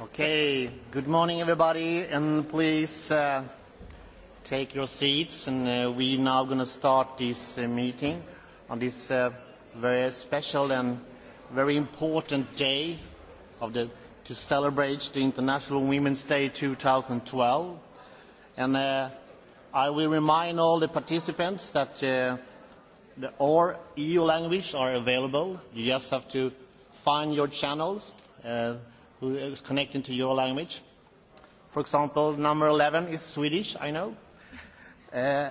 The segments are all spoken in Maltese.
Okay, good morning everybody and please uh, take your seats and uh, we now going to start this uh, meeting on this uh, very special and very important day of the to celebrate the International Women's Day 2012 and uh, I will remind all the participants that uh, the, all EU language are available. You just have to find your channels uh, who is connecting to your language. For example, number 11 is Swedish, I know. Uh,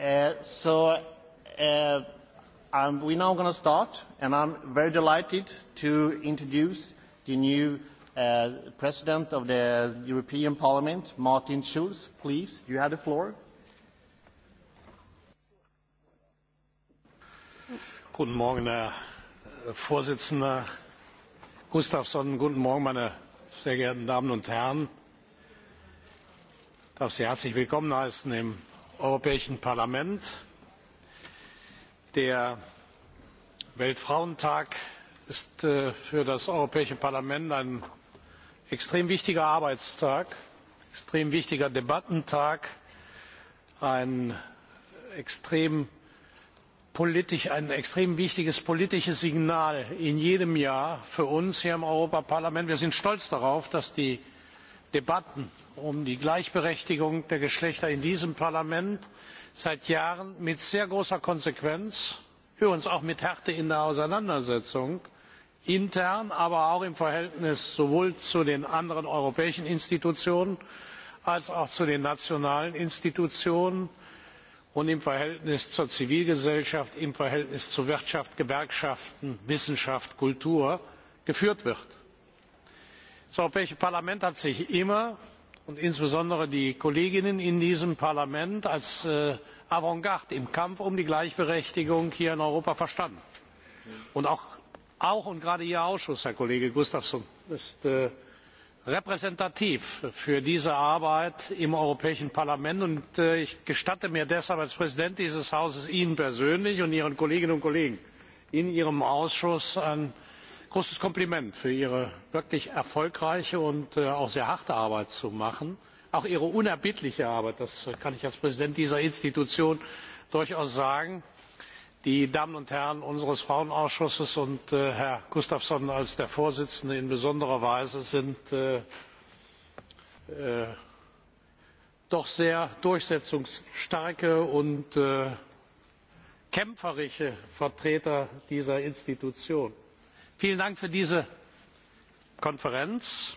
uh, so uh, um, we're now going to start, and I'm very delighted to introduce the new uh, President of the European Parliament, Martin Schulz. Please, you have the floor. Guten Morgen, Herr Äh, Vorsitzender Gustafsson, guten Morgen, meine sehr geehrten Damen und Herren. Ich darf Sie herzlich willkommen heißen im Europäischen Parlament. Der Weltfrauentag ist äh, für das Europäische Parlament ein extrem wichtiger Arbeitstag, extrem wichtiger Debattentag, ein extrem politisch, ein extrem wichtiges politisches Signal in jedem Jahr für uns hier im Europaparlament. Wir sind stolz darauf, dass die Debatten um die Gleichberechtigung der Geschlechter in diesem Parlament seit Jahren mit sehr großer Konsequenz, übrigens auch mit Härte in der Auseinandersetzung, intern, aber auch im Verhältnis sowohl zu den anderen europäischen Institutionen als auch zu den nationalen Institutionen und im Verhältnis zur Zivilgesellschaft, im Verhältnis zu Wirtschaft, Gewerkschaften, Wissenschaft, Kultur geführt wird. Das Europäische Parlament hat sich immer und insbesondere die Kolleginnen in diesem Parlament als äh, Avantgarde im Kampf um die Gleichberechtigung hier in Europa verstanden. Und auch, und gerade Ihr Ausschuss, Herr Kollege Gustafsson, ist äh, repräsentativ für diese Arbeit im Europäischen Parlament. Und äh, ich gestatte mir deshalb als Präsident dieses Hauses Ihnen persönlich und Ihren Kolleginnen und Kollegen in Ihrem Ausschuss ein großes Kompliment für Ihre wirklich erfolgreiche und äh, auch sehr harte Arbeit zu machen. Auch Ihre unerbittliche Arbeit, das kann ich als Präsident dieser Institution durchaus sagen die Damen und Herren unseres Frauenausschusses und äh, Herr Gustafsson als der Vorsitzende in besonderer Weise sind äh, äh, doch sehr durchsetzungsstarke und kämpferische Vertreter dieser Institution. Vielen Dank für diese Konferenz.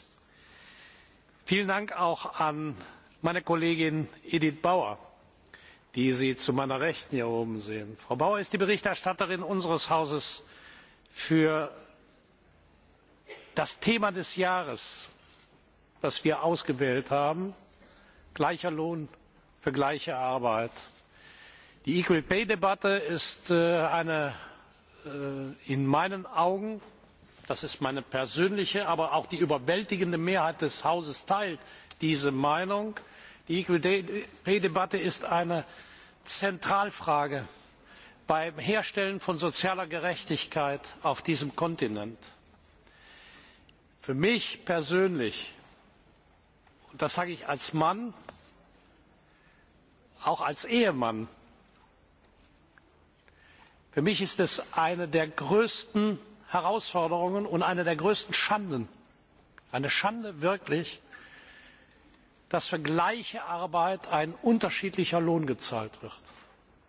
Vielen Dank auch an meine Kollegin Edith Bauer die Sie zu meiner Rechten hier oben sehen. Frau Bauer ist die Berichterstatterin unseres Hauses für das Thema des Jahres, das wir ausgewählt haben, gleicher Lohn für gleiche Arbeit. Die Equal Pay Debatte ist äh, eine äh, in meinen Augen, das ist meine persönliche, aber auch die überwältigende Mehrheit des Hauses teilt diese Meinung, Die Equal Pay Debatte ist eine Zentralfrage beim Herstellen von sozialer Gerechtigkeit auf diesem Kontinent. Für mich persönlich, und das sage ich als Mann, auch als Ehemann, für mich ist es eine der größten Herausforderungen und eine der größten Schanden, eine Schande wirklich, dass für gleiche Arbeit ein unterschiedlicher Lohn gezahlt wird.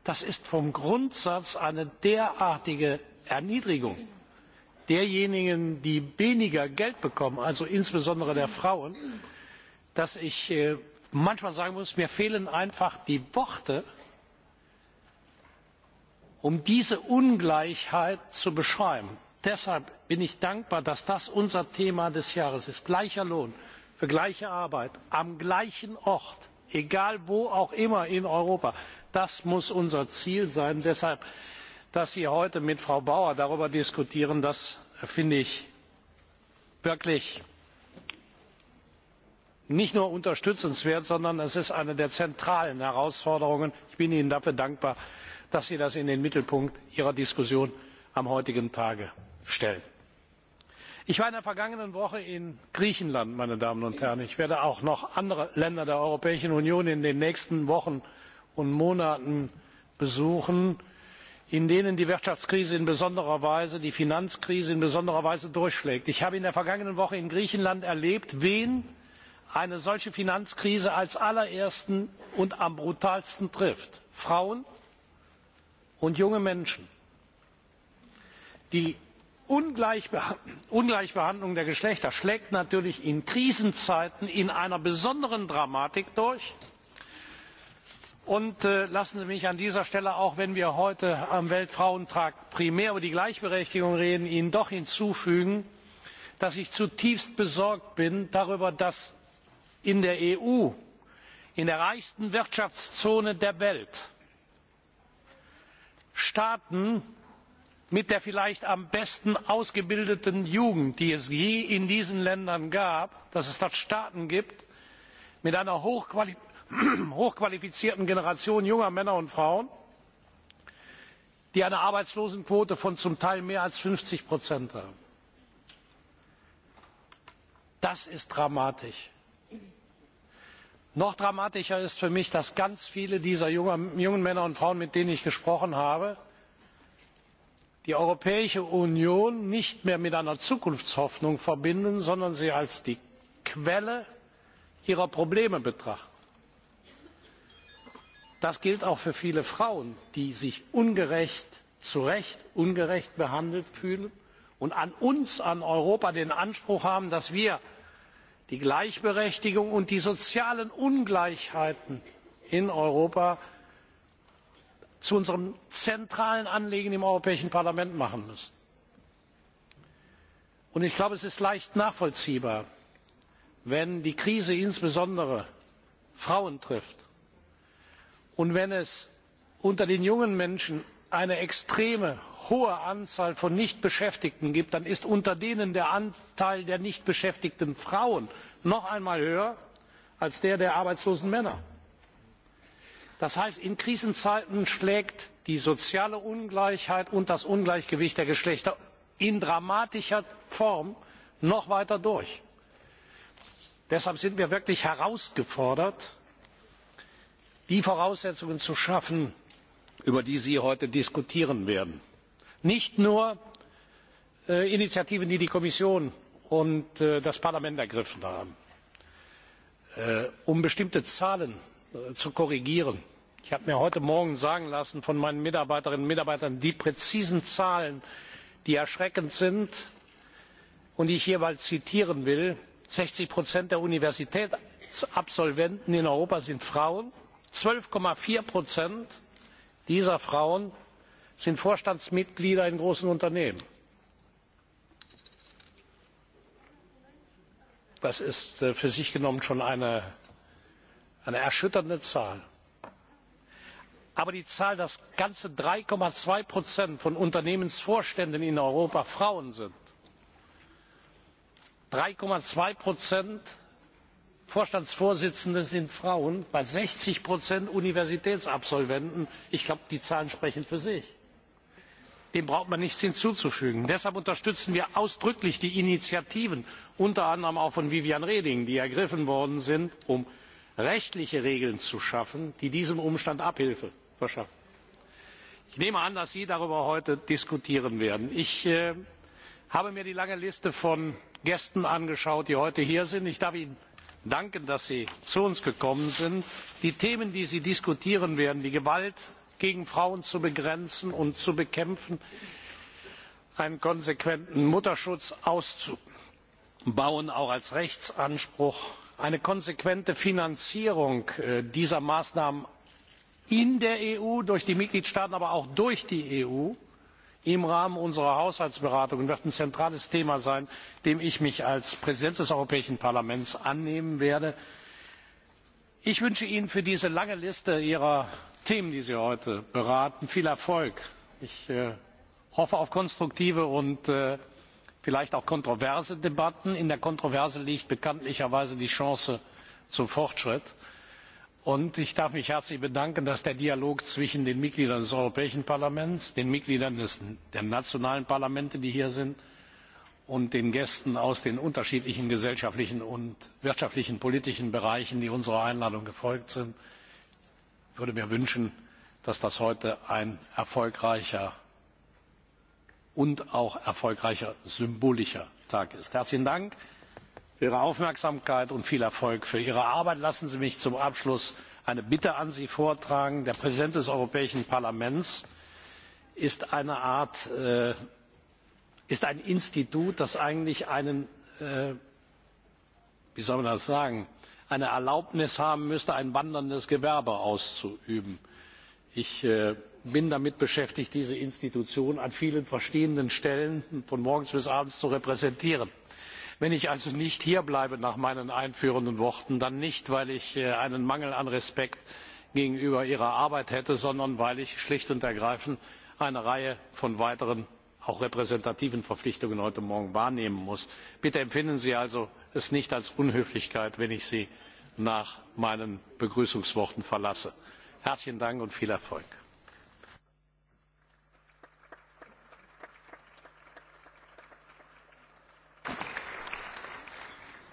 Das ist vom Grundsatz eine derartige Erniedrigung derjenigen, die weniger Geld bekommen, also insbesondere der Frauen, dass ich äh, manchmal sagen muss, mir fehlen einfach die Worte, um diese Ungleichheit zu beschreiben. Deshalb bin ich dankbar, dass das unser Thema des Jahres ist. Gleicher Lohn für gleiche Arbeit am gleichen Ort, egal wo auch immer in Europa. Das muss unser Ziel sein. Deshalb, dass Sie heute mit Frau Bauer darüber diskutieren, das finde ich wirklich nicht nur unterstützenswert, sondern es ist eine der zentralen Herausforderungen. Ich bin Ihnen dafür dankbar, dass Sie das in den Mittelpunkt Ihrer Diskussion am heutigen Tage stellen. Ich war in der vergangenen Woche in Griechenland, meine Damen und Herren. Ich werde auch noch andere Länder der Europäischen Union in den nächsten Wochen und Monaten besuchen, in denen die Wirtschaftskrise in besonderer Weise, die Finanzkrise in besonderer Weise durchschlägt. Ich habe in der vergangenen Woche in Griechenland erlebt, wen eine solche Finanzkrise als allerersten und am brutalsten trifft. Frauen und junge Menschen. Die Ungleichbehandlung der Geschlechter schlägt natürlich in Krisenzeiten in einer besonderen Dramatik durch. Und äh, lassen Sie mich an dieser Stelle, auch wenn wir heute am Weltfrauentag primär über die Gleichberechtigung reden, Ihnen doch hinzufügen, dass ich zutiefst besorgt bin darüber, dass in der EU, in der reichsten Wirtschaftszone der Welt, Staaten mit der vielleicht am besten ausgebildeten jugend die es je in diesen ländern gab dass es dort staaten gibt mit einer hochqualifizierten generation junger männer und frauen die eine arbeitslosenquote von zum teil mehr als fünfzig haben. das ist dramatisch. noch dramatischer ist für mich dass ganz viele dieser jungen männer und frauen mit denen ich gesprochen habe die Europäische Union nicht mehr mit einer Zukunftshoffnung verbinden, sondern sie als die Quelle ihrer Probleme betrachten. Das gilt auch für viele Frauen, die sich ungerecht, zu Recht ungerecht behandelt fühlen und an uns, an Europa den Anspruch haben, dass wir die Gleichberechtigung und die sozialen Ungleichheiten in Europa zu unserem zentralen Anliegen im Europäischen Parlament machen müssen. Und ich glaube, es ist leicht nachvollziehbar, wenn die Krise insbesondere Frauen trifft und wenn es unter den jungen Menschen eine extreme hohe Anzahl von Nichtbeschäftigten gibt, dann ist unter denen der Anteil der nicht beschäftigten Frauen noch einmal höher als der der arbeitslosen Männer. Das heißt, in Krisenzeiten schlägt die soziale Ungleichheit und das Ungleichgewicht der Geschlechter in dramatischer Form noch weiter durch. Deshalb sind wir wirklich herausgefordert, die Voraussetzungen zu schaffen, über die Sie heute diskutieren werden. Nicht nur äh, Initiativen, die die Kommission und äh, das Parlament ergriffen haben, äh, um bestimmte Zahlen Äh, zu korrigieren. Ich habe mir heute Morgen sagen lassen von meinen Mitarbeiterinnen und Mitarbeitern die präzisen Zahlen, die erschreckend sind und die ich jeweils zitieren will. 60 Prozent der Universitätsabsolventen in Europa sind Frauen. 12,4 Prozent dieser Frauen sind Vorstandsmitglieder in großen Unternehmen. Das ist äh, für sich genommen schon eine eine erschütternde Zahl. Aber die Zahl, dass ganze drei zwei Prozent von Unternehmensvorständen in Europa Frauen sind, drei zwei Prozent Vorstandsvorsitzende sind Frauen, bei sechzig Prozent Universitätsabsolventen, ich glaube, die Zahlen sprechen für sich. Dem braucht man nichts hinzuzufügen. Deshalb unterstützen wir ausdrücklich die Initiativen, unter anderem auch von Viviane Reding, die ergriffen worden sind, um rechtliche regeln zu schaffen die diesem umstand abhilfe verschaffen. ich nehme an dass sie darüber heute diskutieren werden. ich äh, habe mir die lange liste von gästen angeschaut die heute hier sind. ich darf ihnen danken dass sie zu uns gekommen sind. die themen die sie diskutieren werden die gewalt gegen frauen zu begrenzen und zu bekämpfen einen konsequenten mutterschutz auszubauen auch als rechtsanspruch eine konsequente finanzierung äh, dieser maßnahmen in der eu durch die mitgliedstaaten aber auch durch die eu im rahmen unserer haushaltsberatungen wird ein zentrales thema sein dem ich mich als präsident des europäischen parlaments annehmen werde. ich wünsche ihnen für diese lange liste ihrer themen die sie heute beraten viel erfolg. ich äh, hoffe auf konstruktive und äh, vielleicht auch kontroverse Debatten. In der Kontroverse liegt bekanntlicherweise die Chance zum Fortschritt. Und ich darf mich herzlich bedanken, dass der Dialog zwischen den Mitgliedern des Europäischen Parlaments, den Mitgliedern des, der nationalen Parlamente, die hier sind, und den Gästen aus den unterschiedlichen gesellschaftlichen und wirtschaftlichen politischen Bereichen, die unserer Einladung gefolgt sind. Ich würde mir wünschen, dass das heute ein erfolgreicher und auch erfolgreicher symbolischer Tag ist. Herzlichen Dank für Ihre Aufmerksamkeit und viel Erfolg für Ihre Arbeit. Lassen Sie mich zum Abschluss eine Bitte an Sie vortragen. Der Präsident des Europäischen Parlaments ist eine Art, äh, ist ein Institut, das eigentlich einen, äh, wie soll man das sagen, eine Erlaubnis haben müsste, ein wanderndes Gewerbe auszuüben. Ich äh, bin damit beschäftigt, diese Institution an vielen verschiedenen Stellen von morgens bis abends zu repräsentieren. Wenn ich also nicht hierbleibe nach meinen einführenden Worten, dann nicht, weil ich äh, einen Mangel an Respekt gegenüber Ihrer Arbeit hätte, sondern weil ich schlicht und ergreifend eine Reihe von weiteren, auch repräsentativen Verpflichtungen heute Morgen wahrnehmen muss. Bitte empfinden Sie also es nicht als Unhöflichkeit, wenn ich Sie nach meinen Begrüßungsworten verlasse. Herzlichen Dank und viel Erfolg.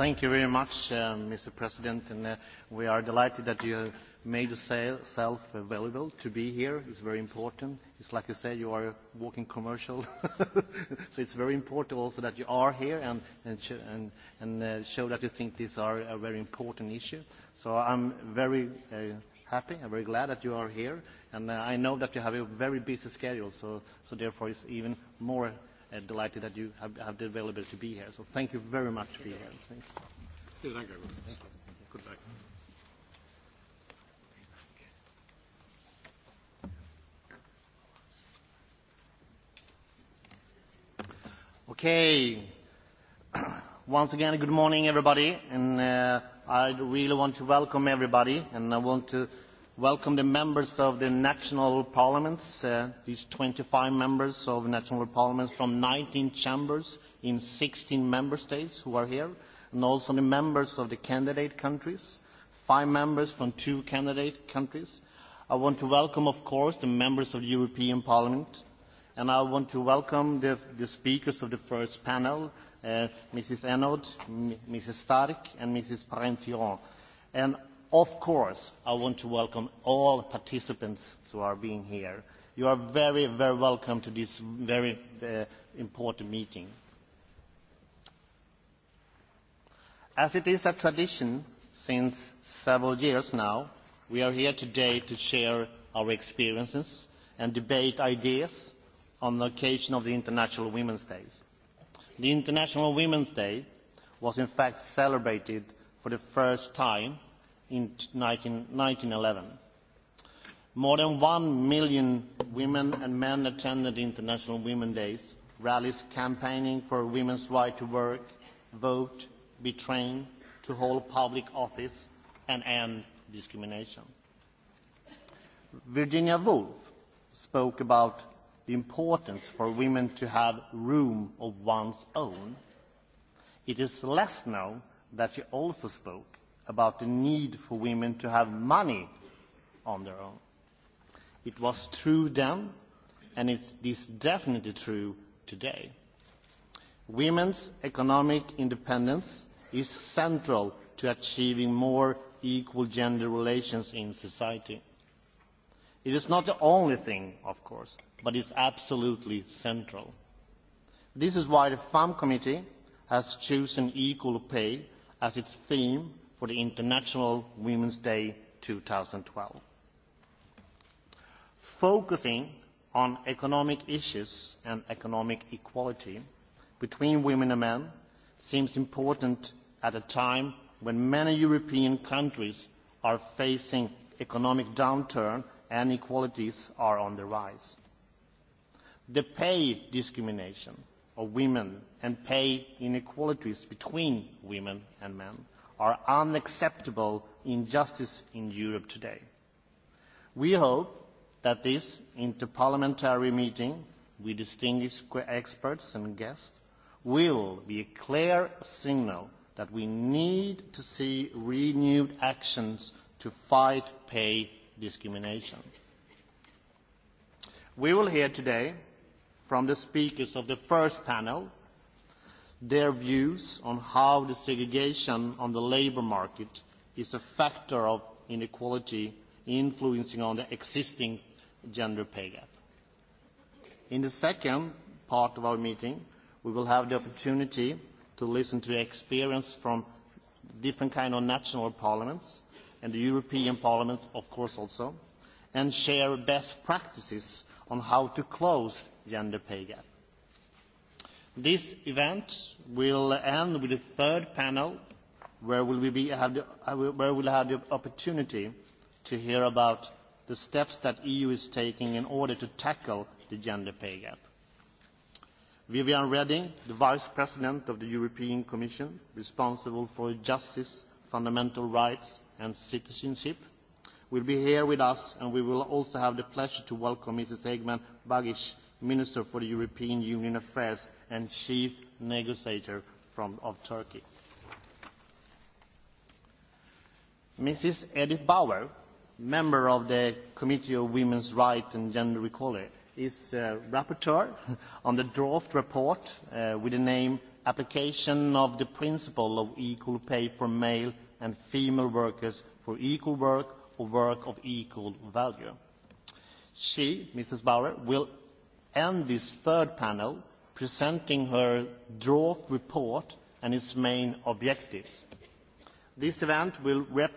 Thank you very much, uh, Mr. President, and uh, we are delighted that you have made yourself available to be here. It's very important. It's like you said, you are a walking commercial, so it's very important also that you are here and, and, sh and, and uh, show that you think these are a very important issue. So I'm very uh, happy and very glad that you are here, and uh, I know that you have a very busy schedule, so, so therefore it's even more and delighted that you have, have the availability to be here. So thank you very much for being here. Thank you. Thank you. Good Okay. Once again, good morning, everybody. And uh, I really want to welcome everybody, and I want to welcome the members of the national parliaments, uh, these 25 members of national parliaments from 19 chambers in 16 member states who are here, and also the members of the candidate countries, five members from two candidate countries. I want to welcome, of course, the members of the European Parliament, and I want to welcome the, the speakers of the first panel, uh, Mrs. Enod, M Mrs. Stark, and Mrs. Parentiron. And Of course, I want to welcome all participants who are being here. You are very, very welcome to this very uh, important meeting. As it is a tradition since several years now, we are here today to share our experiences and debate ideas on the occasion of the International Women's Day. The International Women's Day was in fact celebrated for the first time in 1911. More than one million women and men attended International Women's Days, rallies campaigning for women's right to work, vote, be trained, to hold public office, and end discrimination. Virginia Woolf spoke about the importance for women to have room of one's own. It is less known that she also spoke about the need for women to have money on their own. It was true then, and it is definitely true today. Women's economic independence is central to achieving more equal gender relations in society. It is not the only thing, of course, but it's absolutely central. This is why the FAM committee has chosen equal pay as its theme for the International Women's Day 2012. Focusing on economic issues and economic equality between women and men seems important at a time when many European countries are facing economic downturn and inequalities are on the rise. The pay discrimination of women and pay inequalities between women and men are unacceptable injustice in Europe today. We hope that this interparliamentary meeting with distinguished experts and guests will be a clear signal that we need to see renewed actions to fight pay discrimination. We will hear today from the speakers of the first panel their views on how the segregation on the labour market is a factor of inequality influencing on the existing gender pay gap. In the second part of our meeting, we will have the opportunity to listen to experience from different kind of national parliaments and the European Parliament, of course, also, and share best practices on how to close gender pay gap. This event will end with a third panel where will we be, have the, uh, where we'll have the opportunity to hear about the steps that EU is taking in order to tackle the gender pay gap. Viviane Reding, the Vice President of the European Commission, responsible for justice, fundamental rights and citizenship, will be here with us and we will also have the pleasure to welcome Mrs. Eggman Bagish Minister for European Union Affairs and Chief Negotiator from, of Turkey. Mrs. Edith Bauer, member of the Committee of Women's Rights and Gender Equality, is uh, rapporteur on the draft report uh, with the name Application of the Principle of Equal Pay for Male and Female Workers for Equal Work or Work of Equal Value. She, Mrs. Bauer, will and this third panel presenting her draft report and its main objectives. This event will rep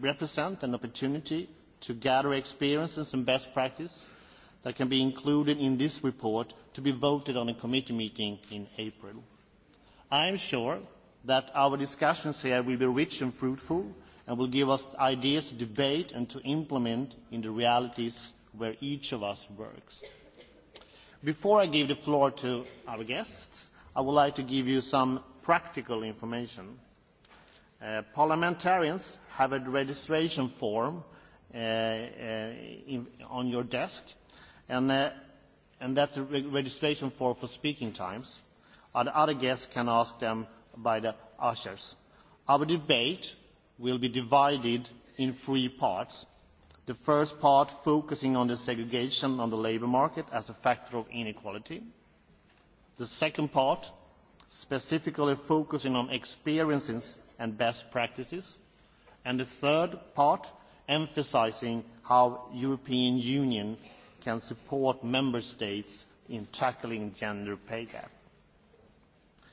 represent an opportunity to gather experiences and best practice that can be included in this report to be voted on a committee meeting in April. I am sure that our discussions here will be rich and fruitful and will give us ideas to debate and to implement in the realities where each of us works. Before I give the floor to our guests, I would like to give you some practical information. Uh, parliamentarians have a registration form uh, uh, in, on your desk, and, uh, and that's a re registration form for speaking times. Our other guests can ask them by the ushers. Our debate will be divided in three parts. The first part focusing on the segregation on the labour market as a factor of inequality. The second part specifically focusing on experiences and best practices. And the third part emphasising how the European Union can support member states in tackling gender pay gap.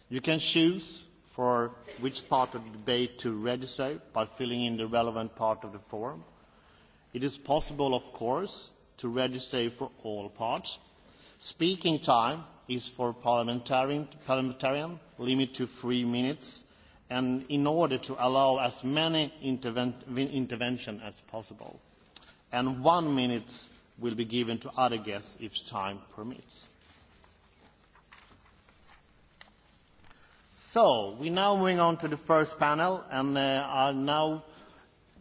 You can choose for which part of the debate to register by filling in the relevant part of the form. It is possible, of course, to register for all parts. Speaking time is for parliamentarian, parliamentarian limit to three minutes, and in order to allow as many intervent, intervention as possible. And one minute will be given to other guests if time permits. So, we're now moving on to the first panel, and uh, I now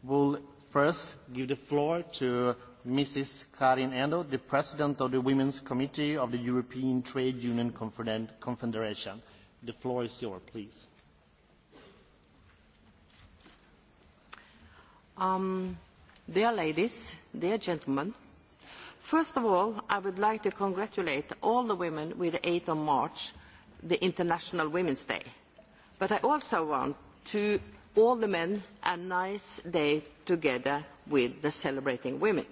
will first give the floor to Mrs. Karin Endo, the President of the Women's Committee of the European Trade Union Confederation. The floor is yours, please. Um, dear ladies, dear gentlemen, first of all, I would like to congratulate all the women with the 8th of March, the International Women's Day. But I also want to all the men a nice day together with the celebrating women.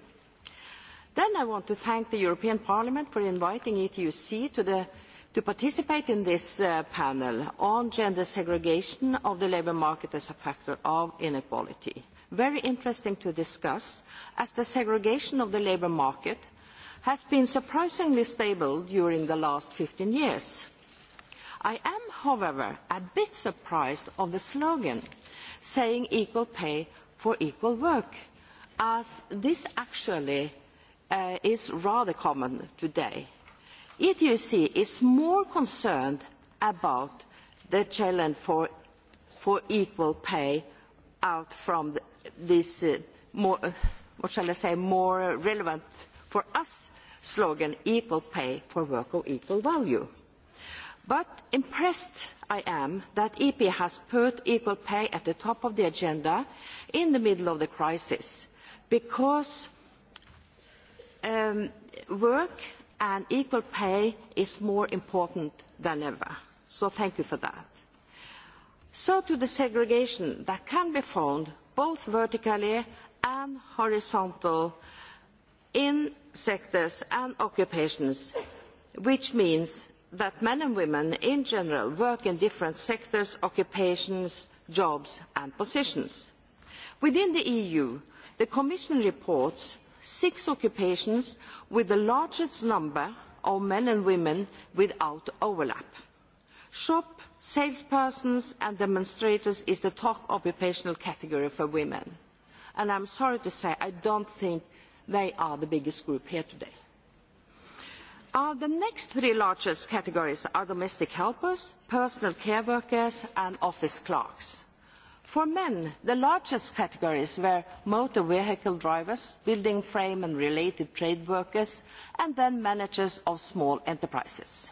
Then I want to thank the European Parliament for inviting ETUC to, the, to participate in this uh, panel on gender segregation of the labour market as a factor of inequality. Very interesting to discuss, as the segregation of the labour market has been surprisingly stable during the last fifteen years I am, however, a bit surprised of the slogan saying equal pay for equal work, as this actually uh, is rather common today. ETUC is more concerned about the challenge for, for equal pay out from the, this uh, more, uh, what shall I say, more relevant for us slogan, equal pay for work of equal value. But impressed I am that EP has put equal pay at the top of the agenda in the middle of the crisis because um, work and equal pay is more important than ever. So thank you for that. So to the segregation that can be found both vertically and horizontal in sectors and occupations, which means that men and women in general work in different sectors, occupations, jobs and positions. Within the EU, the Commission reports six occupations with the largest number of men and women without overlap. Shop, salespersons and demonstrators is the top occupational category for women. And I am sorry to say, I do not think they are the biggest group here today are the next three largest categories are domestic helpers, personal care workers and office clerks. For men, the largest categories were motor vehicle drivers, building frame and related trade workers, and then managers of small enterprises.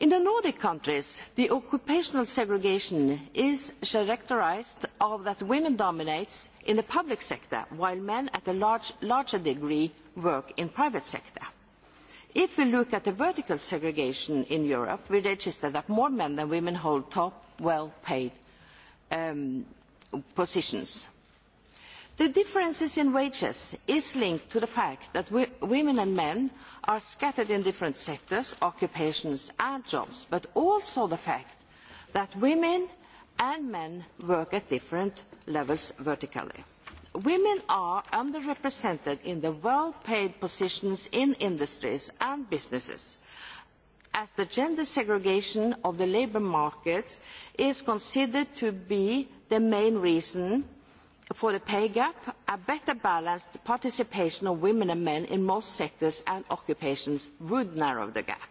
In the Nordic countries, the occupational segregation is characterised of that women dominate in the public sector, while men at a large, larger degree work in the private sector. If we look at the vertical segregation in Europe, we register that more men than women hold top, well-paid um, positions. The differences in wages is linked to the fact that we, women and men are scattered in different sectors, occupations and jobs, but also the fact that women and men work at different levels vertically. Women are underrepresented in the well-paid positions in industries and businesses as the gender segregation of the labour market is considered to be the main reason for the pay gap, a better balanced participation of women and men in most sectors and occupations would narrow the gap.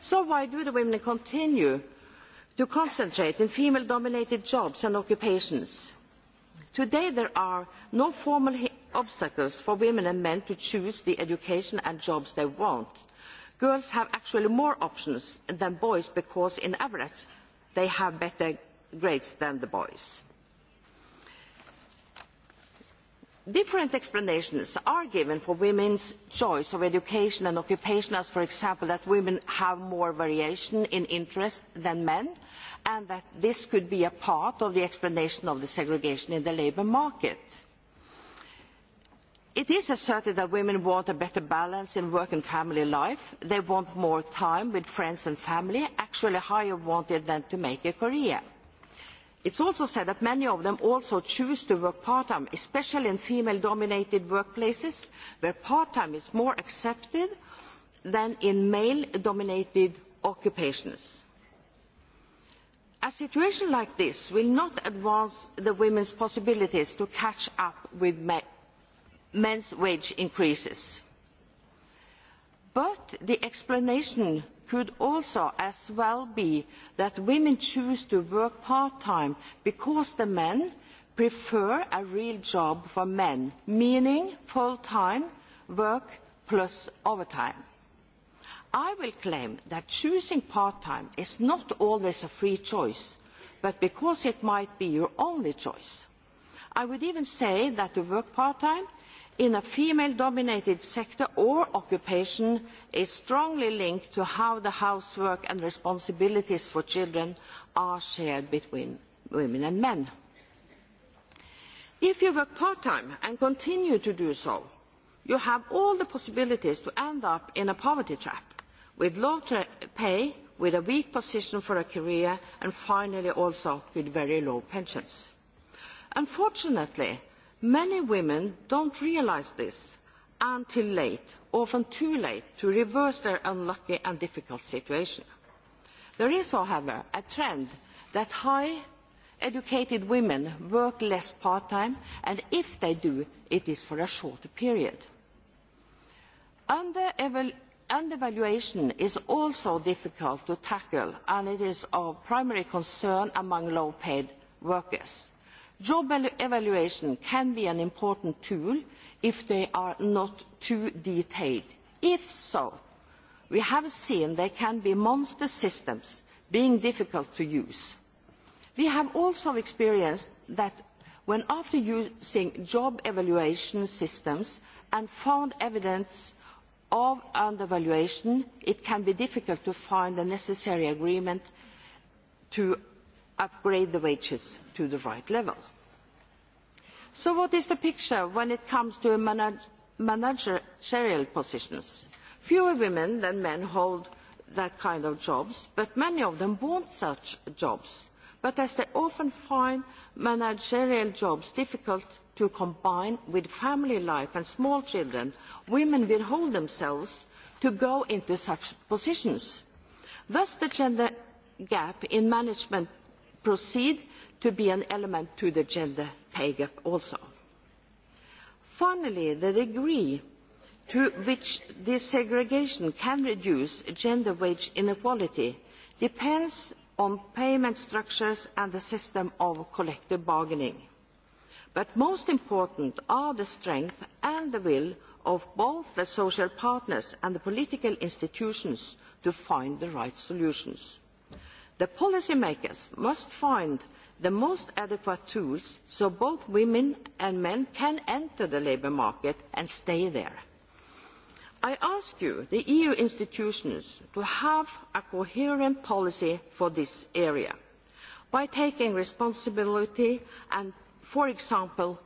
So why do the women continue to concentrate in female-dominated jobs and occupations? Today there are no formal obstacles for women and men to choose the education and jobs they want. Girls have actually more options than boys because on average they have better grades than the boys. Different explanations are given for women's choice of education and occupation, as for example that women have more variation in interest than men, and that this could be a part of the explanation of the segregation in the labour market. It is asserted that women want a better balance in work and family life. They want more time with friends and family, actually higher wanted than to make a career. It is also said that many of them also choose to work part-time, especially in female-dominated workplaces, where part-time is more accepted than in male-dominated occupations. A situation like this will not advance the women's possibilities to catch up with men's wage increases. But the explanation could also as well be that women choose to work part-time because the men prefer a real job for men, meaning full-time work plus overtime. I will claim that choosing part-time is not always a free choice, but because it might be your only choice. I would even say that to work part-time in a female dominated sector or occupation is strongly linked to how the housework and responsibilities for children are shared between women and men. If you work part time and continue to do so, you have all the possibilities to end up in a poverty trap with low pay, with a weak position for a career, and finally also with very low pensions. Unfortunately, Many women don't realise this until late, often too late, to reverse their unlucky and difficult situation. There is, however, a trend that high educated women work less part-time, and if they do, it is for a shorter period. Under undervaluation is also difficult to tackle, and it is of primary concern among low-paid workers. Job evaluation can be an important tool if they are not too detailed. If so, we have seen there can be monster systems being difficult to use. We have also experienced that when after using job evaluation systems and found evidence of undervaluation, it can be difficult to find the necessary agreement to upgrade the wages to the right level. So what is the picture when it comes to manage, managerial positions? Fewer women than men hold that kind of jobs, but many of them want such jobs. But as they often find managerial jobs difficult to combine with family life and small children, women will hold themselves to go into such positions. Thus the gender gap in management proceed to be an element to the gender pay gap also. Finally, the degree to which desegregation can reduce gender wage inequality depends on payment structures and the system of collective bargaining. But most important are the strength and the will of both the social partners and the political institutions to find the right solutions. The policymakers must find the most adequate tools so both women and men can enter the labour market and stay there. I ask you, the EU institutions, to have a coherent policy for this area by taking responsibility and, for example,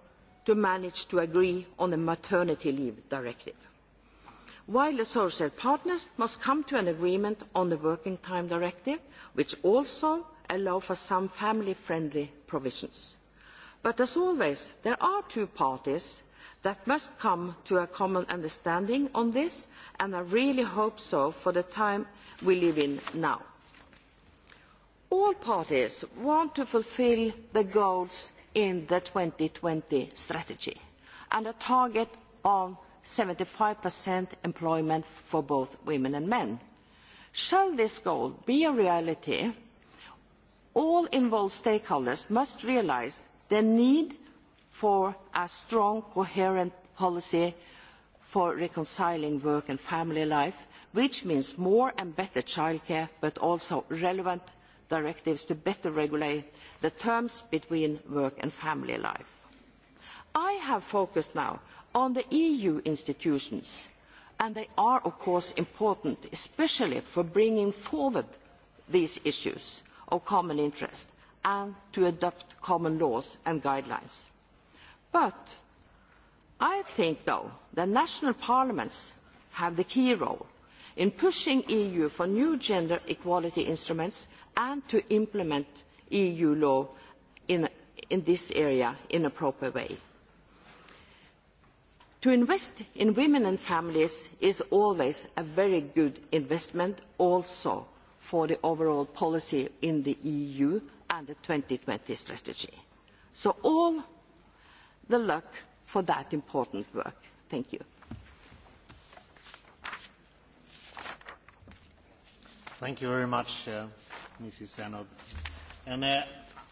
to manage to agree on the maternity leave directive while the social partners must come to an agreement on the working time directive, which also allow for some family-friendly provisions. But as always, there are two parties that must come to a common understanding on this, and I really hope so for the time we live in now. All parties want to fulfil the goals in the twenty strategy and a target of seventy 75% employment for both women and men. Shall this goal be a reality, all involved stakeholders must realise the need for a strong, coherent policy for reconciling work and family life, which means more and better childcare, but also relevant directives to better regulate the terms between work and family life. I have focused now on the EU institutions. And they are, of course, important, especially for bringing forward these issues of common interest and to adopt common laws and guidelines. But I think, though, that national parliaments have the key role in pushing the EU for new gender equality instruments and to implement EU law in, in this area in a proper way. To invest in women and families is always a very good investment also for the overall policy in the EU and the twenty strategy. So all the luck for that important work. Thank you. Thank you very much, uh, Mrs. Anod. And uh,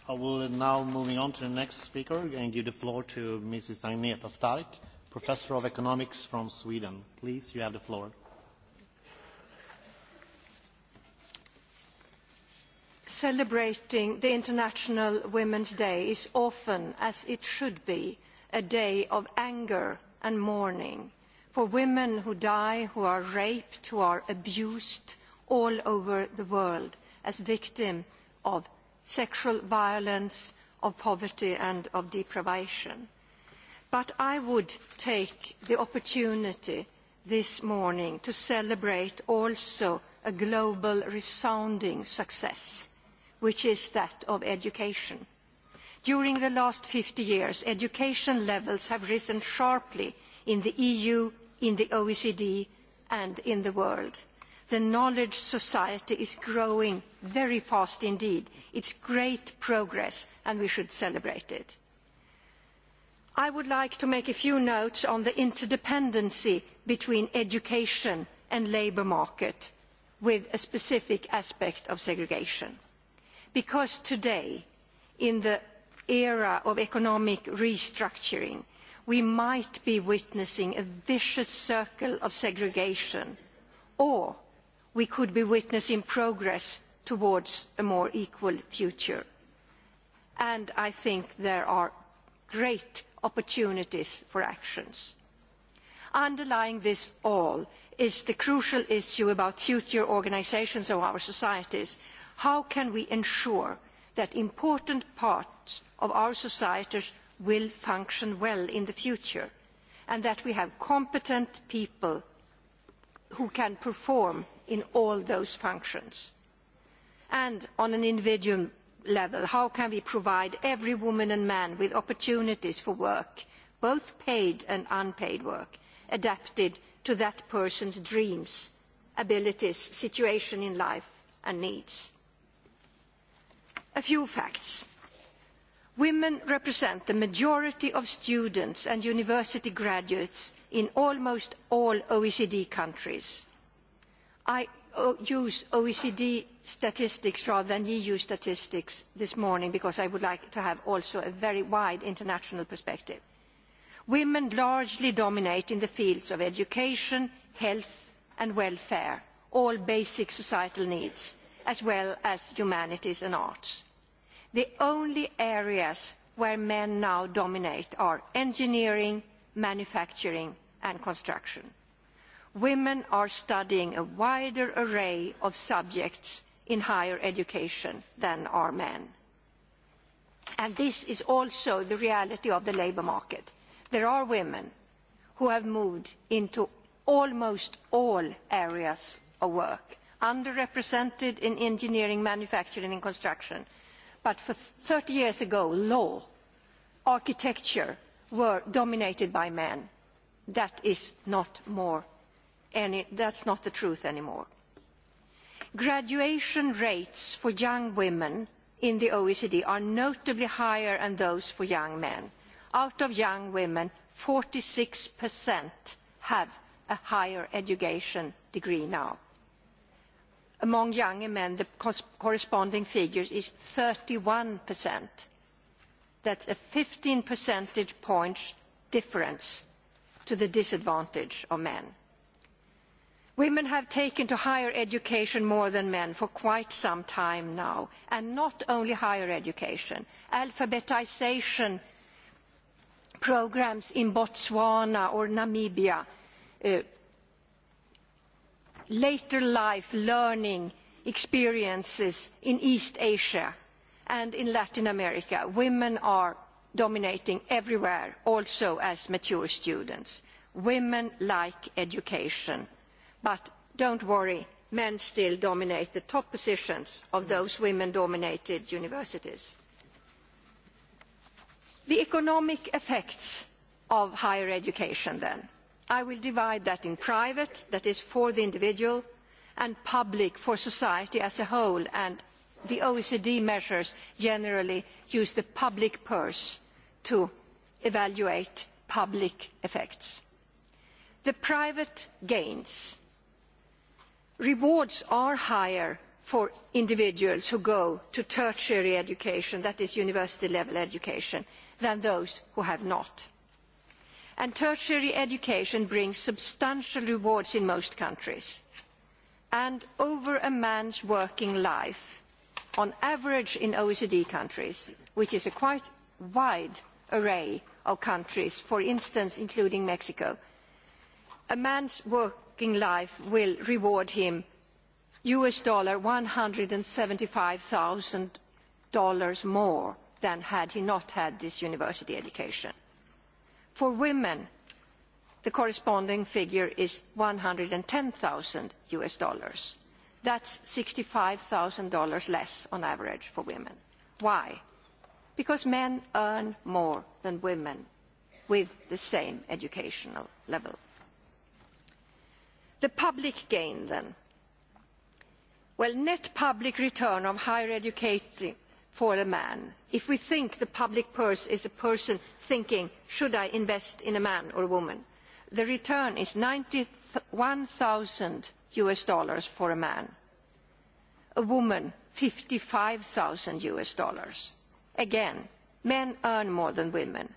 I will now moving on to the next speaker and give the floor to Mrs. Agneta Stark Professor of Economics from Sweden. Please, you have the floor. Celebrating the International Women's Day is often, as it should be, a day of anger and mourning for women who die, who are raped, who are abused all over the world as victims of sexual violence, of poverty and of deprivation. But I would take the opportunity this morning to celebrate also a global resounding success, which is that of education. During the last fifty years, education levels have risen sharply in the EU, in the OECD and in the world. The knowledge society is growing very fast indeed. It is great progress and we should celebrate it. I would like to make a few notes on the interdependency between education and labour market with a specific aspect of segregation. Because today, in the era of economic restructuring, we might be witnessing a vicious circle of segregation, or we could be witnessing progress towards a more equal future. And I think there are great opportunities for actions. Underlying this all is the crucial issue about future organisations of our societies. How can we ensure that important parts of our societies will function well in the future and that we have competent people who can perform in all those functions? And on an individual level, how can we provide every woman and man with opportunities for work, both paid and unpaid work, adapted to that person's dreams, abilities, situation in life and needs? A few facts. Women represent the majority of students and university graduates in almost all OECD countries. I Oh, use OECD statistics rather than EU statistics this morning because I would like to have also a very wide international perspective. Women largely dominate in the fields of education, health and welfare, all basic societal needs, as well as humanities and arts. The only areas where men now dominate are engineering, manufacturing and construction women are studying a wider array of subjects in higher education than are men. And this is also the reality of the labour market. There are women who have moved into almost all areas of work, underrepresented in engineering, manufacturing and construction. But for thirty years ago, law, architecture were dominated by men. That is not more any, that's not the truth anymore. Graduation rates for young women in the OECD are notably higher than those for young men. Out of young women, forty 46% have a higher education degree now. Among young men, the corresponding figure is thirty 31%. That's a fifteen percentage points difference to the disadvantage of men. Women have taken to higher education more than men for quite some time now, and not only higher education. Alphabetisation programmes in Botswana or Namibia, uh, later life learning experiences in East Asia and in Latin America. Women are dominating everywhere, also as mature students. Women like education But don't worry, men still dominate the top positions of those women-dominated universities. The economic effects of higher education then. I will divide that in private, that is for the individual, and public for society as a whole and the OECD measures generally use the public purse to evaluate public effects. The private gains rewards are higher for individuals who go to tertiary education, that is university level education, than those who have not. And tertiary education brings substantial rewards in most countries. And over a man's working life, on average in OECD countries, which is a quite wide array of countries, for instance, including Mexico, a man's work working life will reward him US dollar one hundred and seventy five thousand dollars more than had he not had this university education. For women, the corresponding figure is one hundred and ten thousand US dollars. That's sixty five thousand dollars less on average for women. Why? Because men earn more than women with the same educational level. The public gain then. Well, net public return of higher education for a man. If we think the public purse is a person thinking, should I invest in a man or a woman? The return is ninety one 91,000 US dollars for a man. A woman, fifty 55,000 US dollars. Again, men earn more than women.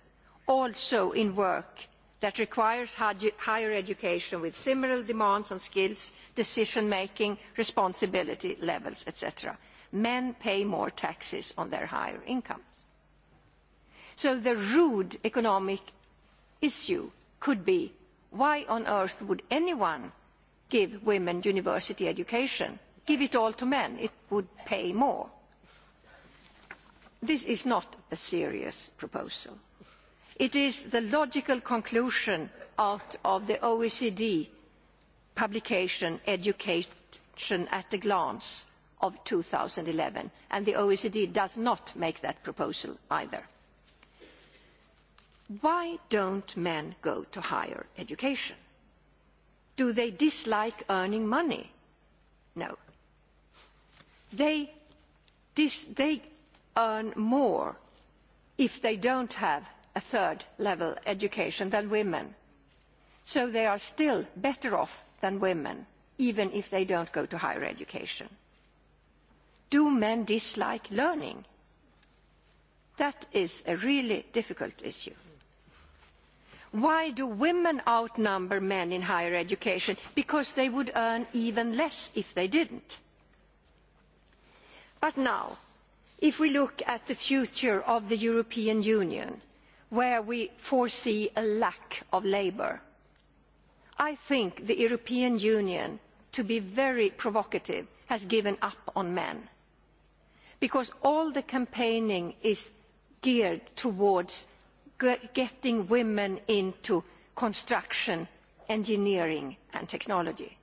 Also in work that requires higher education with similar demands on skills, decision making, responsibility levels, etc. Men pay more taxes on their higher incomes. So the rude economic issue could be why on earth would anyone give women university education? Give it all to men, it would pay more. This is not a serious proposal. It is the logical conclusion out of the OECD publication Education at a Glance of eleven, and the OECD does not make that proposal either. Why don't men go to higher education? Do they dislike earning money? No. They, dis, they earn more if they don't have a third level education than women. So they are still better off than women, even if they don't go to higher education. Do men dislike learning? That is a really difficult issue. Why do women outnumber men in higher education? Because they would earn even less if they didn't. But now, if we look at the future of the European Union, where we foresee a lack of labour. I think the European Union, to be very provocative, has given up on men because all the campaigning is geared towards getting women into construction, engineering and technology.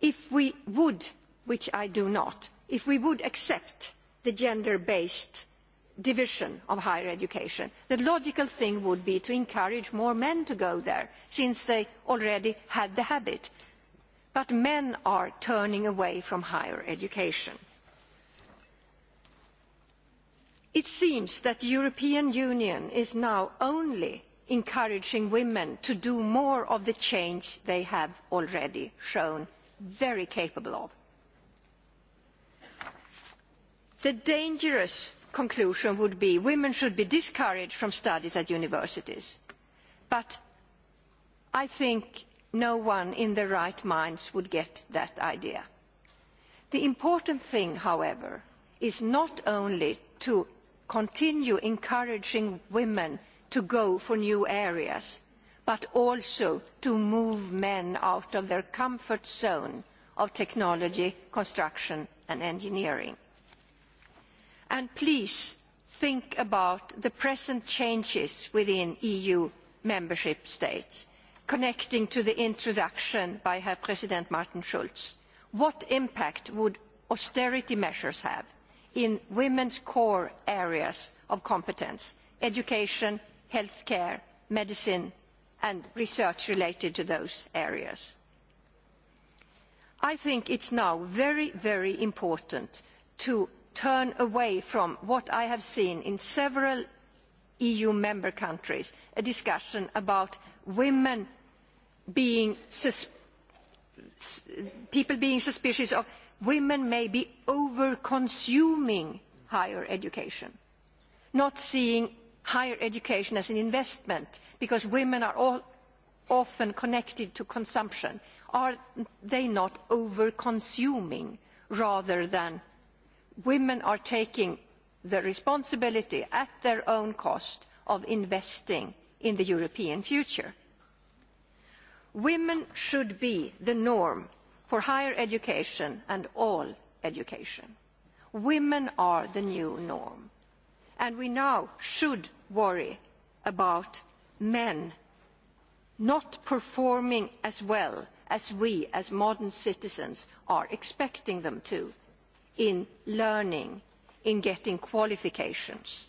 If we would, which I do not, if we would accept the gender-based division of higher education. The logical thing would be to encourage more men to go there, since they already had the habit. But men are turning away from higher education. It seems that the European Union is now only encouraging women to do more of the change they have already shown very capable of. The dangerous conclusion would be that women should be discouraged from studies at universities. But I think no one in their right minds would get that idea. The important thing, however, is not only to continue encouraging women to go for new areas, but also to move men out of their comfort zone of technology, construction and engineering and please think about the present changes within EU membership states connecting to the introduction by Herr President Martin Schulz. What impact would austerity measures have in women's core areas of competence, education, healthcare, medicine and research related to those areas? I think it is now very, very important to turn away from what I have seen in several EU member countries, a discussion about women being people being suspicious of women may be over consuming higher education, not seeing higher education as an investment because women are all often connected to consumption. Are they not over consuming rather than women are taking the responsibility at their own cost of investing in the European future. Women should be the norm for higher education and all education. Women are the new norm. And we now should worry about men not performing as well as we as modern citizens are expecting them to in learning, in getting qualifications.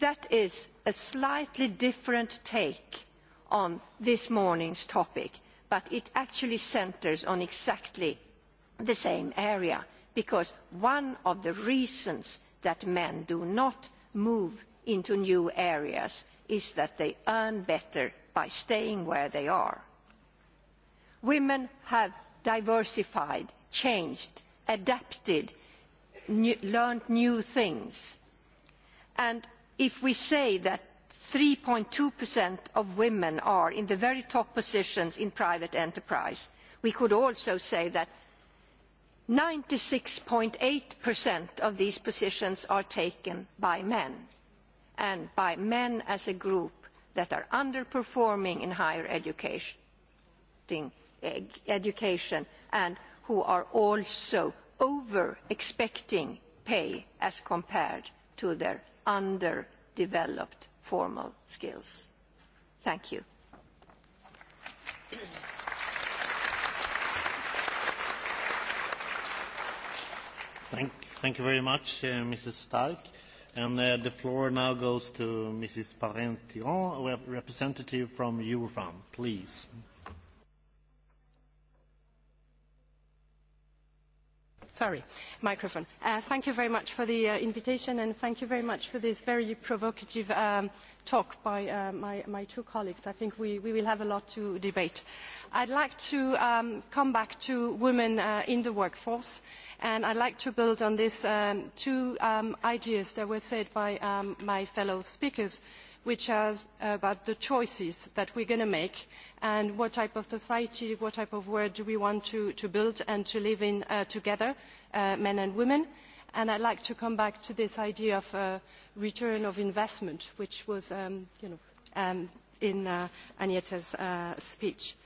That is a slightly different take on this morning's topic, but it actually centres on exactly the same area, because one of the reasons that men do not move into new areas is that they earn better by staying where they are. Women have diversified, changed adapted, new, learned new things. And if we say that 3.2% of women are in the very top positions in private enterprise, we could also say that 96.8% of these positions are taken by men and by men as a group that are underperforming in higher education, education and who are also over expecting pay as compared to their underdeveloped formal skills. Thank you. Thank, thank you very much, uh, Mrs. Stark. And uh, the floor now goes to Mrs. a representative from Eurofund, please. Sorry, microphone. Uh, thank you very much for the uh, invitation and thank you very much for this very provocative um, talk by uh, my, my two colleagues. I think we, we will have a lot to debate. I'd like to um, come back to women uh, in the workforce and I'd like to build on these um, two um, ideas that were said by um, my fellow speakers, which are about the choices that we're going to make and what type of society, what type of world do we want to, to build and to live in uh, together, uh, men and women. And I'd like to come back to this idea of uh, return of investment, which was um, you know, um, in uh, Agneta's uh, speech.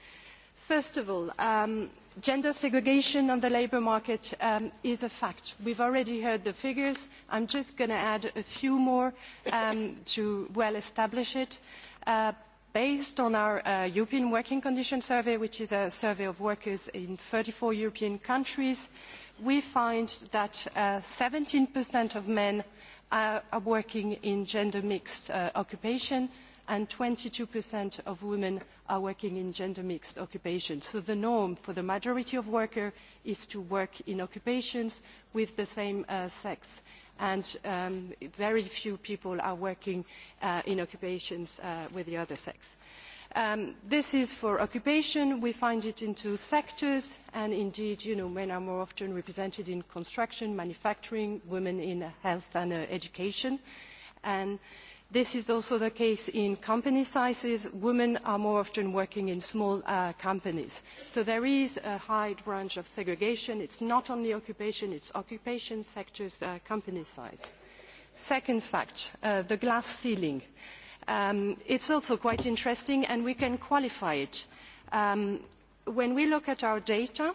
First of all, um, gender segregation on the labour market um, is a fact. We've already heard the figures. I'm just going to add a few more um, to well establish it. Uh, Based on our uh, European Working Conditions Survey, which is a survey of workers in 34 European countries, we find that uh, of men are working in gender-mixed uh, occupation and 22% of women are working in gender-mixed occupations. So the norm for the majority of workers is to work in occupations with the same uh, sex and um, very few people are working uh, in occupations uh, with the other sex. Um, this is for occupation. We find it in two sectors, and indeed, you know, men are more often represented in construction, manufacturing, women in health and uh, education. And This is also the case in company sizes. Women are more often working in small uh, companies. So there is a high branch of segregation. It's not only occupation, it's occupation sectors, uh, company size. Second fact, uh, the glass ceiling. Um, it's also quite interesting and we can qualify it. Um, when we look at our data,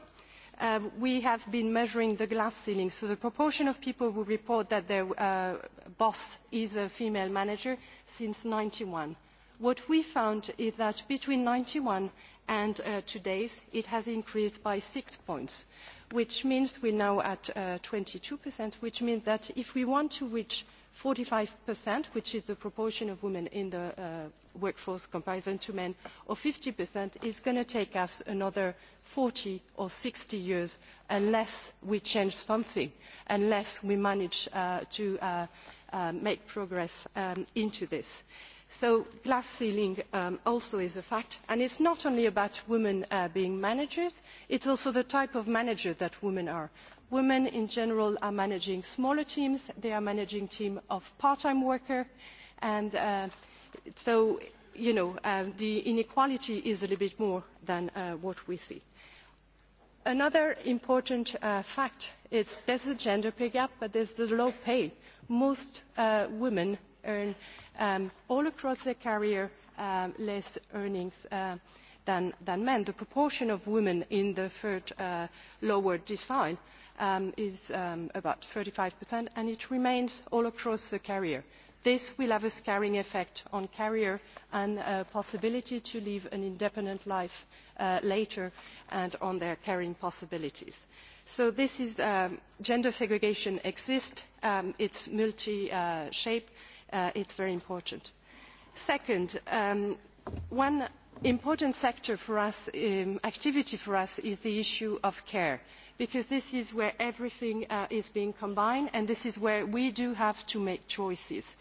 uh, we have been measuring the glass ceiling. So the proportion of people who report that their uh, boss is a female manager since 91. What we found is that between 91 and uh, today's, it has increased by six points, which means we're now at uh, 22%, which means that if we want to reach 45%, which is the proportion of women in the uh, workforce comparison to men, or 50% is going to take us another 40 or 60 years unless we change something, unless we manage uh, to uh, uh, make progress um, into this. So glass ceiling um, also is a fact, and it's not only about women uh, being managers, it's also the type of manager that women are. Women in general are managing smaller teams, they are managing team of part-time worker, and uh, so, you know, uh, the inequality is a little bit more than uh, what we see. Another important uh, fact is there's a gender pay gap, but there's the low pay. Most uh, women earn um, all across their career um, less earnings uh, than, than men. The proportion of women in the third uh, lower decile um, is um, about 35% and it remains all across the carrier. This will have a scarring effect on carrier and a possibility to live an independent life uh, later and on their caring possibilities. So this is um, gender segregation exists, um, it's multi-shape, uh, uh, it's very important. Second, um, one important sector for us, um, activity for us is the issue of care because this is where everything uh, is being combined and this is where we do have to make choices.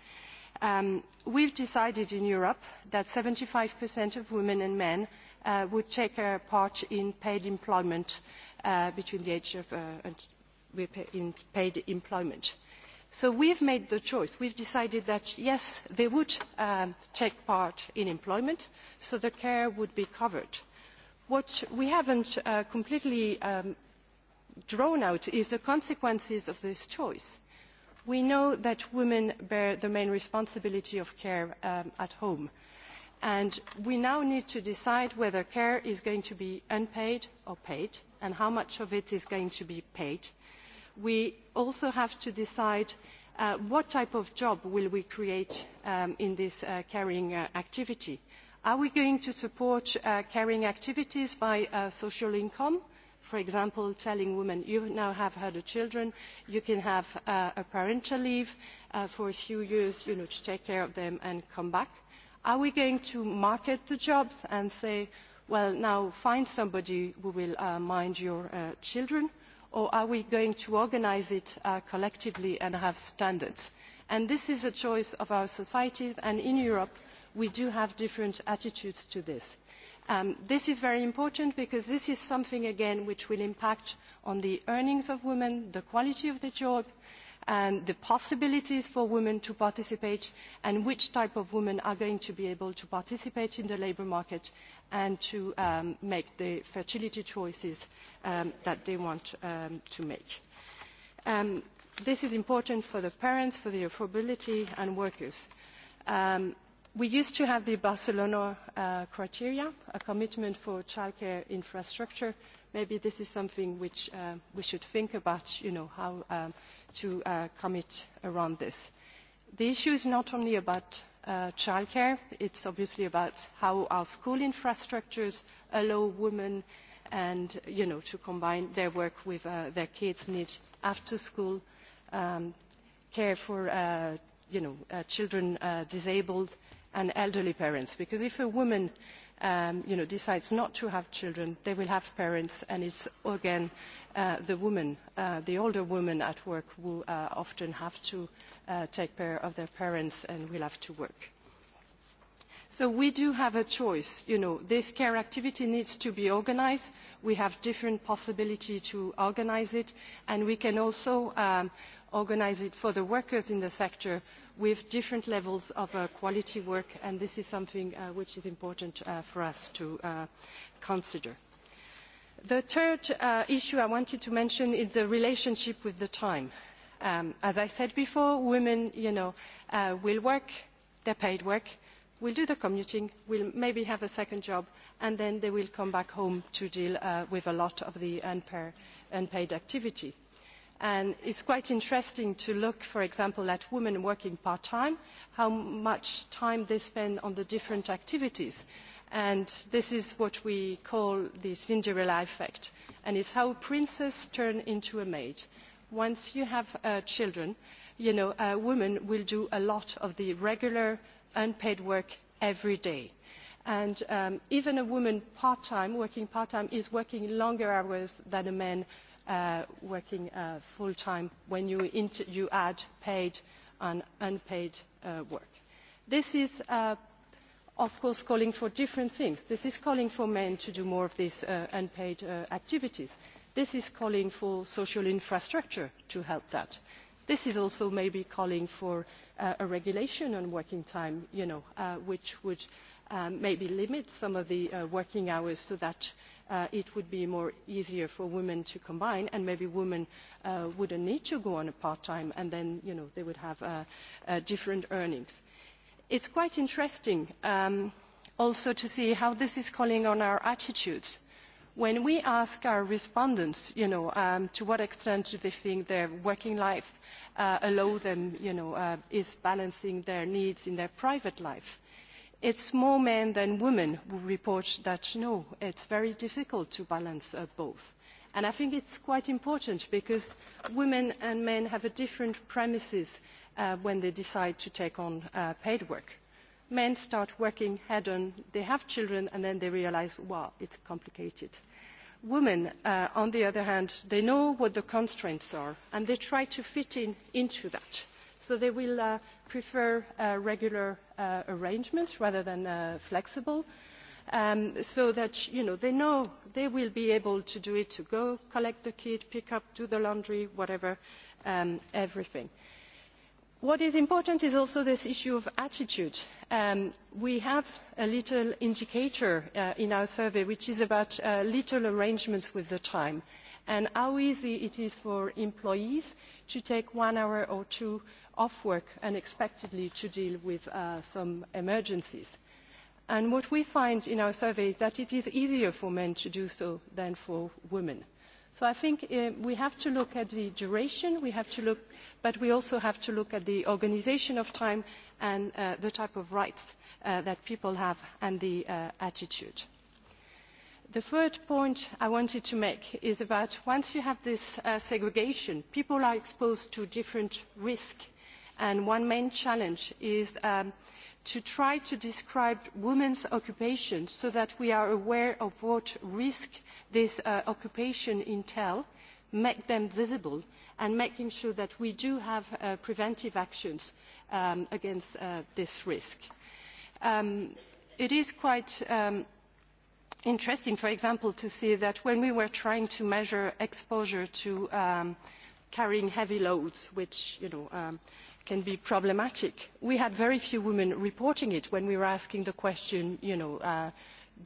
Um, we've decided in Europe that 75% of women and men uh, would take a part in paid employment uh, between the age of uh, and in paid employment. So we've made the choice. We've decided that, yes, they would um, take part in employment, so the care would be covered. What we haven't uh, completely um, drawn out is the consequences of this choice. We know that women bear the main responsibility of care um, at home. And we now need to decide whether care is going to be unpaid or paid and how much of it is going to be paid. We also have to decide uh, what type of job will we create um, in this uh, caring uh, activity. Are we going to support uh, caring activities by uh, social income? for example, telling women, you now have had children, you can have uh, a parental leave uh, for a few years, you know, to take care of them and come back. Are we going to market the jobs and say, well, now find somebody who will uh, mind your uh, children? Or are we going to organize it uh, collectively and have standards? And this is a choice of our societies, and in Europe, we do have different attitudes to this. Um, this is very important because this is something, again, which will impact on the earnings of women, the quality of the job, and the possibilities for women to participate and which type of women are going to be able to participate in the labour market and to um, make the fertility choices um, that they want um, to make. Um, this is important for the parents, for the affordability and workers. Um, We used to have the Barcelona uh, criteria, a commitment for childcare infrastructure. Maybe this is something which uh, we should think about, you know, how um, to uh, commit around this. The issue is not only about uh, childcare, it's obviously about how our school infrastructures allow women and, you know, to combine their work with uh, their kids' needs after school, um, care for, uh, you know, uh, children uh, disabled, and elderly parents because if a woman um, you know, decides not to have children, they will have parents and it's again uh, the woman, uh, the older women at work who uh, often have to uh, take care of their parents and will have to work. So we do have a choice. You know, this care activity needs to be organised. We have different possibilities to organise it, and we can also um, organise it for the workers in the sector with different levels of uh, quality work, and this is something uh, which is important uh, for us to uh, consider. The third uh, issue I wanted to mention is the relationship with the time. Um, as I said before, women, you know, uh, will work, their paid work, will do the commuting, will maybe have a second job, and then they will come back home to deal uh, with a lot of the unpa unpaid activity. And it's quite interesting to look, for example, at women working part-time, how much time they spend on the different activities. And this is what we call the Cinderella effect. And it's how princess turn into a maid. Once you have uh, children, you know, a women will do a lot of the regular unpaid work every day. And um, even a woman part-time, working part-time, is working longer hours than a man uh, working uh, full-time when you, inter you add paid and unpaid uh, work. This is, uh, of course, calling for different things. This is calling for men to do more of these uh, unpaid uh, activities. This is calling for social infrastructure to help that. This is also maybe calling for uh, a regulation on working time, you know, uh, which would um, maybe limit some of the uh, working hours so that uh, uh, it would be more easier for women to combine and maybe women uh, wouldn't need to go on a part-time and then you know, they would have uh, uh, different earnings. It's quite interesting um, also to see how this is calling on our attitudes when we ask our respondents, you know, um, to what extent do they think their working life uh, allow them, you know, uh, is balancing their needs in their private life, it's more men than women who report that no, it's very difficult to balance uh, both. And I think it's quite important because women and men have a different premises uh, when they decide to take on uh, paid work. Men start working head on, they have children, and then they realize, wow, it's complicated. Women, uh, on the other hand, they know what the constraints are, and they try to fit in into that. So they will uh, prefer uh, regular uh, arrangement rather than uh, flexible, um, so that you know, they know they will be able to do it, to go collect the kid, pick up, do the laundry, whatever, um, everything. What is important is also this issue of attitude. Um, we have a little indicator uh, in our survey which is about uh, little arrangements with the time and how easy it is for employees to take one hour or two off work unexpectedly to deal with uh, some emergencies. And what we find in our survey is that it is easier for men to do so than for women. So I think uh, we have to look at the duration, we have to look, but we also have to look at the organization of time and uh, the type of rights uh, that people have and the uh, attitude. The third point I wanted to make is about once you have this uh, segregation, people are exposed to different risks And one main challenge is um, to try to describe women's occupations so that we are aware of what risk this uh, occupation entails, make them visible, and making sure that we do have uh, preventive actions um, against uh, this risk. Um, it is quite um, interesting, for example, to see that when we were trying to measure exposure to um, carrying heavy loads, which you know, um, can be problematic. We had very few women reporting it when we were asking the question, you know, uh,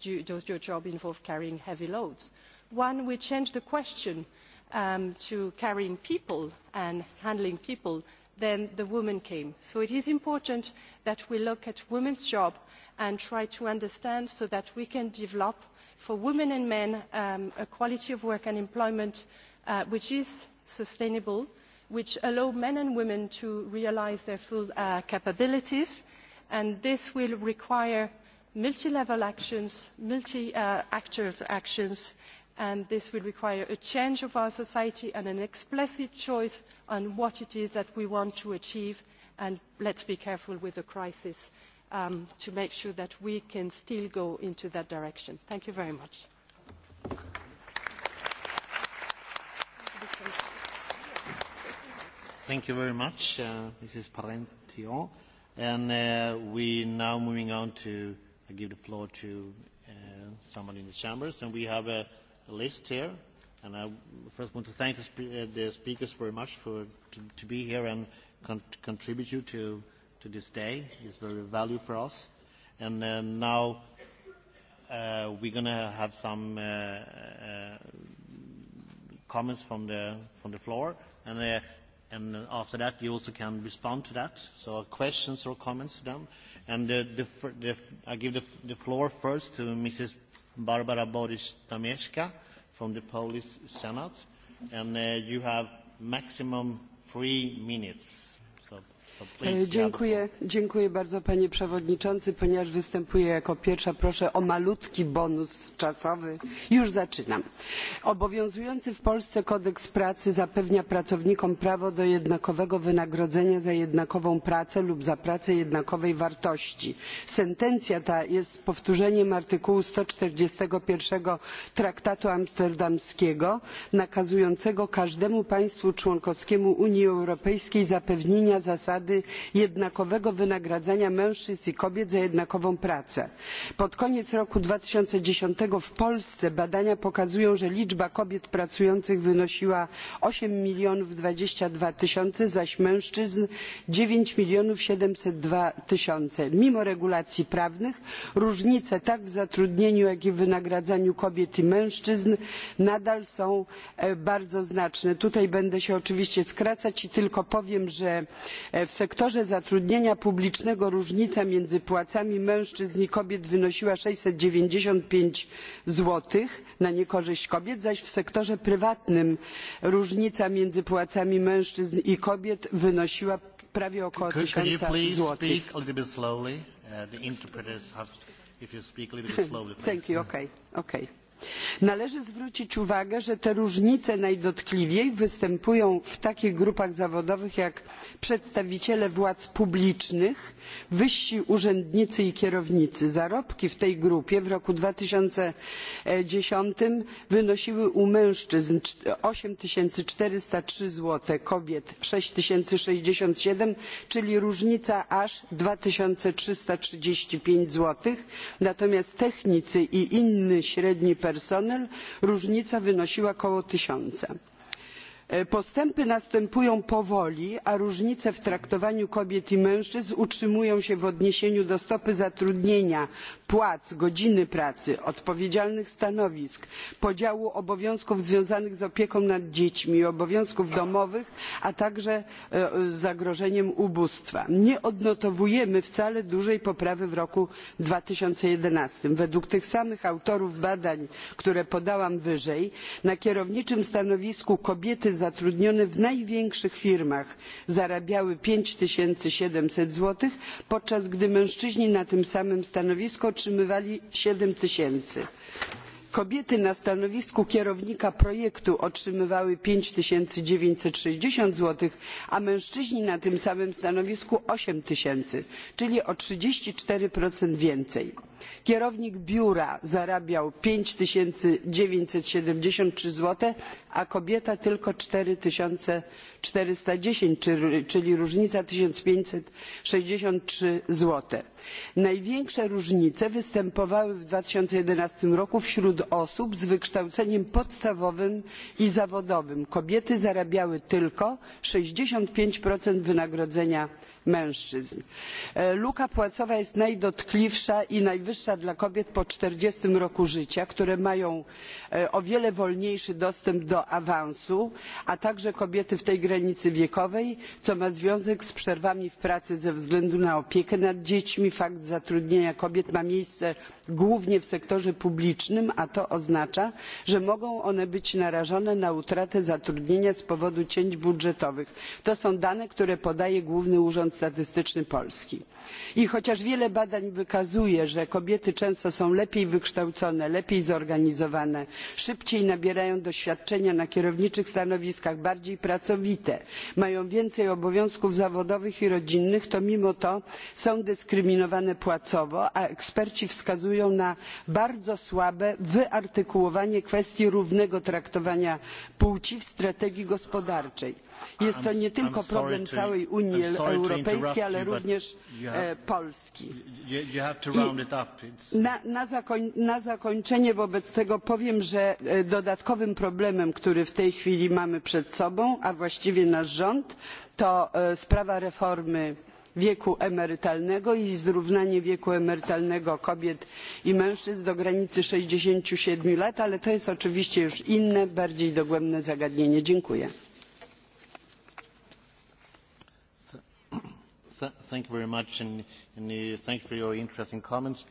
do, does your job involve carrying heavy loads? One, we changed the question um, to carrying people and handling people, then the woman came. So it is important that we look at women's job and try to understand so that we can develop for women and men um, a quality of work and employment uh, which is sustainable, which allow men and women to realise their full uh, capabilities, and this will require multi-level actions, multi-actors uh, actions, and this will require a change of our society and an explicit choice on what it is that we want to achieve, and let's be careful with the crisis um, to make sure that we can still go into that direction. Thank you very much. Thank you very much, uh, Mrs. Parentio. And uh, we now moving on to I give the floor to uh, someone in the chambers, and we have a, a list here. And I first want to thank the, spe uh, the speakers very much for to, to be here and con contribute you to, to this day. It's very value for us. And uh, now uh, we're going to have some uh, uh, comments from the, from the floor. And uh, and uh, after that you also can respond to that. So questions or comments to them. And uh, the the, the, I give the, the floor first to Mrs. Barbara Boris-Damieszka from the Polish Senate. And uh, you have maximum three minutes. E, dziękuję, dziękuję bardzo panie przewodniczący. Ponieważ występuję jako pierwsza, proszę o malutki bonus czasowy. Już zaczynam. Obowiązujący w Polsce kodeks pracy zapewnia pracownikom prawo do jednakowego wynagrodzenia za jednakową pracę lub za pracę jednakowej wartości. Sentencja ta jest powtórzeniem artykułu 141 Traktatu Amsterdamskiego nakazującego każdemu państwu członkowskiemu Unii Europejskiej zapewnienia zasady zasady jednakowego wynagradzania mężczyzn i kobiet za jednakową pracę. Pod koniec roku 2010 w Polsce badania pokazują, że liczba kobiet pracujących wynosiła 8 milionów 22 tysiące, zaś mężczyzn 9 milionów 702 tysiące. Mimo regulacji prawnych różnice tak w zatrudnieniu, jak i w wynagradzaniu kobiet i mężczyzn nadal są e, bardzo znaczne. Tutaj będę się oczywiście skracać i tylko powiem, że e, w sektorze zatrudnienia publicznego różnica między płacami mężczyzn i kobiet wynosiła 695 zł na niekorzyść kobiet, zaś w sektorze prywatnym różnica między płacami mężczyzn i kobiet wynosiła prawie około 1000 złotych. Thank you, okay, okay. Należy zwrócić uwagę, że te różnice najdotkliwiej występują w takich grupach zawodowych jak przedstawiciele władz publicznych, wyżsi urzędnicy i kierownicy. Zarobki w tej grupie w roku dwa tysiące 2010 wynosiły u mężczyzn 8403 zł, kobiet 6067, czyli różnica aż 2335 zł, natomiast technicy i inny średni personel różnica wynosiła około tysiąca. E, postępy następują powoli, a różnice w traktowaniu kobiet i mężczyzn utrzymują się w odniesieniu do stopy zatrudnienia, płac, godziny pracy, odpowiedzialnych stanowisk, podziału obowiązków związanych z opieką nad dziećmi, obowiązków domowych, a także e, zagrożeniem ubóstwa. Nie odnotowujemy wcale dużej poprawy w roku dwa tysiące 2011. Według tych samych autorów badań, które podałam wyżej, na kierowniczym stanowisku kobiety zatrudnione w największych firmach zarabiały pięć siedemset zł, podczas gdy mężczyźni na tym samym stanowisku otrzymywali siedem tysięcy. Kobiety na stanowisku kierownika projektu otrzymywały 5960 zł, a mężczyźni na tym samym stanowisku osiem tysięcy, czyli o 34% więcej. Kierownik biura zarabiał 5973 zł, a kobieta tylko 4410, czyli różnica 1563 zł. Największe różnice występowały w 2011 roku wśród osób z wykształceniem podstawowym i zawodowym. Kobiety zarabiały tylko 65% wynagrodzenia mężczyzn. E, luka płacowa jest najdotkliwsza i najwyższa dla kobiet po 40 roku życia, które mają e, o wiele wolniejszy dostęp do awansu, a także kobiety w tej granicy wiekowej, co ma związek z przerwami w pracy ze względu na opiekę nad dziećmi. Fakt zatrudnienia kobiet ma miejsce głównie w sektorze publicznym, a to oznacza, że mogą one być narażone na utratę zatrudnienia z powodu cięć budżetowych. To są dane, które podaje Główny Urząd Statystyczny Polski. I chociaż wiele badań wykazuje, że kobiety często są lepiej wykształcone, lepiej zorganizowane, szybciej nabierają doświadczenia na kierowniczych stanowiskach, bardziej pracowite, mają więcej obowiązków zawodowych i rodzinnych, to mimo to są dyskryminowane płacowo, a eksperci wskazują na bardzo słabe wyartykułowanie kwestii równego traktowania płci w strategii gospodarczej. Jest to nie tylko problem całej Unii Europejskiej, ale również E, Polski. Na, zakończenie wobec tego powiem, że e, dodatkowym problemem, który w tej chwili mamy przed sobą, a właściwie nasz rząd, to e, sprawa reformy wieku emerytalnego i zrównanie wieku emerytalnego kobiet i mężczyzn do granicy 67 lat ale to jest oczywiście już inne bardziej dogłębne zagadnienie. dziękuję. thank you very much and, and uh, thank you for your interesting comments.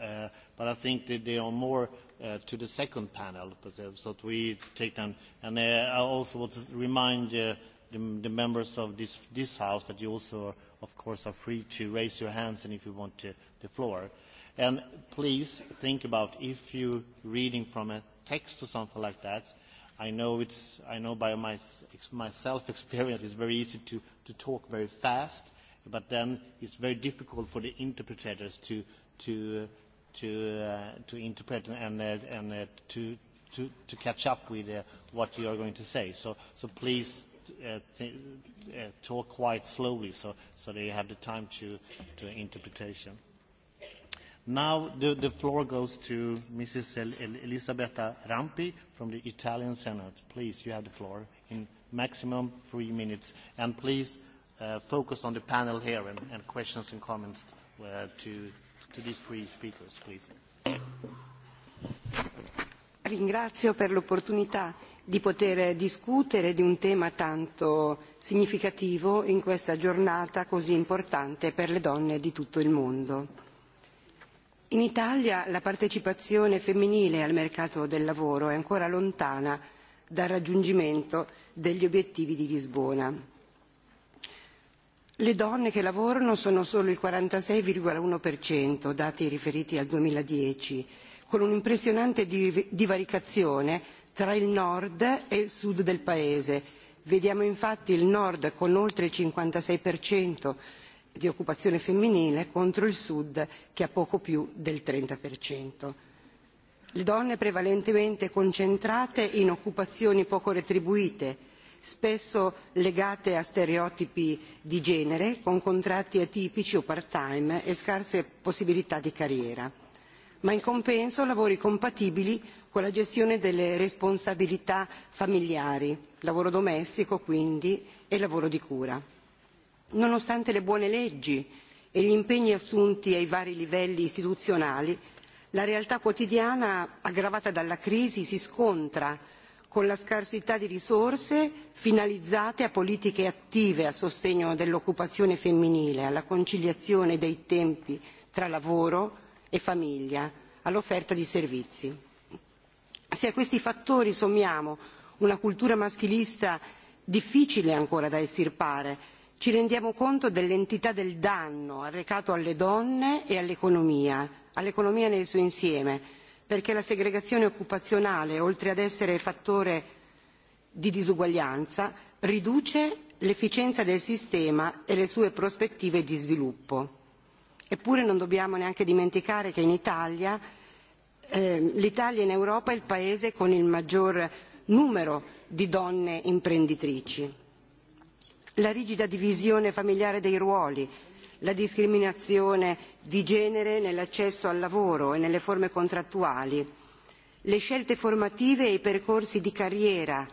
Uh, but I think that they are more uh, to the second panel, but, uh, so that we take them. And uh, I also want to remind uh, the, the members of this, this House that you also, are of course, are free to raise your hands and if you want to, the floor. And please think about if you're reading from a text or something like that, I know, it's, I know by my, ex, my self-experience it's very easy to, to talk very fast but then it's very difficult for the interpreters to, to, uh, to, uh, to interpret and, uh, and uh, to, to, to catch up with uh, what you are going to say. So, so please uh, t uh, talk quite slowly so, so they have the time to, to interpretation. Now the, the floor goes to Mrs. El El Elisabetta Rampi from the Italian Senate. Please, you have the floor in maximum three minutes. And please uh, focus on the panel here and, and questions and comments uh, to, to these three speakers, please. Ringrazio per l'opportunità di poter discutere di un tema tanto significativo in questa giornata così importante per le donne di tutto il mondo. In Italia la partecipazione femminile al mercato del lavoro è ancora lontana dal raggiungimento degli obiettivi di Lisbona. Le donne che lavorano sono solo il 46,1%, dati riferiti al 2010, con un'impressionante div divaricazione tra il nord e il sud del Paese. Vediamo infatti il nord con oltre il 56% di occupazione femminile contro il sud che ha poco più del 30%. Le donne prevalentemente concentrate in occupazioni poco retribuite, spesso legate a stereotipi di genere, con contratti atipici o part-time e scarse possibilità di carriera, ma in compenso lavori compatibili con la gestione delle responsabilità familiari, lavoro domestico quindi e lavoro di cura. Nonostante le buone leggi e gli impegni assunti ai vari livelli istituzionali, la realtà quotidiana aggravata dalla crisi si scontra con la scarsità di risorse finalizzate a politiche attive a sostegno dell'occupazione femminile, alla conciliazione dei tempi tra lavoro e famiglia, all'offerta di servizi. Se a questi fattori sommiamo una cultura maschilista difficile ancora da estirpare, ci rendiamo conto dell'entità del danno arrecato alle donne e all'economia, all'economia nel suo insieme, perché la segregazione occupazionale, oltre ad essere fattore di disuguaglianza, riduce l'efficienza del sistema e le sue prospettive di sviluppo. Eppure non dobbiamo neanche dimenticare che in Italia eh, l'Italia in Europa è il paese con il maggior numero di donne imprenditrici. La rigida divisione familiare dei ruoli la discriminazione di genere nell'accesso al lavoro e nelle forme contrattuali, le scelte formative e i percorsi di carriera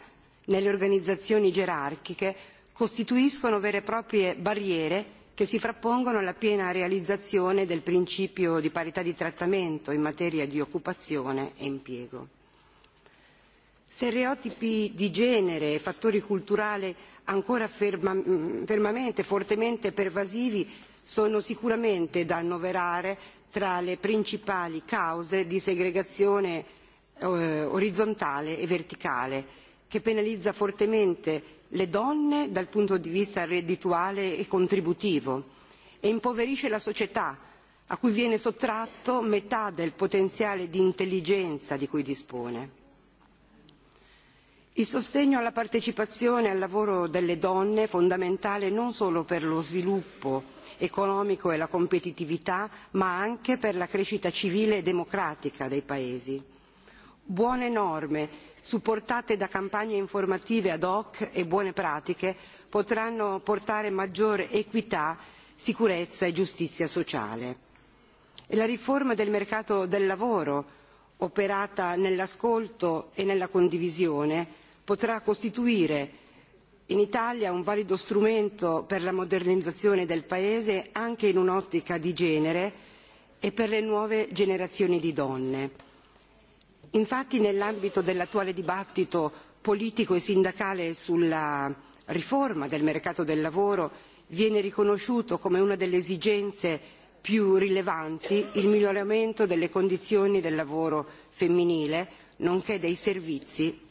nelle organizzazioni gerarchiche costituiscono vere e proprie barriere che si frappongono alla piena realizzazione del principio di parità di trattamento in materia di occupazione e impiego. Stereotipi di genere e fattori culturali ancora mm, fermamente e fortemente pervasivi sono sicuramente da annoverare tra le principali cause di segregazione eh, orizzontale e verticale, che penalizza fortemente le donne dal punto di vista reddituale e contributivo e impoverisce la società a cui viene sottratto metà del potenziale di intelligenza di cui dispone. Il sostegno alla partecipazione al lavoro delle donne è fondamentale non solo per lo sviluppo economico e la competitività, ma anche per la crescita civile e democratica dei Paesi. Buone norme, supportate da campagne informative ad hoc e buone pratiche, potranno portare maggiore equità, sicurezza e giustizia sociale. E la riforma del mercato del lavoro, operata nell'ascolto e nella condivisione, potrà costituire in Italia un valido strumento per la modernizzazione del Paese anche in un'ottica di genere e per le nuove generazioni di donne. Infatti nell'ambito dell'attuale dibattito politico e sindacale sulla riforma del mercato del lavoro viene riconosciuto come una delle esigenze più rilevanti il miglioramento delle condizioni del lavoro femminile, nonché dei servizi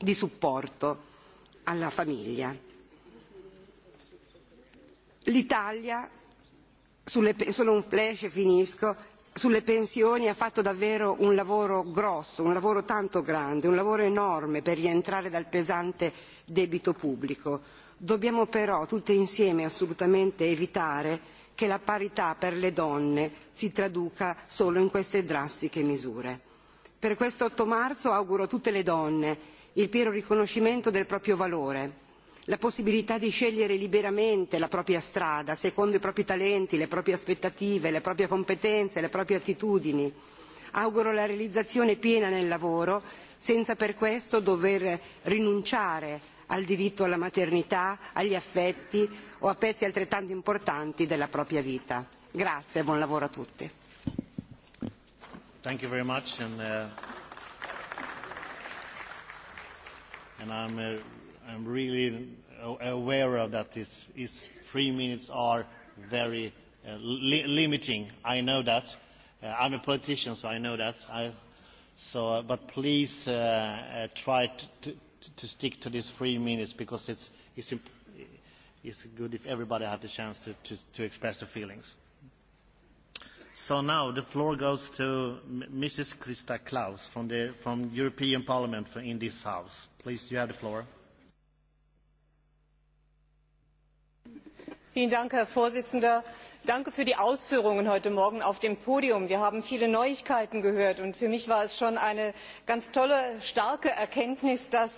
di supporto alla famiglia. L'Italia, sulle, solo un flash e finisco, sulle pensioni ha fatto davvero un lavoro grosso, un lavoro tanto grande, un lavoro enorme per rientrare dal pesante debito pubblico. Dobbiamo però tutte insieme assolutamente evitare che la parità per le donne si traduca solo in queste drastiche misure. Per questo 8 marzo auguro a tutte le donne il pieno riconoscimento del proprio valore, la possibilità di scegliere liberamente la propria strada, secondo i propri talenti, le proprie aspettative, le proprie competenze, le proprie attitudini. Auguro la realizzazione piena nel lavoro, senza per questo dover rinunciare al diritto alla maternità, agli affetti o a pezzi altrettanto importanti della propria vita. Grazie e buon lavoro a tutti. Thank you very much and, uh... and I'm, uh, I'm really aware of that this, it's three minutes are very uh, li limiting. I know that. Uh, I'm a politician, so I know that. I, so, uh, but please uh, uh, try to, to, to stick to these three minutes because it's, it's, imp it's good if everybody has the chance to, to, to express their feelings. So now the floor goes to Mrs. Krista Klaus from the from European Parliament in this House. Please, you have the floor. Vielen Dank, Herr Vorsitzender. Danke für die Ausführungen heute Morgen auf dem Podium. Wir haben viele Neuigkeiten gehört und für mich war es schon eine ganz tolle, starke Erkenntnis, dass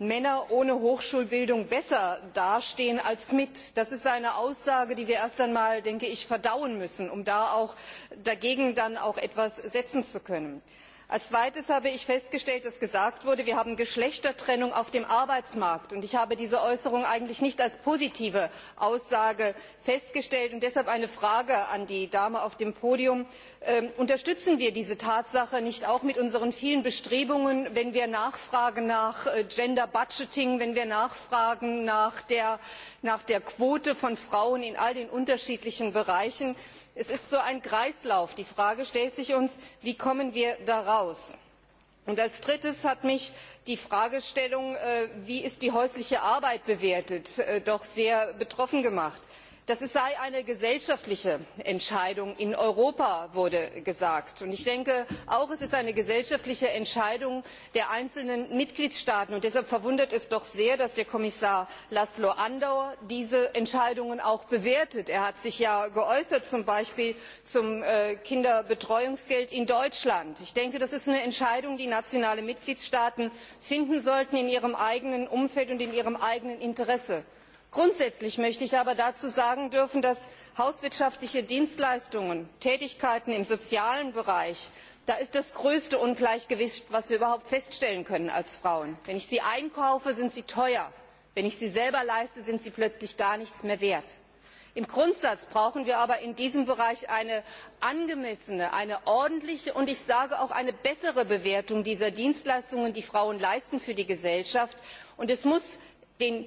Männer ohne Hochschulbildung besser dastehen als mit. Das ist eine Aussage, die wir erst einmal, denke ich, verdauen müssen, um da auch dagegen dann auch etwas setzen zu können als zweites habe ich festgestellt dass gesagt wurde wir haben geschlechtertrennung auf dem arbeitsmarkt. ich habe diese äußerung eigentlich nicht als positive aussage festgestellt und deshalb eine frage an die dame auf dem podium Ähm, unterstützen wir diese tatsache nicht auch mit unseren vielen bestrebungen wenn wir nachfragen nach äh, gender budgeting wenn wir nachfragen nach der, quote von frauen in all den unterschiedlichen bereichen? es ist so ein kreislauf. die frage stellt sich uns wie kommen wir da raus? als drittes hat mich die fragestellung äh, wie ist die häusliche arbeit bewertet äh, doch sehr betroffen gemacht das sei eine gesellschaftliche entscheidung in europa wurde gesagt. Und ich denke auch es ist eine gesellschaftliche entscheidung der einzelnen mitgliedstaaten und deshalb verwundert es doch sehr dass der kommissar lszl andor diese entscheidungen auch bewertet. er hat sich ja geäußert zum beispiel zum äh, kinderbetreuungsgeld in deutschland. ich denke das ist eine entscheidung die nationale mitgliedstaaten finden sollten in ihrem eigenen umfeld und in ihrem eigenen interesse grundsätzlich möchte ich aber dazu sagen dürfen dass hauswirtschaftliche dienstleistungen tätigkeiten im sozialen bereich das größte ungleichgewicht das wir überhaupt feststellen können als frauen. wenn ich sie einkaufe sind sie teuer wenn ich sie selber leiste sind sie plötzlich gar nichts mehr wert. im grundsatz brauchen wir aber in diesem bereich eine angemessene eine ordentliche und ich sage auch eine bessere bewertung dieser dienstleistungen die frauen für die gesellschaft leisten und es muss den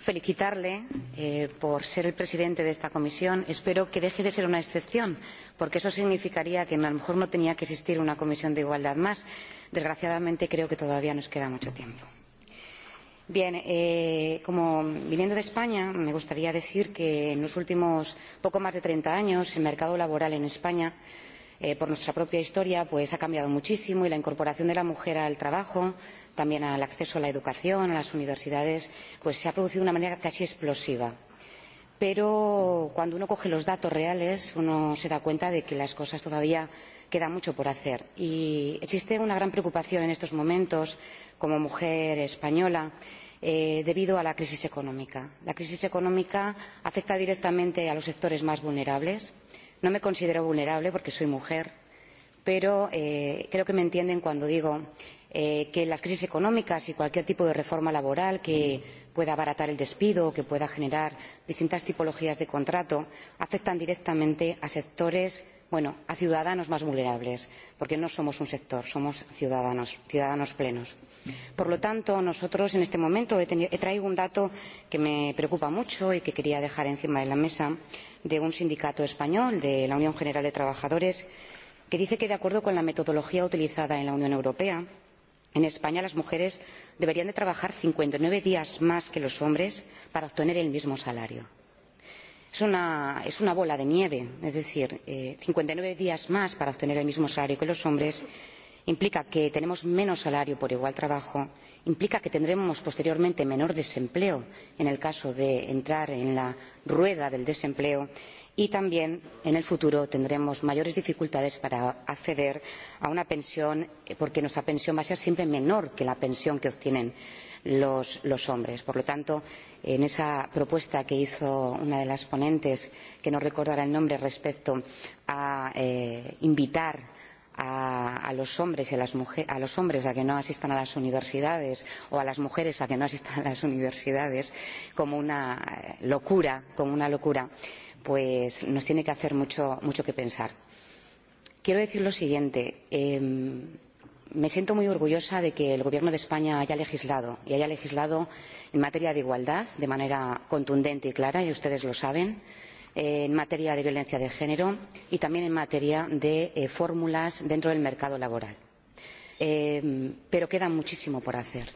felicitarle eh, por ser el presidente de esta comisión. Espero que deje de ser una excepción, porque eso significaría que a lo mejor no tenía que existir una comisión de igualdad más. Desgraciadamente creo que todavía nos queda mucho tiempo. Bien, eh, como viniendo de España, me gustaría decir que en los últimos poco más de treinta años el mercado laboral en España, eh, por nuestra propia historia, pues, ha cambiado muchísimo y la incorporación de la mujer al trabajo también al acceso a la educación, a las universidades, pues se ha producido de una manera casi explosiva. Pero cuando uno coge los datos reales, uno se da cuenta de que las cosas todavía queda mucho por hacer. Y existe una gran preocupación en estos momentos, como mujer española, eh, debido a la crisis económica. La crisis económica afecta directamente a los sectores más vulnerables. No me considero vulnerable porque soy mujer, pero eh, creo que me entienden cuando digo eh, que las crisis económicas y cualquier tipo de reforma laboral que pueda abaratar el despido o que pueda generar distintas tipologías de contrato afectan directamente a sectores bueno, a ciudadanos más vulnerables, porque no somos un sector, somos ciudadanos, ciudadanos plenos. Por lo tanto, nosotros en este momento he, he traído un dato que me preocupa mucho y que quería dejar encima de la mesa de un sindicato español, de la Unión General de Trabajadores, que dice que, de acuerdo con la metodología utilizada en la Unión Europea, En España las mujeres deberían de trabajar cincuenta y nueve días más que los hombres para obtener el mismo salario. Es una, es una bola de nieve, es decir, eh, cincuenta y nueve días más para obtener el mismo salario que los hombres implica que tenemos menos salario por igual trabajo, implica que tendremos posteriormente menor desempleo en el caso de entrar en la rueda del desempleo y también en el futuro tendremos mayores dificultades para acceder a una pensión porque nuestra pensión va a ser siempre menor que la pensión que obtienen los, los hombres. Por lo tanto, en esa propuesta que hizo una de las ponentes, que no recordará el nombre, respecto a eh, invitar a, a los hombres y a las mujeres, a los hombres a que no asistan a las universidades o a las mujeres a que no asistan a las universidades como una eh, locura, como una locura, pues nos tiene que hacer mucho, mucho que pensar. Quiero decir lo siguiente. Eh, me siento muy orgullosa de que el Gobierno de España haya legislado y haya legislado en materia de igualdad de manera contundente y clara, y ustedes lo saben en materia de violencia de género y también en materia de eh, fórmulas dentro del mercado laboral. Eh, pero queda muchísimo por hacer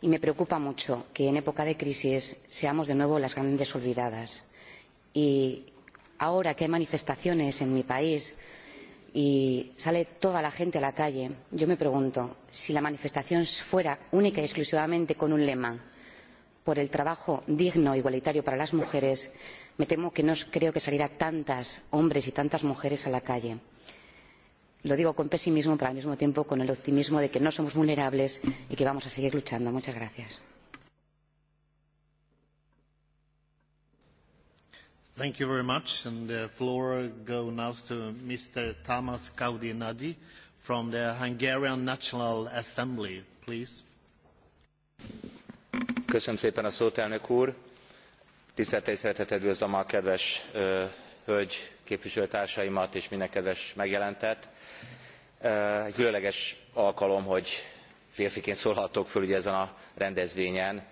y me preocupa mucho que en época de crisis seamos de nuevo las grandes olvidadas. Y ahora que hay manifestaciones en mi país y sale toda la gente a la calle, yo me pregunto si la manifestación fuera única y exclusivamente con un lema por el trabajo digno e igualitario para las mujeres, me temo que no creo que salirá tantas hombres y tantas mujeres a la calle. Lo digo con pesimismo, pero al mismo tiempo con el optimismo de que no somos vulnerables y que vamos a seguir luchando. Muchas gracias. Thank you very much. And the floor goes now to Mr. Tamas Kaudinadi from the Hungarian National Assembly, please. Köszönöm szépen a szót, elnök úr Tisztelettel szeretettel üdvözlöm a kedves hölgy képviselőtársaimat és minden kedves megjelentett. Egy különleges alkalom, hogy férfiként szólhattok föl ugye ezen a rendezvényen.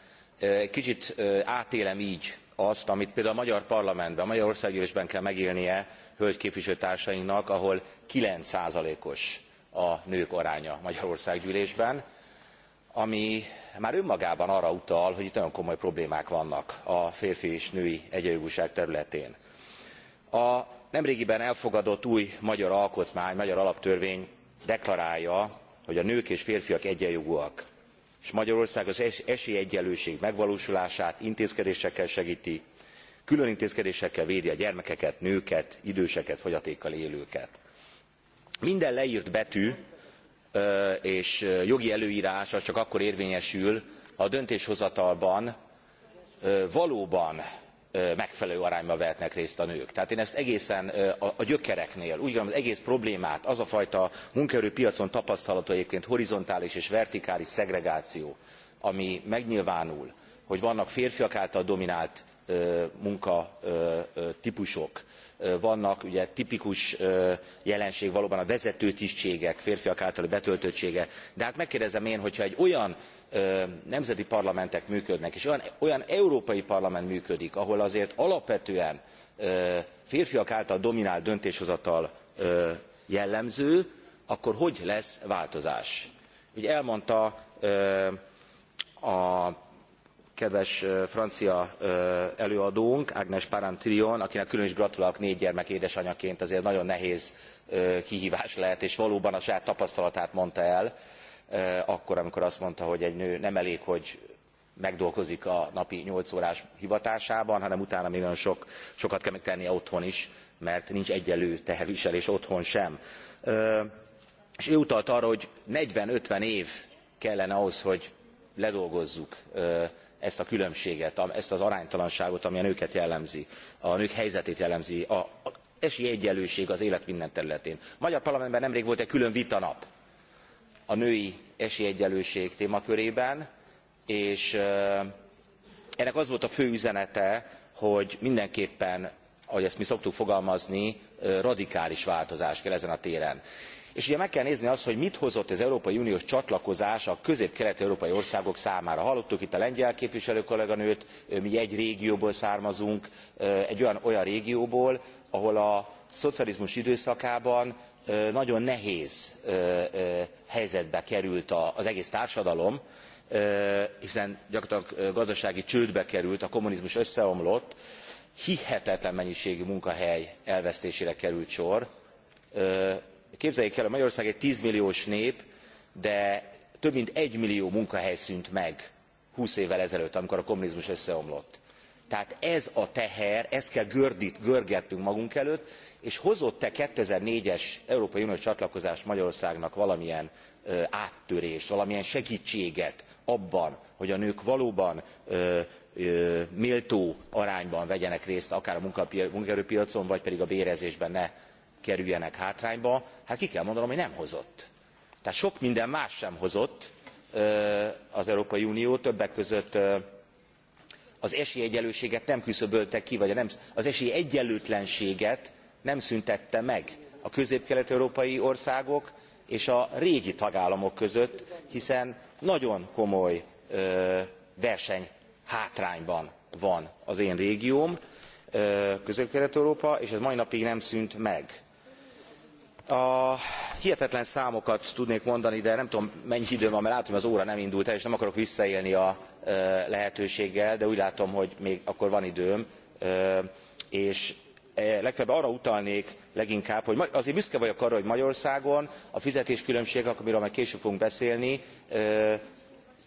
Kicsit átélem így azt, amit például a Magyar Parlamentben, a Magyar Országgyűlésben kell megélnie hölgy képviselőtársainknak, ahol 9%-os a nők aránya Magyarország gyűlésben ami már önmagában arra utal, hogy itt nagyon komoly problémák vannak a férfi és női egyenjogúság területén. A nemrégiben elfogadott új magyar alkotmány, magyar alaptörvény deklarálja, hogy a nők és férfiak egyenjogúak, és Magyarország az esélyegyenlőség megvalósulását intézkedésekkel segíti, külön intézkedésekkel védi a gyermekeket, nőket, időseket, fogyatékkal élőket. Minden leírt betű és jogi előrás az csak akkor érvényesül ha a döntéshozatalban valóban megfelelő arányban vehetnek részt a nők. Tehát én ezt egészen a gyökereknél, úgy gondolom az egész problémát, az a fajta munkaerőpiacon tapasztalható egyébként horizontális és vertikális szegregáció, ami megnyilvánul, hogy vannak férfiak által dominált munkatípusok, vannak, ugye tipikus jelenség valóban a vezető tisztségek, férfiak általi betöltöttsége, de hát megkérdezem én, hogyha egy olyan nemzeti parlamentek működnek, és olyan, olyan európai parlament működik, ahol azért alapvetően férfiak által dominált döntéshozatal jellemző, akkor hogy lesz változás? Ugye elmondta a kedves francia előadónk, Agnes Parantillon, akinek külön is gratulálok négy gyermek édesanyaként, azért nagyon nehéz kihívás lehet, és valóban a saját tapasztalatát mondta el, akkor, amikor azt mondta, hogy egy nő nem elég, hogy megdolgozik a napi 8 órás hivatásában, hanem utána még nagyon sok, sokat kell megtennie otthon is, mert nincs egyenlő teherviselés otthon sem. És ő utalt arra, hogy 40-50 év kellene ahhoz, hogy ledolgozzuk ezt a különbséget, ezt az aránytalanságot, ami a nőket jellemzi, a nők helyzetét jellemzi, a egyenlőség az élet minden területén. A Magyar Parlamentben nemrég volt egy külön vita nap a női esi egyenlőség témakörében, és ennek az volt a fő üzenete, hogy mindenképpen, ahogy ezt mi szoktuk fogalmazni, radikális változás kell ezen a téren és ugye meg kell nézni azt, hogy mit hozott az Európai Uniós csatlakozás a közép-kelet-európai országok számára. Hallottuk itt a lengyel képviselő kolléganőt, mi egy régióból származunk, egy olyan, olyan régióból, ahol a szocializmus időszakában nagyon nehéz helyzetbe került az egész társadalom, hiszen gyakorlatilag gazdasági csődbe került, a kommunizmus összeomlott, hihetetlen mennyiségű munkahely elvesztésére került sor Képzeljék el, hogy Magyarország egy 10 milliós nép, de több mint 1 millió munkahely szűnt meg 20 évvel ezelőtt, amikor a kommunizmus összeomlott. Tehát ez a teher, ezt kell gördít, görgettünk magunk előtt, és hozott-e 2004-es Európai Uniós csatlakozás Magyarországnak valamilyen ö, áttörést, valamilyen segítséget abban, hogy a nők valóban ö, ö, méltó arányban vegyenek részt akár a munkaerőpiacon, vagy pedig a bérezésben ne kerüljenek hátrányba, hát ki kell mondanom, hogy nem hozott. Tehát sok minden más sem hozott az Európai Unió, többek között az esélyegyenlőséget nem küszöbölte ki, vagy nem, az esélyegyenlőtlenséget nem szüntette meg a közép-kelet-európai országok és a régi tagállamok között, hiszen nagyon komoly versenyhátrányban van az én régióm, közép-kelet-európa, és ez mai napig nem szűnt meg. A hihetetlen számokat tudnék mondani, de nem tudom mennyi időm van, mert látom az óra nem indult el, és nem akarok visszaélni a lehetőséggel, de úgy látom, hogy még akkor van időm. És legfeljebb arra utalnék leginkább, hogy azért büszke vagyok arra, hogy Magyarországon a fizetéskülönbség, amiről majd később fogunk beszélni,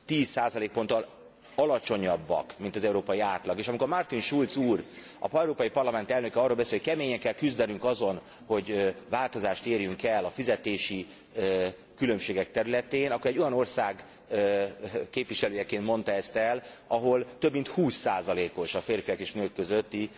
10 ponttal alacsonyabbak, mint az európai átlag. És amikor Martin Schulz úr, a Európai Parlament elnöke arról beszél, hogy keményen kell küzdenünk azon, hogy változást érjünk el a fizetési különbségek területén, akkor egy olyan ország képviselőjeként mondta ezt el, ahol több mint 20%-os a férfiak és nők közötti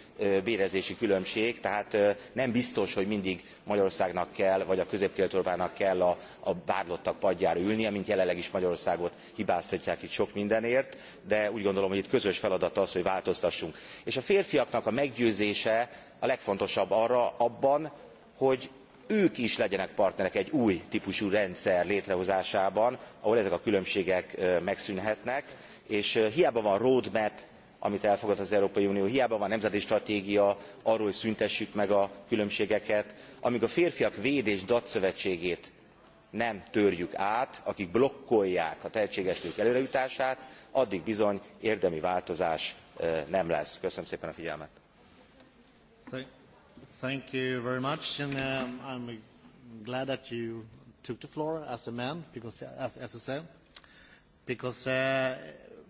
bérezési különbség, tehát nem biztos, hogy mindig Magyarországnak kell, vagy a közép kelet kell a, a bárlottak padjára ülnie, mint jelenleg is Magyarországot hibáztatják itt sok mindenért, de úgy gondolom, hogy itt közös feladat az, hogy változtassunk. És a férfiaknak a meggyőzése a legfontosabb arra abban, hogy ők is legyenek partnerek egy új típusú rendszer létrehozásában, ahol ezek a különbségek megszűnhetnek, és hiába van roadmap, amit elfogad az Európai Unió, hiába van nemzeti stratégia arról, hogy szüntessük meg a különbségeket, amíg a férfiak véd és datszövetségét nem törjük át, akik blokkolják a tehetséges nők előrejutását, addig bizony érdemi változás nem lesz. Köszönöm szépen a figyelmet! Thank you very much, and um, I'm glad that you took the floor as a man, because as, as I said, because uh,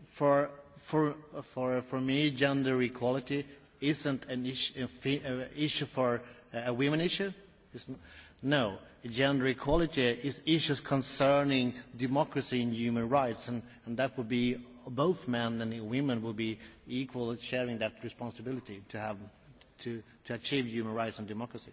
for for for for me, gender equality isn't an issue, uh, issue for uh, a women issue. It's no, gender equality is issues concerning democracy and human rights, and, and that would be both men and women would be equal at sharing that responsibility to have to to achieve human rights and democracy.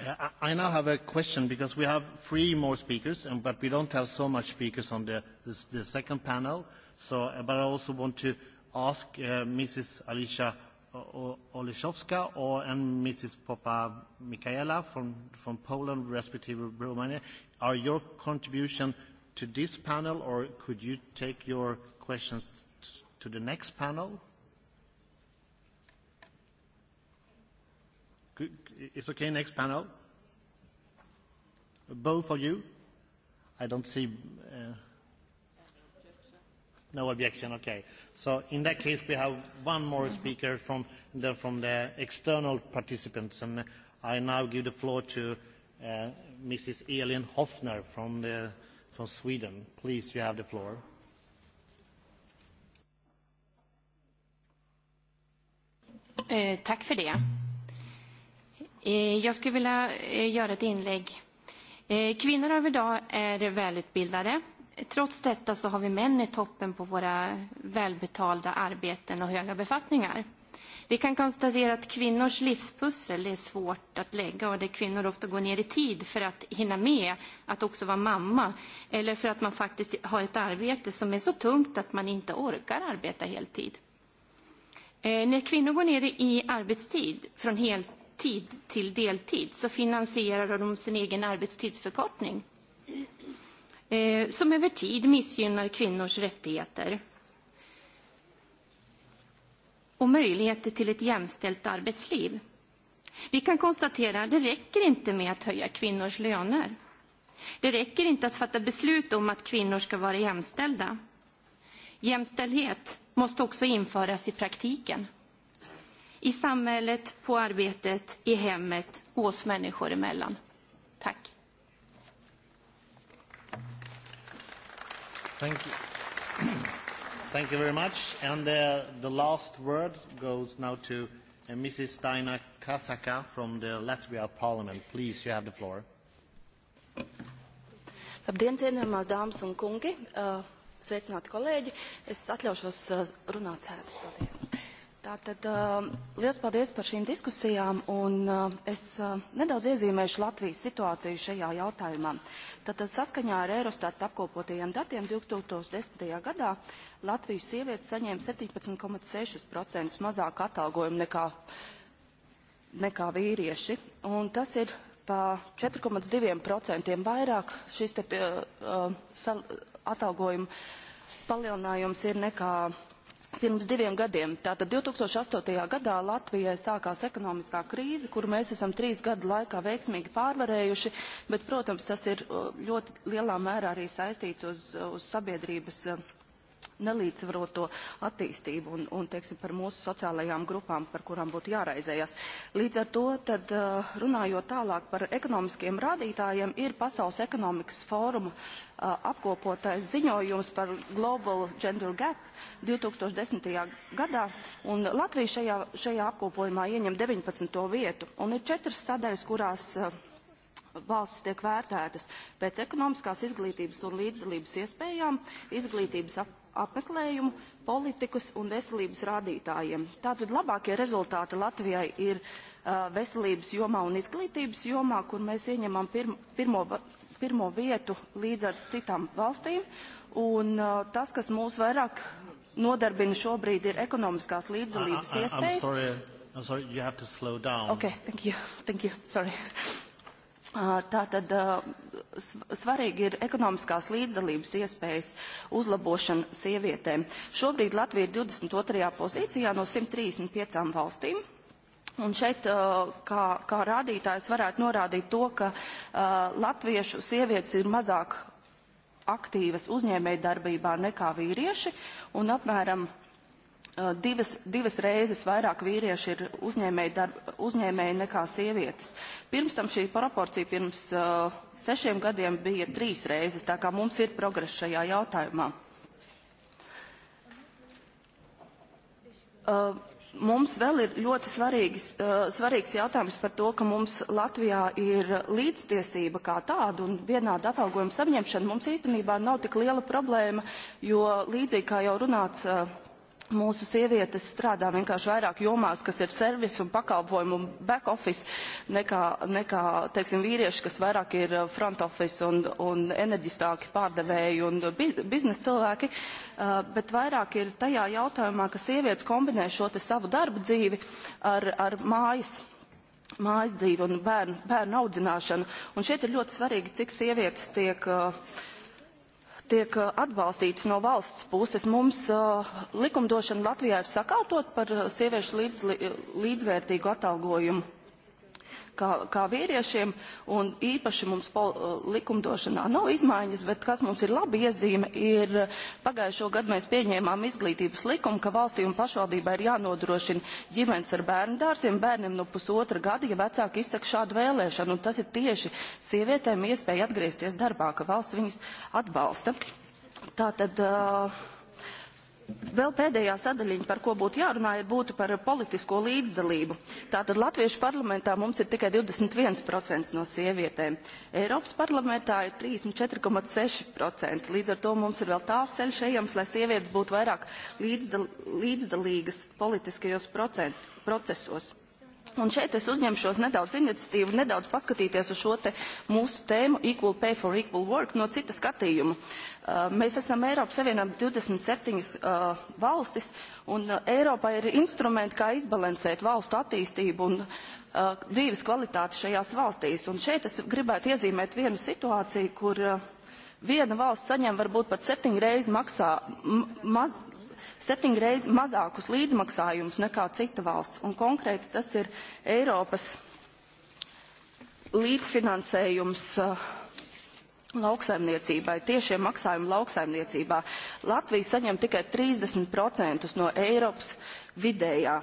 Uh, I now have a question because we have three more speakers, and, but we don't have so much speakers on the, the, the second panel. So, uh, but I also want to ask uh, Mrs. Alicia Oleszowska or, and Mrs. Popa Mikaela from, from Poland, respectively Romania. Are your contribution to this panel, or could you take your questions to the next panel? It's okay, next panel. Both of you. I don't see... Uh, no objection, okay. So in that case, we have one more speaker from the, from the external participants, and I now give the floor to uh, Mrs. Elin Hofner from, the, from Sweden. Please, you have the floor. Uh, tack för det. Eh, jag skulle vilja eh, göra ett inlägg. Eh, kvinnor av idag är välutbildade. Trots detta så har vi män i toppen på våra välbetalda arbeten och höga befattningar. Vi kan konstatera att kvinnors livspussel är svårt att lägga och där kvinnor ofta går ner i tid för att hinna med att också vara mamma eller för att man faktiskt har ett arbete som är så tungt att man inte orkar arbeta heltid. När kvinnor går ner i arbetstid från helt heltid till deltid så finansierar de sin egen arbetstidsförkortning eh, som över tid missgynnar kvinnors rättigheter och möjligheter till ett jämställt arbetsliv. Vi kan konstatera att det räcker inte med att höja kvinnors löner. Det räcker inte att fatta beslut om att kvinnor ska vara jämställda. Jämställdhet måste också införas i praktiken i samhället, på arbetet, i hemmet och oss människor emellan. Tack. Thank you. Thank you very much. And uh, the last word goes now to uh, Mrs. Steina Kasaka from the Latvia Parliament. Please, you have the floor. Labdien, cienījumās dāmas un kungi, uh, sveicināti kolēģi. Es atļaušos uh, runāt sēdus. Paldies. Tātad eh, liels paldies par šīm diskusijām, un eh, es eh, nedaudz iezīmēšu Latvijas situāciju šajā jautājumā. Tātad saskaņā ar Eurostat apkopotajiem datiem 2010. gadā Latvijas sievietes saņēma 17,6% mazāk atalgojumu nekā, nekā vīrieši, un tas ir pa 4,2% vairāk šis te, uh, atalgojumu palielinājums ir nekā Pirms diviem gadiem, tātad 2008. gadā Latvijai sākās ekonomiskā krīze, kur mēs esam trīs gadu laikā veiksmīgi pārvarējuši, bet, protams, tas ir uh, ļoti lielā mērā arī saistīts uz, uh, uz sabiedrības uh, nelīdzvaroto attīstību un, un teiksim, par mūsu sociālajām grupām, par kurām būtu jāraizējas. Līdz ar to, tad, eh, runājot tālāk par ekonomiskiem rādītājiem, ir Pasaules ekonomikas fóruma eh, apkopotais ziņojums par Global Gender Gap 2010. gadā, un Latvija šajā, šajā apkopojumā ieņem 19. vietu. Un ir četras sadaļas, kurās uh, valsts tiek vērtētas pēc ekonomiskās izglītības un līdzdalības iespējām, izglītības apmeklējumu, politikas un veselības rādītājiem. Tātad labākie rezultāti Latvijai ir uh, veselības jomā un izglītības jomā, kur mēs ieņemam pirmo, pirmo, pirmo vietu līdz ar citām valstīm. Un uh, tas, kas mūs vairāk nodarbina šobrīd, ir ekonomiskās līdzdalības iespējas. I'm sorry, I'm sorry, you have to slow down. Okay, thank you, thank you, sorry. Tātad svarīgi ir ekonomiskās līdzdalības iespējas uzlabošana sievietēm. Šobrīd Latvija ir 22. pozīcijā no 135 valstīm. Un šeit kā, kā rādītājs varētu norādīt to, ka latviešu sievietes ir mazāk aktīvas uzņēmējdarbībā nekā vīrieši, un apmēram Eh, divas, divas reizes vairāk vīrieši ir uzņēmēji, darb, uzņēmēji nekā sievietes. Pirms tam šī proporcija pirms uh, sešiem gadiem bija trīs reizes, tā kā mums ir progress šajā jautājumā. Uh, mums vēl ir ļoti svarīgs, uh, svarīgs jautājums par to, ka mums Latvijā ir līdztiesība kā tāda un vienāda atalgojuma saņemšana. Mums īstenībā nav tik liela problēma, jo līdzīgi kā jau runāts uh, Mūsu sievietes strādā vienkārši vairāk jomās, kas ir servis un pakalpojumu un back office, nekā, nekā teiksim, vīrieši, kas vairāk ir uh, front office un, un enerģistāki pārdevēji un biznesa cilvēki, uh, bet vairāk ir tajā jautājumā, ka sievietes kombinē šo savu darbu dzīvi ar, ar mājas mājas dzīvi un bērnu, bērnu audzināšanu. Un šeit ir ļoti svarīgi, cik sievietes tiek uh, tiek eh, atbalstīts no valsts puses. Mums uh, likumdošana Latvijā ir sakārtot par eh, sieviešu līdzvērtīgu atalgojumu kā, kā vīriešiem, un īpaši mums pol, eh, likumdošanā nav izmaiņas, bet kas mums ir labi iezīme, ir eh, pagājušo gadu mēs pieņēmām izglītības likumu, ka valstī un pašvaldībai ir jānodrošina ģimenes ar bērnu dārziem bērniem no pusotra gada, ja vecāki izsaka šādu vēlēšanu, un tas ir tieši sievietēm iespēja atgriezties darbā, ka valsts viņas atbalsta. Tātad, uh, Vēl pēdējā sadaļiņa, par ko būtu jārunā, ir būtu par politisko līdzdalību. Tātad Latviešu parlamentā mums ir tikai 21% no sievietēm. Eiropas parlamentā ir 34,6%. Līdz ar to mums ir vēl tās ceļš ejams, lai sievietes būtu vairāk līdzdalīgas politiskajos procesos. Un šeit es uzņemšos nedaudz iniciatīvu, nedaudz paskatīties uz šo te mūsu tēmu Equal Pay for Equal Work no cita skatījuma. Uh, mēs esam Eiropas Savienība 27 uh, valstis, un uh, Eiropā ir instrumenti, kā izbalansēt valstu attīstību un uh, dzīves kvalitāti šajās valstīs. Un šeit es gribētu iezīmēt vienu situāciju, kur uh, viena valsts saņem varbūt pat septiņreiz maksā, ma septiņreiz mazākus līdzmaksājumus nekā cita valsts, un konkrēti tas ir Eiropas līdzfinansējums uh, lauksaimniecībai, tiešie maksājumi lauksaimniecībā. Latvija saņem tikai 30% no Eiropas vidējā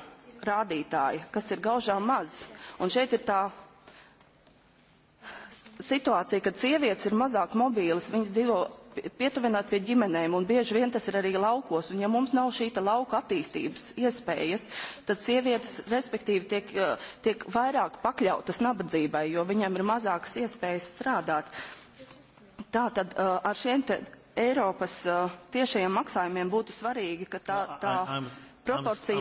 rādītāja, kas ir gaužā maz. Un šeit ir tā situācija, kad sievietes ir mazāk mobīlas, viņas dzīvo pietuvināt pie ģimenēm, un bieži vien tas ir arī laukos, un ja mums nav šī lauka attīstības iespējas, tad sievietes, respektīvi, tiek, eh, tiek vairāk pakļautas nabadzībai, jo viņam ir mazākas iespējas strādāt. Tātad eh, ar šiem te Eiropas eh, tiešajiem maksājumiem būtu svarīgi, ka tā... tā... No, I, proporcija.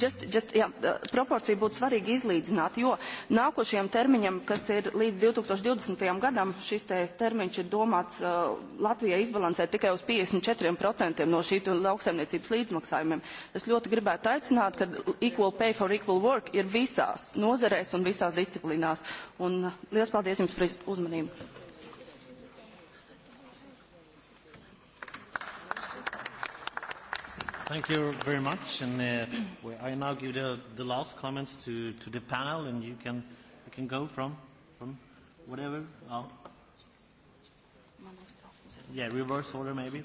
Just, just, jā, proporcija būtu svarīgi izlīdzināt, jo nākošajam termiņam, kas ir līdz 2020. gadam, šis te termiņš ir domāts uh, izbalansēt tikai uz 54% no šī lauksaimniecības līdzmaksājumiem. Es ļoti gribētu aicināt, ka equal pay for equal work ir visās nozerēs un visās disciplīnās. Un liels paldies jums par uzmanību. Thank you very much. And uh, I now give the, the last comments to, to the panel, and you can, you can go from, from whatever. Oh. Yeah, reverse order maybe.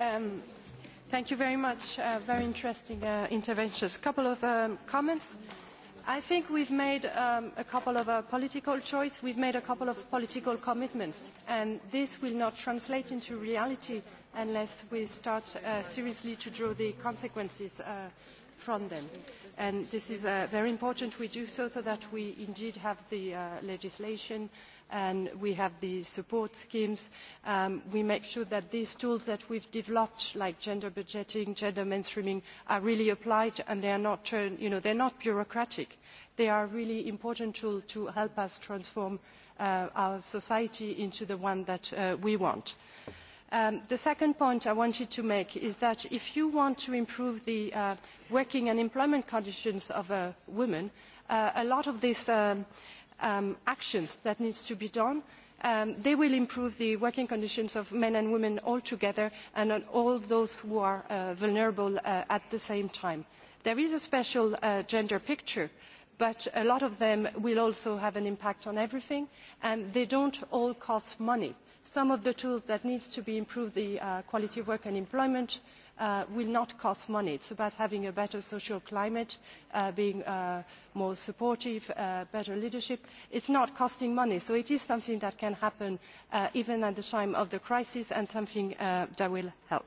Um, thank you very much. Uh, very interesting uh, interventions. A couple of um, comments. I think we've made um, a couple of uh, political choice. We've made a couple of political commitments, and this will not translate into reality unless we start uh, seriously to draw the consequences uh, from them. And this is uh, very important we do so, so that we indeed have the uh, legislation and we have the support schemes. Um, we make sure that these tools that we've developed, like gender budgeting, gender mainstreaming, are really applied and they are not, turn, you know, they're not bureaucratic. They are really important tool to help us transform uh, our society into the one that uh, we want. Uh, Um, the second point I wanted to make is that if you want to improve the uh, working and employment conditions of women, uh, a lot of these um, um, actions that need to be done, um, they will improve the working conditions of men and women altogether and on all those who are uh, vulnerable uh, at the same time. There is a special uh, gender picture but a lot of them will also have an impact on everything and they don't all cost money some of the tools that need to be improved the uh, quality of work and employment uh, will not cost money. It's about having a better social climate, uh, being uh, more supportive, uh, better leadership. It's not costing money, so it is something that can happen uh, even at the time of the crisis and something uh, that will help.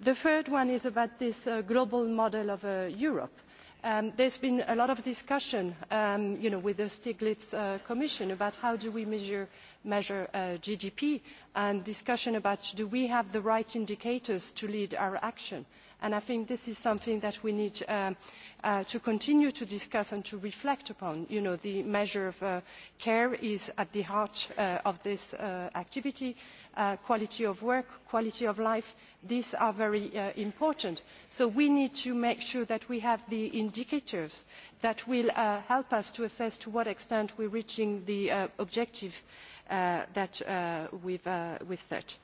The third one is about this uh, global model of uh, Europe. Uh, Um, there's been a lot of discussion um, you know, with the Stiglitz uh, Commission about how do we measure, measure uh, GDP and discussion about do we have the right indicators to lead our action. And I think this is something that we need um, uh, to continue to discuss and to reflect upon. You know, the measure of uh, care is at the heart uh, of this uh, activity uh, quality of work, quality of life, these are very uh, important. So we need to make sure that we have the indicators that will uh, help us to assess to what extent we're reaching the uh, objective uh, that uh, we've, uh, we've set.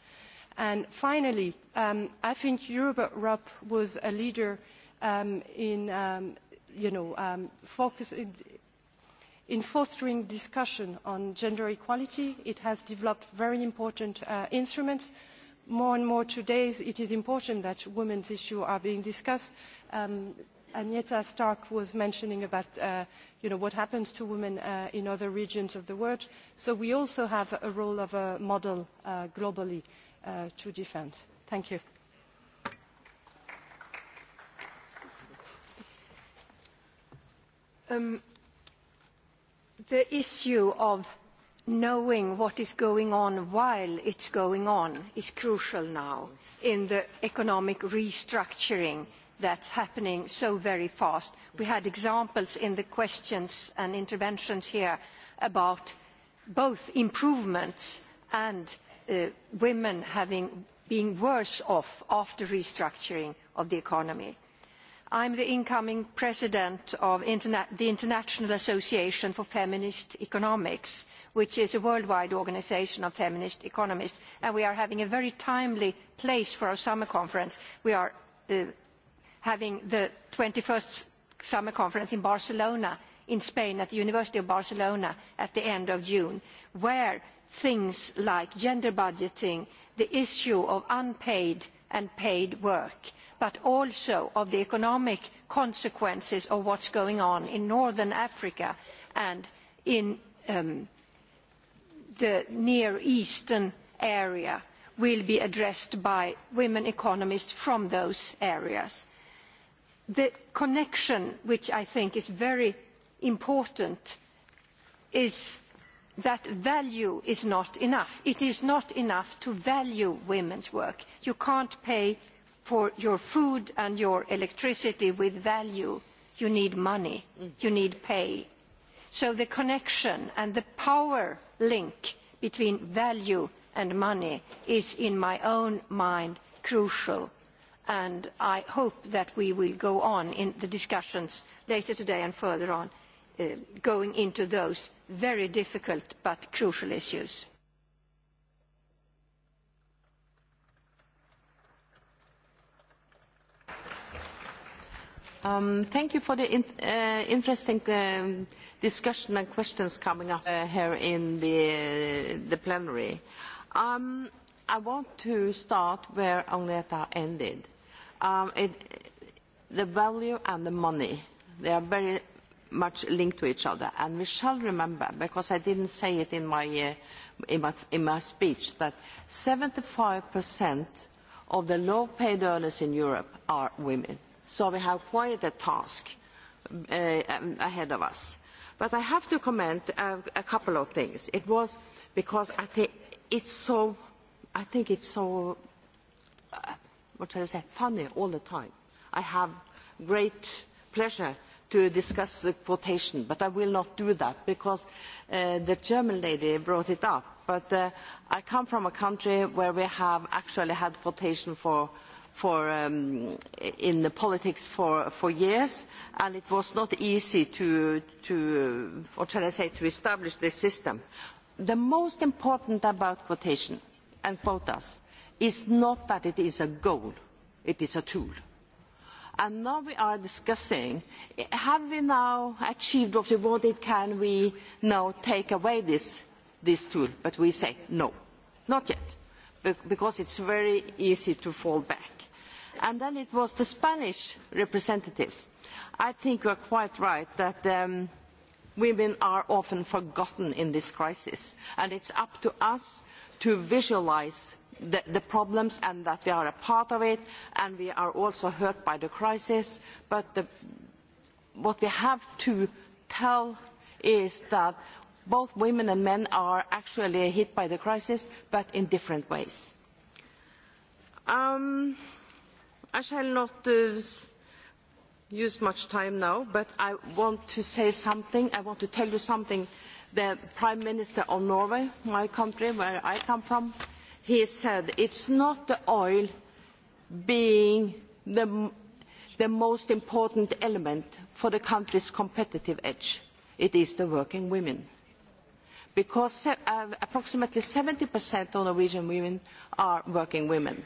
And finally, um, I think Europe was a leader um, in um, you know, um, focusing In fostering discussion on gender equality, it has developed very important uh, instruments. More and more today, it is important that women's issues are being discussed. Um, Agneta Stark was mentioning about uh, you know, what happens to women uh, in other regions of the world. So we also have a role of a model uh, globally uh, to defend. Thank you. Um, the issue of knowing what is going on while it is going on is crucial now in the economic restructuring that is happening so very fast. We had examples in the questions and interventions here about both improvements and uh, women having, being worse off after restructuring of the economy. I am the incoming president of Interna the International Association for Feminist Economics, which is a worldwide organisation of feminist economists, and we are having a very timely place for our summer conference. We are uh, having the twenty first summer conference in Barcelona, in Spain, at the University of Barcelona at the end of June, where things like gender budgeting, the issue of unpaid and paid work, but also of the economic consequences of what is going on in Northern Africa and in um, the Near Eastern area will be addressed by women economists from those areas. The connection, which I think is very important, is that value is not enough. It is not enough to value women's work. You cannot pay for your food and your electricity with value. You need money. You need pay. So the connection and the power link between value and money is in my own mind crucial and I hope that we will go on in the discussions later today and further on Uh, going into those very difficult but crucial issues. Um, thank you for the in, uh, interesting um, discussion and questions coming up uh, here in the, uh, the plenary. Um, I want to start where Agneta ended. Um, it, the value and the money, they are very much linked to each other. And we shall remember, because I didn't say it in my, uh, in my, in my speech, that 75% of the low-paid earners in Europe are women. So we have quite a task uh, um, ahead of us. But I have to comment a, uh, a couple of things. It was because I think it's so, I think it's so, uh, what shall I say, funny all the time. I have great pleasure to discuss the quotation, but I will not do that because uh, the German lady brought it up. But uh, I come from a country where we have actually had quotation for, for, um, in the politics for, for years, and it was not easy to, to, what shall I say, to establish this system. The most important about quotation and quotas is not that it is a goal, it is a tool. And now we are discussing, have we now achieved what we wanted? Can we now take away this, this tool? But we say no, not yet, because it's very easy to fall back. And then it was the Spanish representatives. I think you are quite right that um, women are often forgotten in this crisis, and it's up to us to visualize the, the problems and that we are a part of it and we are also hurt by the crisis. But the, what we have to tell is that both women and men are actually hit by the crisis, but in different ways. Um, I shall not uh, use much time now, but I want to say something. I want to tell you something. The Prime Minister of Norway, my country, where I come from, he said it's not the oil being the, the most important element for the country's competitive edge. It is the working women. Because uh, approximately 70% of Norwegian women are working women.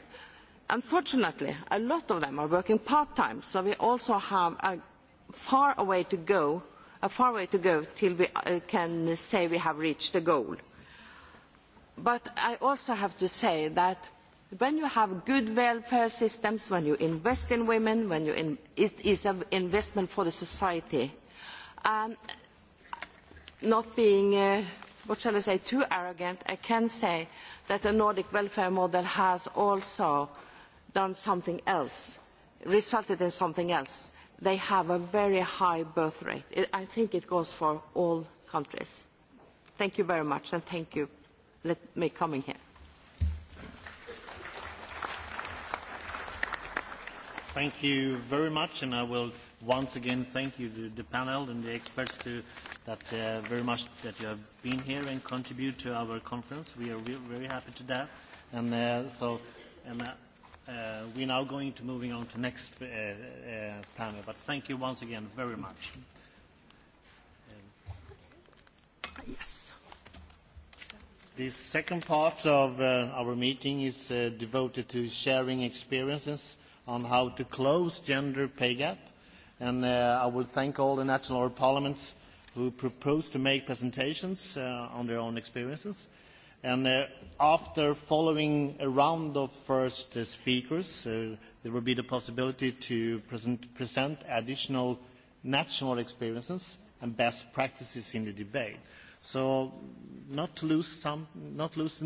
Unfortunately, a lot of them are working part-time, so we also have a far way to go, a far way to go till we uh, can say we have reached the goal. But I also have to say that when you have good welfare systems, when you invest in women, when you in, it is an investment for the society. And not being, uh, what shall I say, too arrogant, I can say that the Nordic welfare model has also done something else, resulted in something else. They have a very high birth rate. It, I think it goes for all countries. Thank you very much, and thank you let me coming here. Thank you very much, and I will once again thank you to the panel and the experts to that uh, very much that you have been here and contribute to our conference. We are very happy to that, and uh, so and, uh, uh, we're now going to moving on to next uh, uh, panel. But thank you once again very much. Yes. The second part of uh, our meeting is uh, devoted to sharing experiences on how to close gender pay gap. And uh, I will thank all the national parliaments who proposed to make presentations uh, on their own experiences. And uh, after following a round of first uh, speakers, uh, there will be the possibility to present, present additional national experiences and best practices in the debate. So not to lose some, not lose,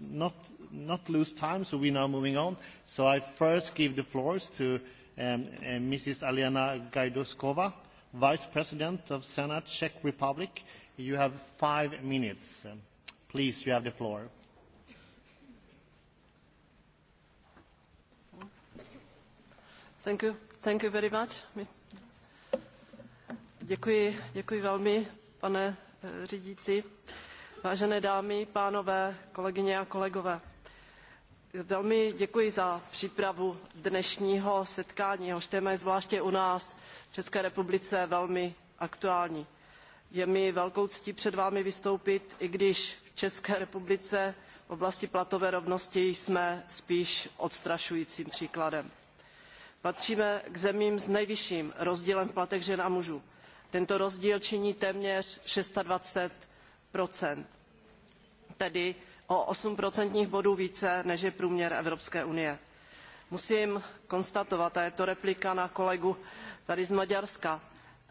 not, not lose time, so we now moving on. So I first give the floors to um, uh, Mrs. Aliana gaidoskova Vice President of Senate, Czech Republic. You have five minutes. Um, please, you have the floor. Thank you. Thank you very much. Děkuji, děkuji velmi, pane řídící, vážené dámy, pánové, kolegyně a kolegové. Velmi děkuji za přípravu dnešního setkání, jehož téma je zvláště u nás v České republice velmi aktuální. Je mi velkou ctí před vámi vystoupit, i když v České republice v oblasti platové rovnosti jsme spíš odstrašujícím příkladem. Patříme k zemím s nejvyšším rozdílem v platech žen a mužů. Tento rozdíl činí téměř 620 tedy o 8 procentních bodů více, než je průměr Evropské unie. Musím konstatovat, a je to replika na kolegu tady z Maďarska,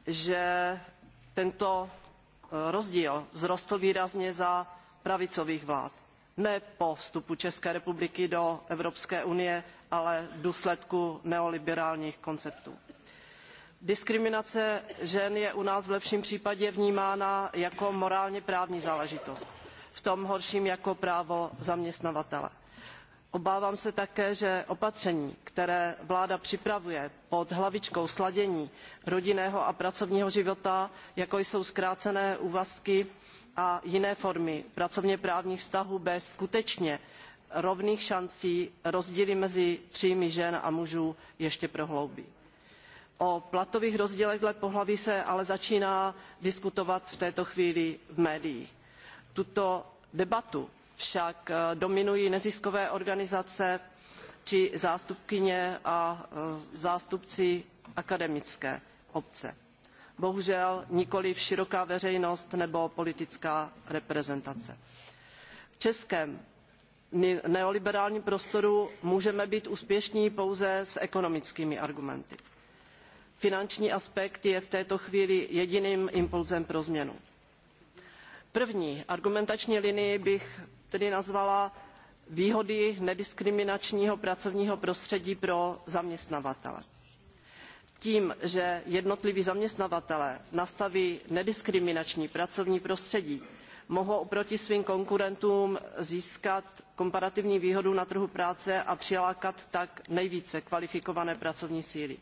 že tento eh, rozdíl vzrostl výrazně za pravicových vlád. Ne po vstupu České republiky do Evropské unie, ale v důsledku neoliberálních konceptů. Diskriminace žen je u nás v lepším případě vnímána jako morálně právní záležitost, v tom horším jako právo zaměstnavatele. Obávám se také, že opatření, které vláda připravuje pod hlavičkou sladění rodinného a pracovního života, jako jsou zkrácené úvazky a jiné formy pracovně právních vztahů bez skutečně rovných šancí rozdíly mezi příjmy žen a mužů ještě prohloubí. O platových rozdílech dle pohlaví se ale začíná diskutovat v této chvíli v médiích. Tuto debatu však eh, dominují neziskové organizace či zástupkyně a eh, zástupci akademické obce. Bohužel nikoli široká veřejnost nebo politická reprezentace. V českém neoliberálním prostoru můžeme být úspěšní pouze s ekonomickými argumenty. Finanční aspekt je v této chvíli jediným impulzem pro změnu. První argumentační linii bych tedy nazvala výhody nediskriminačního pracovního prostředí pro zaměstnavatele. Tím, že jednotliví zaměstnavatelé nastaví nediskriminační pracovní prostředí, mohou oproti svým konkurentům získat komparativní výhodu na trhu práce a přilákat tak nejvíce kvalifikované pracovní síly.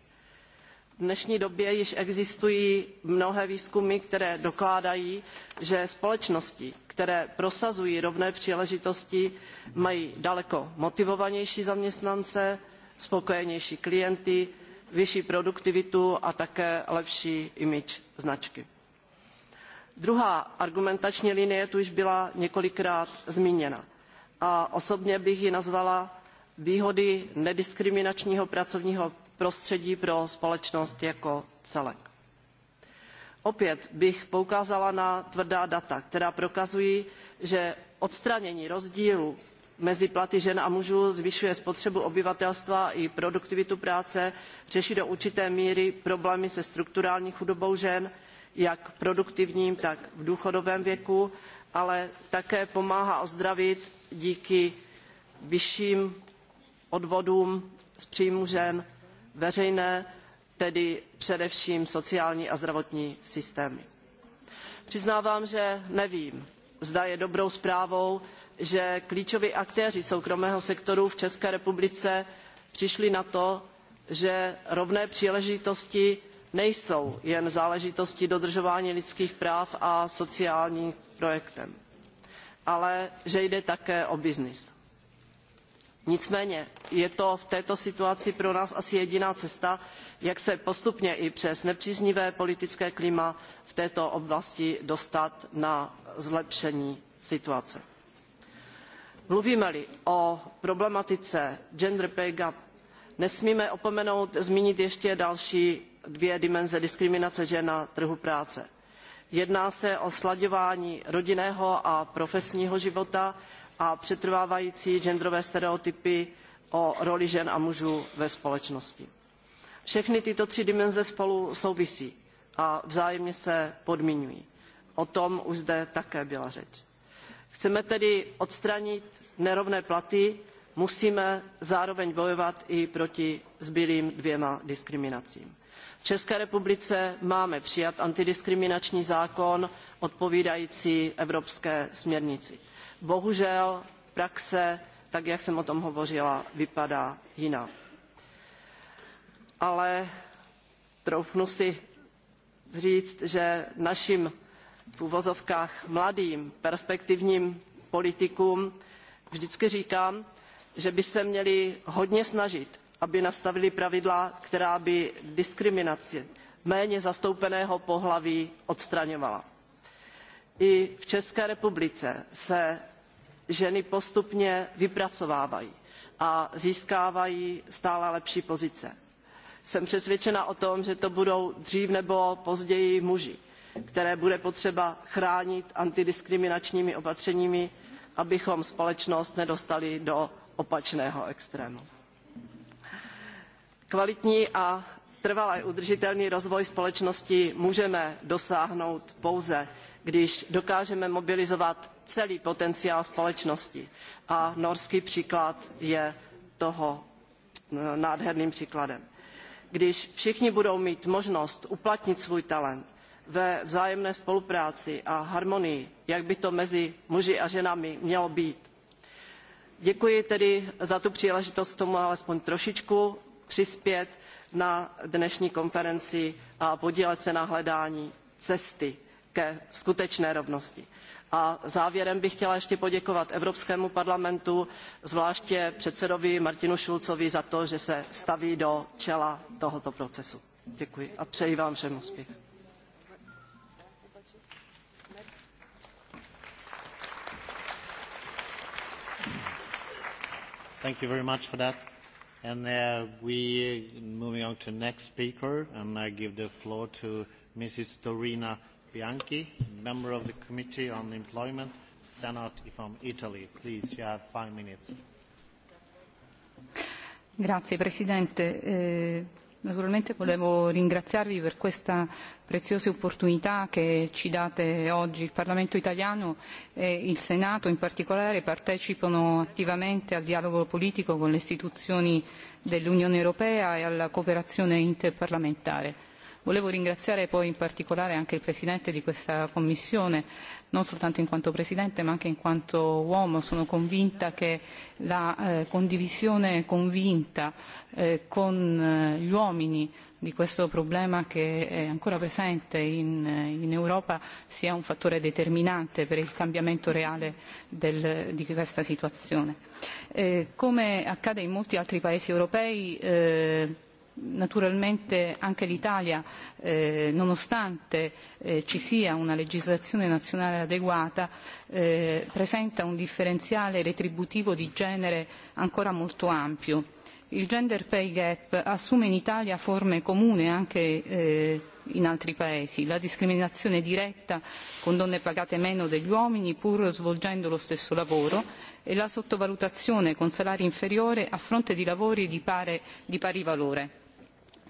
V dnešní době již existují mnohé výzkumy, které dokládají, že společnosti, které prosazují rovné příležitosti, mají daleko motivovanější zaměstnance, spokojenější klienty, vyšší produktivitu a také lepší imič značky. Druhá argumentační linie tu již byla několikrát zmíněna a osobně bych ji nazvala výhody nediskriminačního pracovního prostředí pro společnost jako celek. Opět bych poukázala na tvrdá data, která prokazují, že odstranění rozdílu mezi platy žen a mužů zvyšuje spotřebu obyvatelstva i produktivitu práce, řeší do určité míry problémy se strukturální chudobou žen, jak produktivním, tak v důchodovém věku, ale také pomáhá ozdravit díky vyšším odvodům z příjmu žen veřejné, tedy především sociální a zdravotní systémy. Přiznávám, že nevím, zda je dobrou zprávou, že klíčoví aktéři soukromého sektoru v České republice přišli na to, že rovné příležitosti nejsou jen záležitosti dodržování lidských práv a sociálním projektem, ale že jde také o biznis. Nicméně je to v této situaci pro nás asi jediná cesta, jak se postupně i přes nepříznivé politické klima v této oblasti dostat na zlepšení situace. Mluvíme-li o problematice gender pay gap, nesmíme opomenout zmínit ještě další dvě dimenze diskriminace žen na trhu práce. Jedná se o slaďování rodinného a profesního života a přetrvávající genderové stereotypy o roli žen a mužů ve společnosti. Všechny tyto tři dimenze spolu souvisí a vzájemně se podmiňují. O tom už zde také byla řeč. Chceme tedy odstranit nerovné platy, musíme zároveň bojovat i proti zbylým dvěma diskriminacím. V České republice máme přijat antidiskriminační zákon odpovídající evropské směrnici. Bohužel praxe, tak jak jsem o tom hovořila, vypadá jinak. Ale troufnu si říct, že našim v úvozovkách mladým perspektivním politikům vždycky říkám, že by se měli hodně snažit, aby nastavili pravidla, která by diskriminaci méně zastoupeného pohlaví odstraňovala. I v České republice se ženy postupně vypracovávají a získávají stále lepší pozice. Jsem přesvědčena o tom, že to budou dřív nebo později muži, které bude potřeba chránit antidiskriminačními opatřeními, abychom společnost nedostali do opačného extrému. Kvalitní a trvalé udržitelný rozvoj společnosti můžeme dosáhnout pouze když dokážeme mobilizovat celý potenciál společnosti. A norský příklad je toho eh, nádherným příkladem. Když všichni budou mít možnost uplatnit svůj talent ve vzájemné spolupráci a harmonii, jak by to mezi muži a ženami mělo být. Děkuji tedy za tu příležitost tomu alespoň trošičku přispět na dnešní konferenci a podílet se na hledání cesty ke skutečné rovnosti. A závěrem bych chtěla ještě poděkovat Evropskému parlamentu, zvláště předsedovi Martinu Šulcovi za to, že se staví do čela tohoto procesu. Děkuji a přeji vám všem úspěch. Thank you very much for that. And uh, we moving on to next speaker, and I give the floor to Mrs. Dorina Bianchi, member of the Committee on Employment, Senate from Italy. Please, you have five minutes. Grazie Presidente. Eh, naturalmente volevo ringraziarvi per questa preziosa opportunità che ci date oggi. Il Parlamento italiano e il Senato in particolare partecipano attivamente al dialogo politico con le istituzioni dell'Unione Europea e alla cooperazione interparlamentare. Volevo ringraziare poi in particolare anche il Presidente di questa Commissione, non soltanto in quanto Presidente ma anche in quanto uomo. Sono convinta che la eh, condivisione convinta eh, con eh, gli uomini di questo problema che è ancora presente in, eh, in Europa sia un fattore determinante per il cambiamento reale del, di questa situazione. Eh, come accade in molti altri paesi europei, eh, Naturalmente anche l'Italia, eh, nonostante eh, ci sia una legislazione nazionale adeguata, eh, presenta un differenziale retributivo di genere ancora molto ampio. Il gender pay gap assume in Italia forme comune anche eh, in altri paesi, la discriminazione diretta con donne pagate meno degli uomini pur svolgendo lo stesso lavoro e la sottovalutazione con salari inferiore a fronte di lavori di, pare, di pari valore.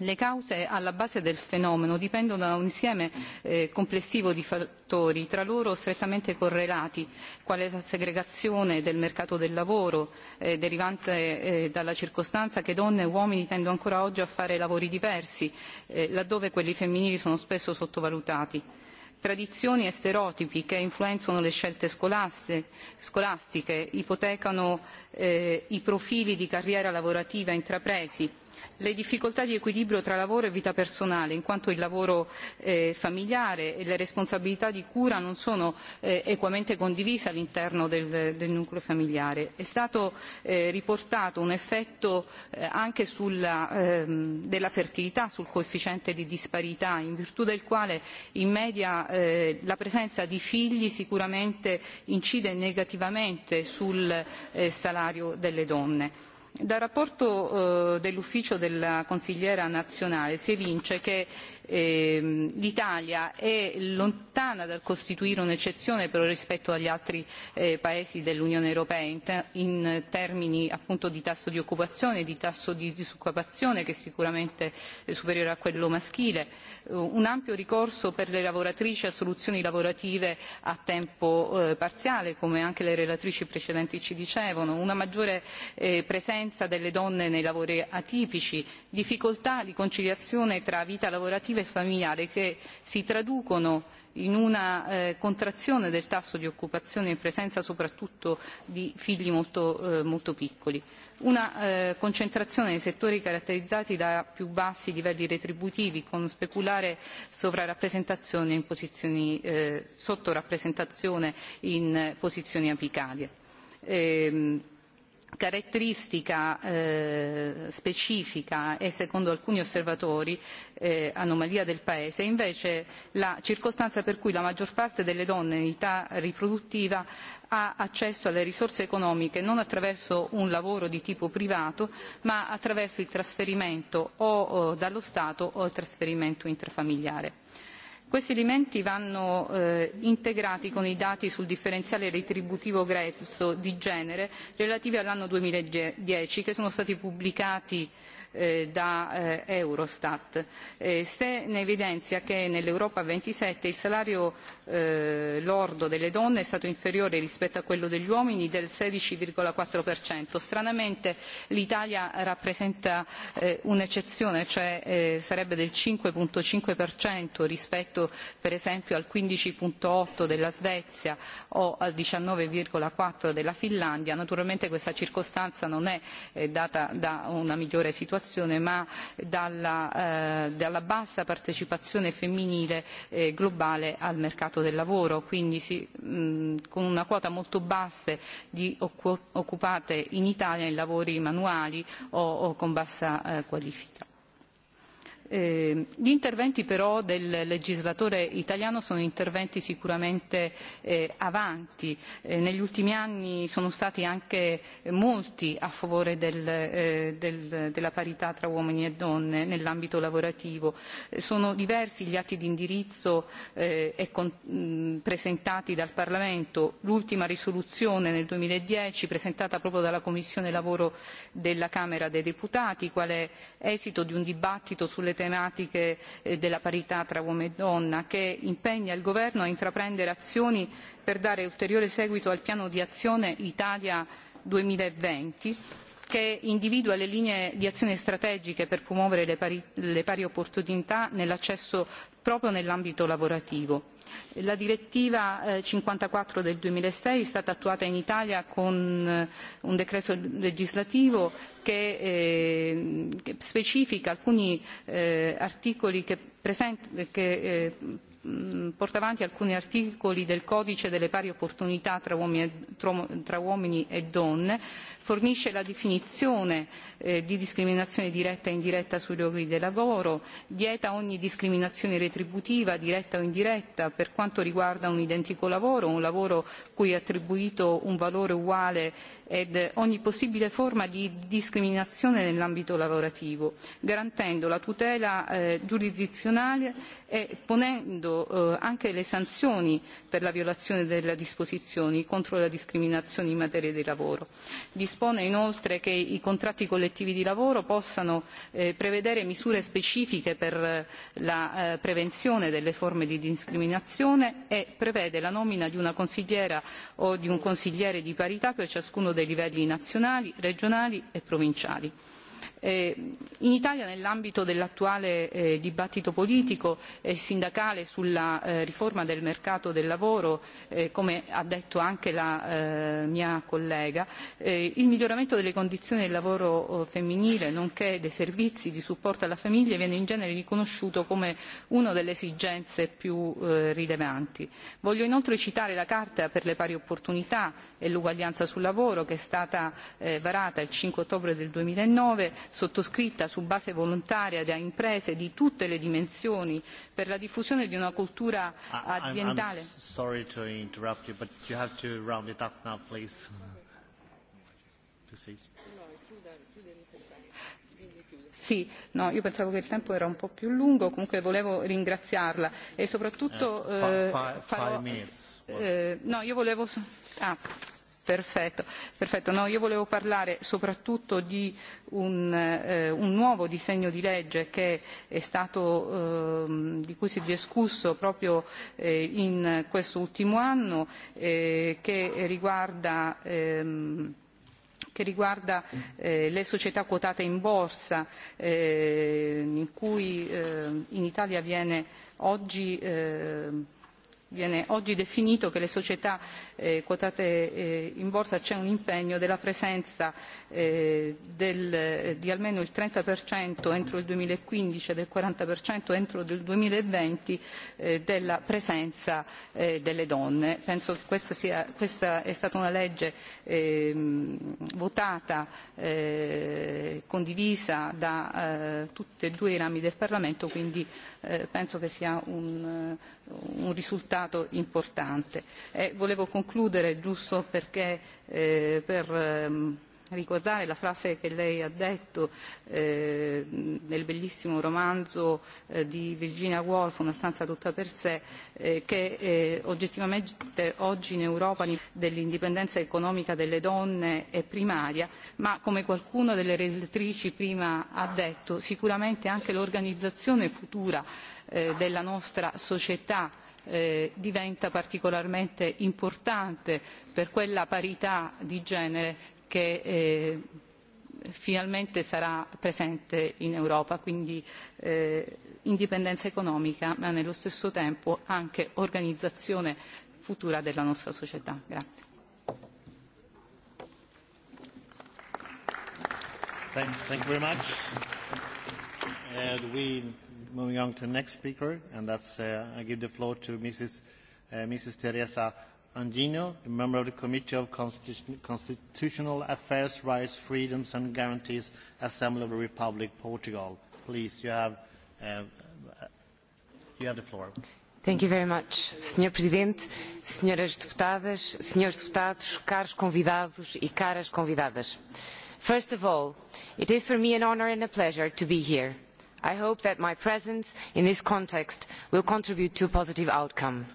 Le cause alla base del fenomeno dipendono da un insieme eh, complessivo di fattori, tra loro strettamente correlati, quale la segregazione del mercato del lavoro, eh, derivante eh, dalla circostanza che donne e uomini tendono ancora oggi a fare lavori diversi, eh, laddove quelli femminili sono spesso sottovalutati. Tradizioni e stereotipi che influenzano le scelte scolastiche, scolastiche ipotecano eh, i profili di carriera lavorativa intrapresi, le difficoltà di equilibrio tra lavoro e vita personale, in quanto il lavoro eh, familiare e le responsabilità di cura non sono eh, equamente condivise all'interno del, del nucleo familiare. È stato eh, riportato un effetto eh, anche sulla, ehm, della fertilità, sul coefficiente di disparità, in virtù del quale in media eh, la presenza di figli sicuramente incide negativamente sul eh, salario delle donne. Dal rapporto eh, dell'ufficio della consigliera nazionale si evince che ehm, l'Italia è lontana dal costituire un'eccezione però rispetto agli altri eh, paesi dell'Unione Europea in, in termini appunto di tasso di occupazione, di tasso di disoccupazione che è sicuramente è superiore a quello maschile Eh, un ampio ricorso per le lavoratrici a soluzioni lavorative a tempo eh, parziale, come anche le relatrici precedenti ci dicevano, una maggiore eh, presenza delle donne nei lavori atipici, difficoltà di conciliazione tra vita lavorativa e familiare che si traducono in una eh, contrazione del tasso di occupazione in presenza soprattutto di figli molto, eh, molto piccoli, una eh, concentrazione nei settori caratterizzati da più bassi livelli retributivi con speculare sovrarappresentazione in posizioni, eh, sottorappresentazione in posizioni apicali. Eh, caratteristica eh, specifica e secondo alcuni osservatori eh, anomalia del paese è invece la circostanza per cui la maggior parte delle donne in età riproduttiva ha accesso alle risorse economiche non attraverso un lavoro di tipo privato ma attraverso il trasferimento o, o dallo Stato o il trasferimento intrafamiliare. Questi elementi vanno eh, integrati con i dati sul differenziale retributivo grezzo di genere relativi all'anno 2010 che sono stati pubblicati eh, da eh, Eurostat. Eh, ne evidenzia che nell'Europa 27 il salario eh, lordo delle donne è stato inferiore rispetto a quello degli uomini del 16,4%. Stranamente l'Italia rappresenta eh, un'eccezione, cioè eh, sarebbe del 5,5% rispetto per esempio al 15,8% della Svezia o al 19,4% della Finlandia. Naturalmente questa circostanza non è eh, data da una migliore situazione situazione ma dalla, eh, dalla bassa partecipazione femminile eh, globale al mercato del lavoro, quindi si, mh, con una quota molto bassa di occupate in Italia in lavori manuali o, o con bassa eh, qualifica. Ehm, gli interventi però del legislatore italiano sono interventi sicuramente eh, avanti. Eh, negli ultimi anni sono stati anche eh, molti a favore del, eh, del, della parità tra uomini e donne nell'ambito lavorativo. Eh, sono diversi gli atti di indirizzo eh, e con, mh, presentati dal Parlamento. L'ultima risoluzione nel 2010 presentata proprio dalla Commissione Lavoro della Camera dei Deputati, quale esito di un dibattito sulle tematiche eh, della parità tra uomo e donna, che impegna il Governo a intraprendere azioni per dare ulteriore seguito al piano di azione Italia duemilaventi che individua le linee di azione strategiche per promuovere le pari, le pari opportunità nell'accesso proprio nell'ambito lavorativo. La direttiva eh, cinquantaquattro del duemilasei è stata attuata in Italia con eh, un decreto legislativo che, eh, specifica alcuni articoli che, che porta avanti alcuni articoli del codice delle pari opportunità tra uomini e, e donne fornisce la definizione eh, di discriminazione diretta e indiretta sui luoghi di lavoro, vieta ogni discriminazione retributiva, diretta o indiretta, per quanto riguarda un identico lavoro, un lavoro cui è attribuito un valore uguale ed ogni possibile forma di discriminazione nell'ambito lavorativo, garantendo la tutela eh, giurisdizionale e ponendo eh, anche le sanzioni per la violazione delle disposizioni contro la discriminazione in materia di lavoro. Dispone inoltre che i contratti collettivi di lavoro possano eh, prevedere misure specifiche per eh, la eh, prevenzione delle forme di discriminazione e prevede la nomina di una consigliera o di un consigliere di parità per ciascuno dei livelli nazionali, regionali e provinciali. Eh, in Italia nell'ambito dell'attuale eh, dibattito politico e sindacale sulla eh, riforma del mercato del lavoro, eh, come ha detto anche la eh, mia collega, eh, il miglioramento delle condizioni del lavoro eh, femminile nonché dei servizi di supporto alla famiglia viene in genere riconosciuto come una delle esigenze più eh, rilevanti. Voglio inoltre citare la Carta per le pari opportunità e l'uguaglianza sul lavoro che è stata eh, varata il 5 ottobre del 2009 sottoscritta su base volontaria da imprese di tutte le dimensioni per la diffusione di una cultura aziendale. Sì, no, io pensavo che il tempo era un po' più lungo, comunque volevo ringraziarla e soprattutto... Eh, eh farò, eh, no, io volevo... Ah, Perfetto, perfetto. No, io volevo parlare soprattutto di un, eh, un nuovo disegno di legge che è stato, eh, di cui si è discusso proprio eh, in ultimo anno, eh, che riguarda ehm, che riguarda eh, le società quotate in borsa, eh, in cui eh, in Italia viene oggi eh, viene oggi definito che le società eh, quotate eh, in borsa c'è un impegno della presenza eh, del, eh, di almeno il 30% entro il 2015 e del 40% entro il 2020 eh, della presenza eh, delle donne. Penso che questa, sia, questa è stata una legge eh, votata, eh, condivisa da eh, tutti e due i rami del Parlamento, quindi eh, penso che sia un un risultato importante. Eh, volevo concludere giusto perché eh, per ehm, ricordare la frase che lei ha detto eh, nel bellissimo romanzo eh, di Virginia Woolf, Una stanza tutta per sé, eh, che eh, oggettivamente oggi in Europa dell'indipendenza economica delle donne è primaria, ma come qualcuno delle relatrici prima ha detto, sicuramente anche l'organizzazione futura eh, della nostra società eh, diventa particolarmente importante per quella parità di genere che eh, finalmente sarà presente in Europa, quindi eh, indipendenza economica ma nello stesso tempo anche organizzazione futura della nostra società. Grazie. Thank, thank you very much. And we moving on to the next speaker, and that's uh, I give the floor to Mrs. Uh, Mrs. Teresa Andino, a member of the Committee of Constitution Constitutional Affairs, Rights, Freedoms and Guarantees, Assembly of the Republic, Portugal. Please, you have, uh, you have the floor. Thank you very much, Sr. Presidente, Sras. Deputadas, Srs. Deputados, caros convidados e caras convidadas. First of all, it is for me an honour and a pleasure to be here. I hope that my presence in this context will contribute to a positive outcome.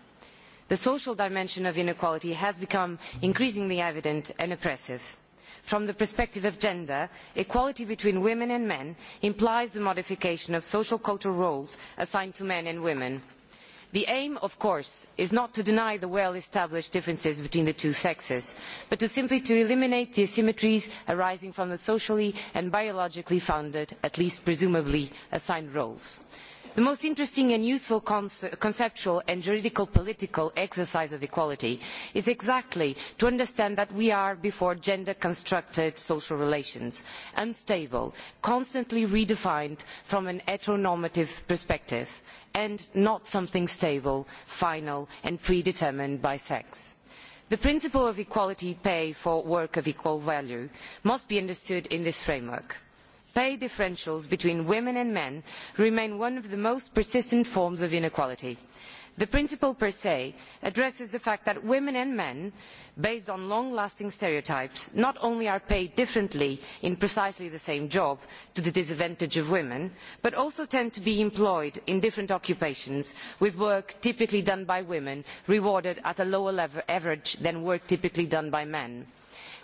The social dimension of inequality has become increasingly evident and oppressive. From the perspective of gender, equality between women and men implies the modification of social cultural roles assigned to men and women. The aim, of course, is not to deny the well-established differences between the two sexes, but to simply to eliminate the asymmetries arising from the socially and biologically founded, at least presumably, assigned roles. The most interesting and useful conceptual and juridical political exercise of equality is exactly to understand that we are before gender constructed social relations, unstable, constantly redefined from an heteronormative perspective, and not something stable, final, and predetermined by sex. The principle of equality pay for work of equal value must be understood in this framework pay differentials between women and men remain one of the most persistent forms of inequality. The principle per se addresses the fact that women and men, based on long-lasting stereotypes, not only are paid differently in precisely the same job to the disadvantage of women, but also tend to be employed in different occupations with work typically done by women rewarded at a lower level average than work typically done by men.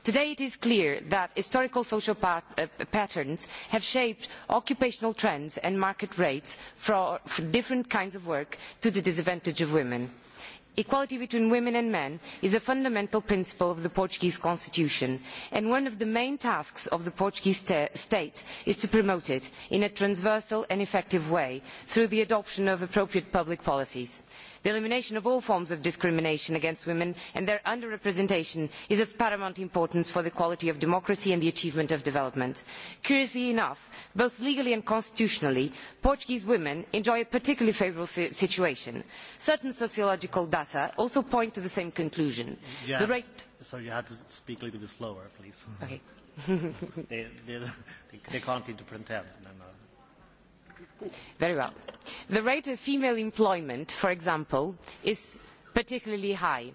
Today it is clear that historical social pat uh, patterns have shaped occupational trends and market rates for, for different kinds of work to the disadvantage of women. Equality between women and men is a fundamental principle of the Portuguese constitution, and one of the main tasks of the Portuguese state is to promote it in a transversal and effective way through the adoption of appropriate public policies. The elimination of all forms of discrimination against women and their under representation is of paramount importance for the quality of democracy and the achievement of development. Curiously enough, both legally and constitutionally, Portuguese women enjoy a particularly favourable situation. Certain sociological data also point to the same conclusion. Yeah. The rate so you have to speak a little bit slower, please. Okay. they, they, they can't interpret No, no. Very well. The rate of female employment, for example, is particularly high.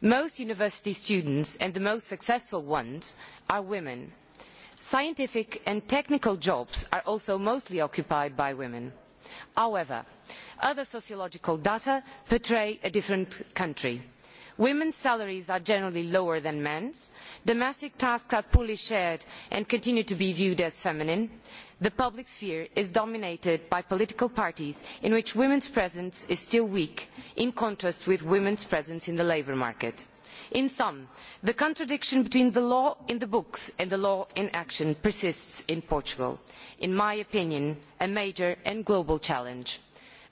Most university students and the most successful ones are women. Scientific and technical jobs are also mostly occupied by women. However, other sociological data portray a different country. Women's salaries are generally lower than men's. Domestic tasks are poorly shared and continue to be viewed as feminine the public sphere is dominated by political parties in which women's presence is still weak in contrast with women's presence in the labour market. In sum, the contradiction between the law in the books and the law in action persists in Portugal. In my opinion, a major and global challenge.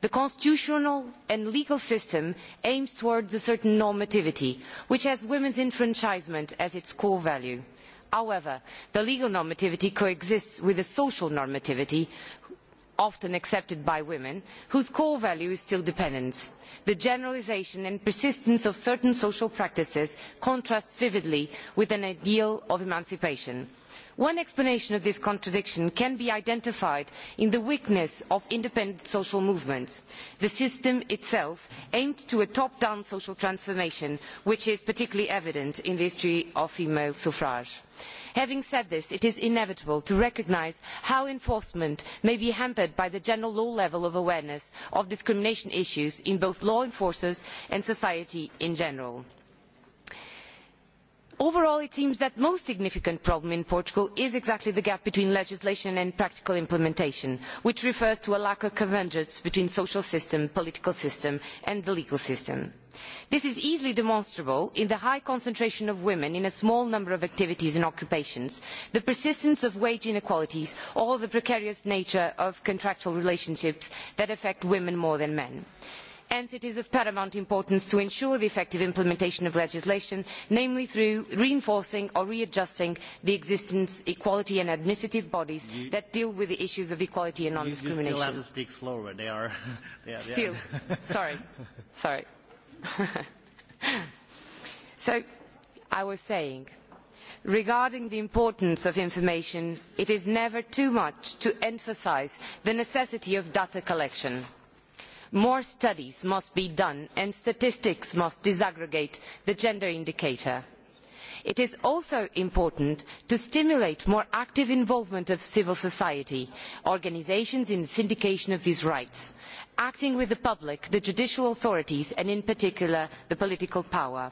The constitutional and legal system aims towards a certain normativity, which has women's enfranchisement as its core value. However, the legal normativity coexists with the social normativity often accepted by women, whose core value is still dependence. The generalisation and persistence of certain social practices contrasts vividly with an ideal of emancipation. One explanation of this contradiction can be identified in the weakness of independent social movements. The system itself aimed to a top-down social transformation, which is particularly evident in the history of female suffrage. Having said this, it is inevitable to recognise how enforcement may be hampered by the general low level of awareness of discrimination issues in both law enforcers and society in general. Overall, it seems that the most significant problem in Portugal is exactly the gap between legislation and practical implementation, which refers to a lack of convergence between the social system, political system and the legal system. This is easily demonstrable in the high concentration of women in a small number of activities and occupations, the persistence of wage inequalities or the precarious nature of contractual relationships that affect women more than men. Hence, it is of paramount importance to ensure the effective implementation of legislation, namely through reinforcing or readjusting the existing equality and administrative bodies you, that deal with the issues of equality and non-discrimination. You, you still have to speak slower. They are. They are still. are. sorry. Sorry. so, I was saying. Regarding the importance of information, it is never too much to emphasise the necessity of data collection More studies must be done and statistics must disaggregate the gender indicator. It is also important to stimulate more active involvement of civil society organisations in the syndication of these rights, acting with the public, the judicial authorities and in particular the political power.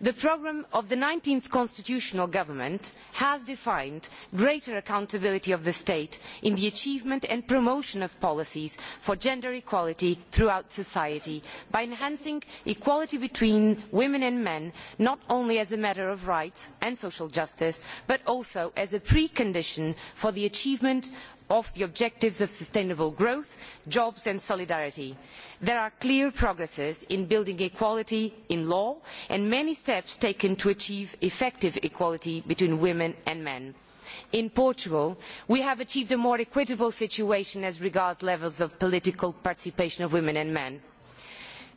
The programme of the nineteenth constitutional government has defined greater accountability of the state in the achievement and promotion of policies for gender equality throughout society by enhancing equality between women and men not only as a matter of rights and social justice but also as a precondition for the achievement of the objectives of sustainable growth, jobs and solidarity. There are clear progresses in building equality in law and many steps taken to achieve effective equality between women and men. In Portugal, we have achieved a more equitable situation as regards levels of political participation of women and men.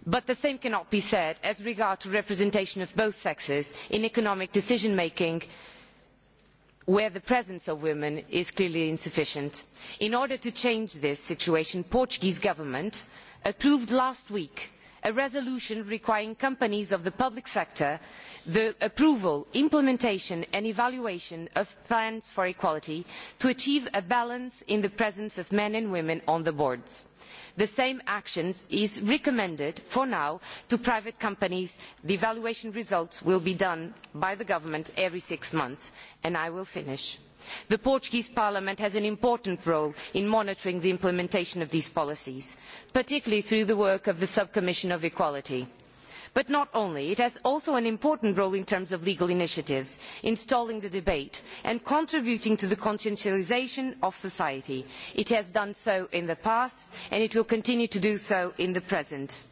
But the same cannot be said as regards representation of both sexes in economic decision making, where the presence of women is clearly insufficient. In order to change this situation, the Portuguese government approved last week a resolution requiring companies of the public sector the approval, implementation and evaluation of plans for equality to achieve a balance in the presence of men and women on the boards. The same action is recommended for now to private companies. The evaluation results will be done by the government every six months. And I will finish. The Portuguese Parliament has an important role in monitoring the implementation of these policies, particularly through the work of the Subcommission of Equality. But not only, it has also an important role in terms of legal initiatives, installing the debate and contributing to the conscientisation of society. It has done so in the past and it will continue to do so in the present.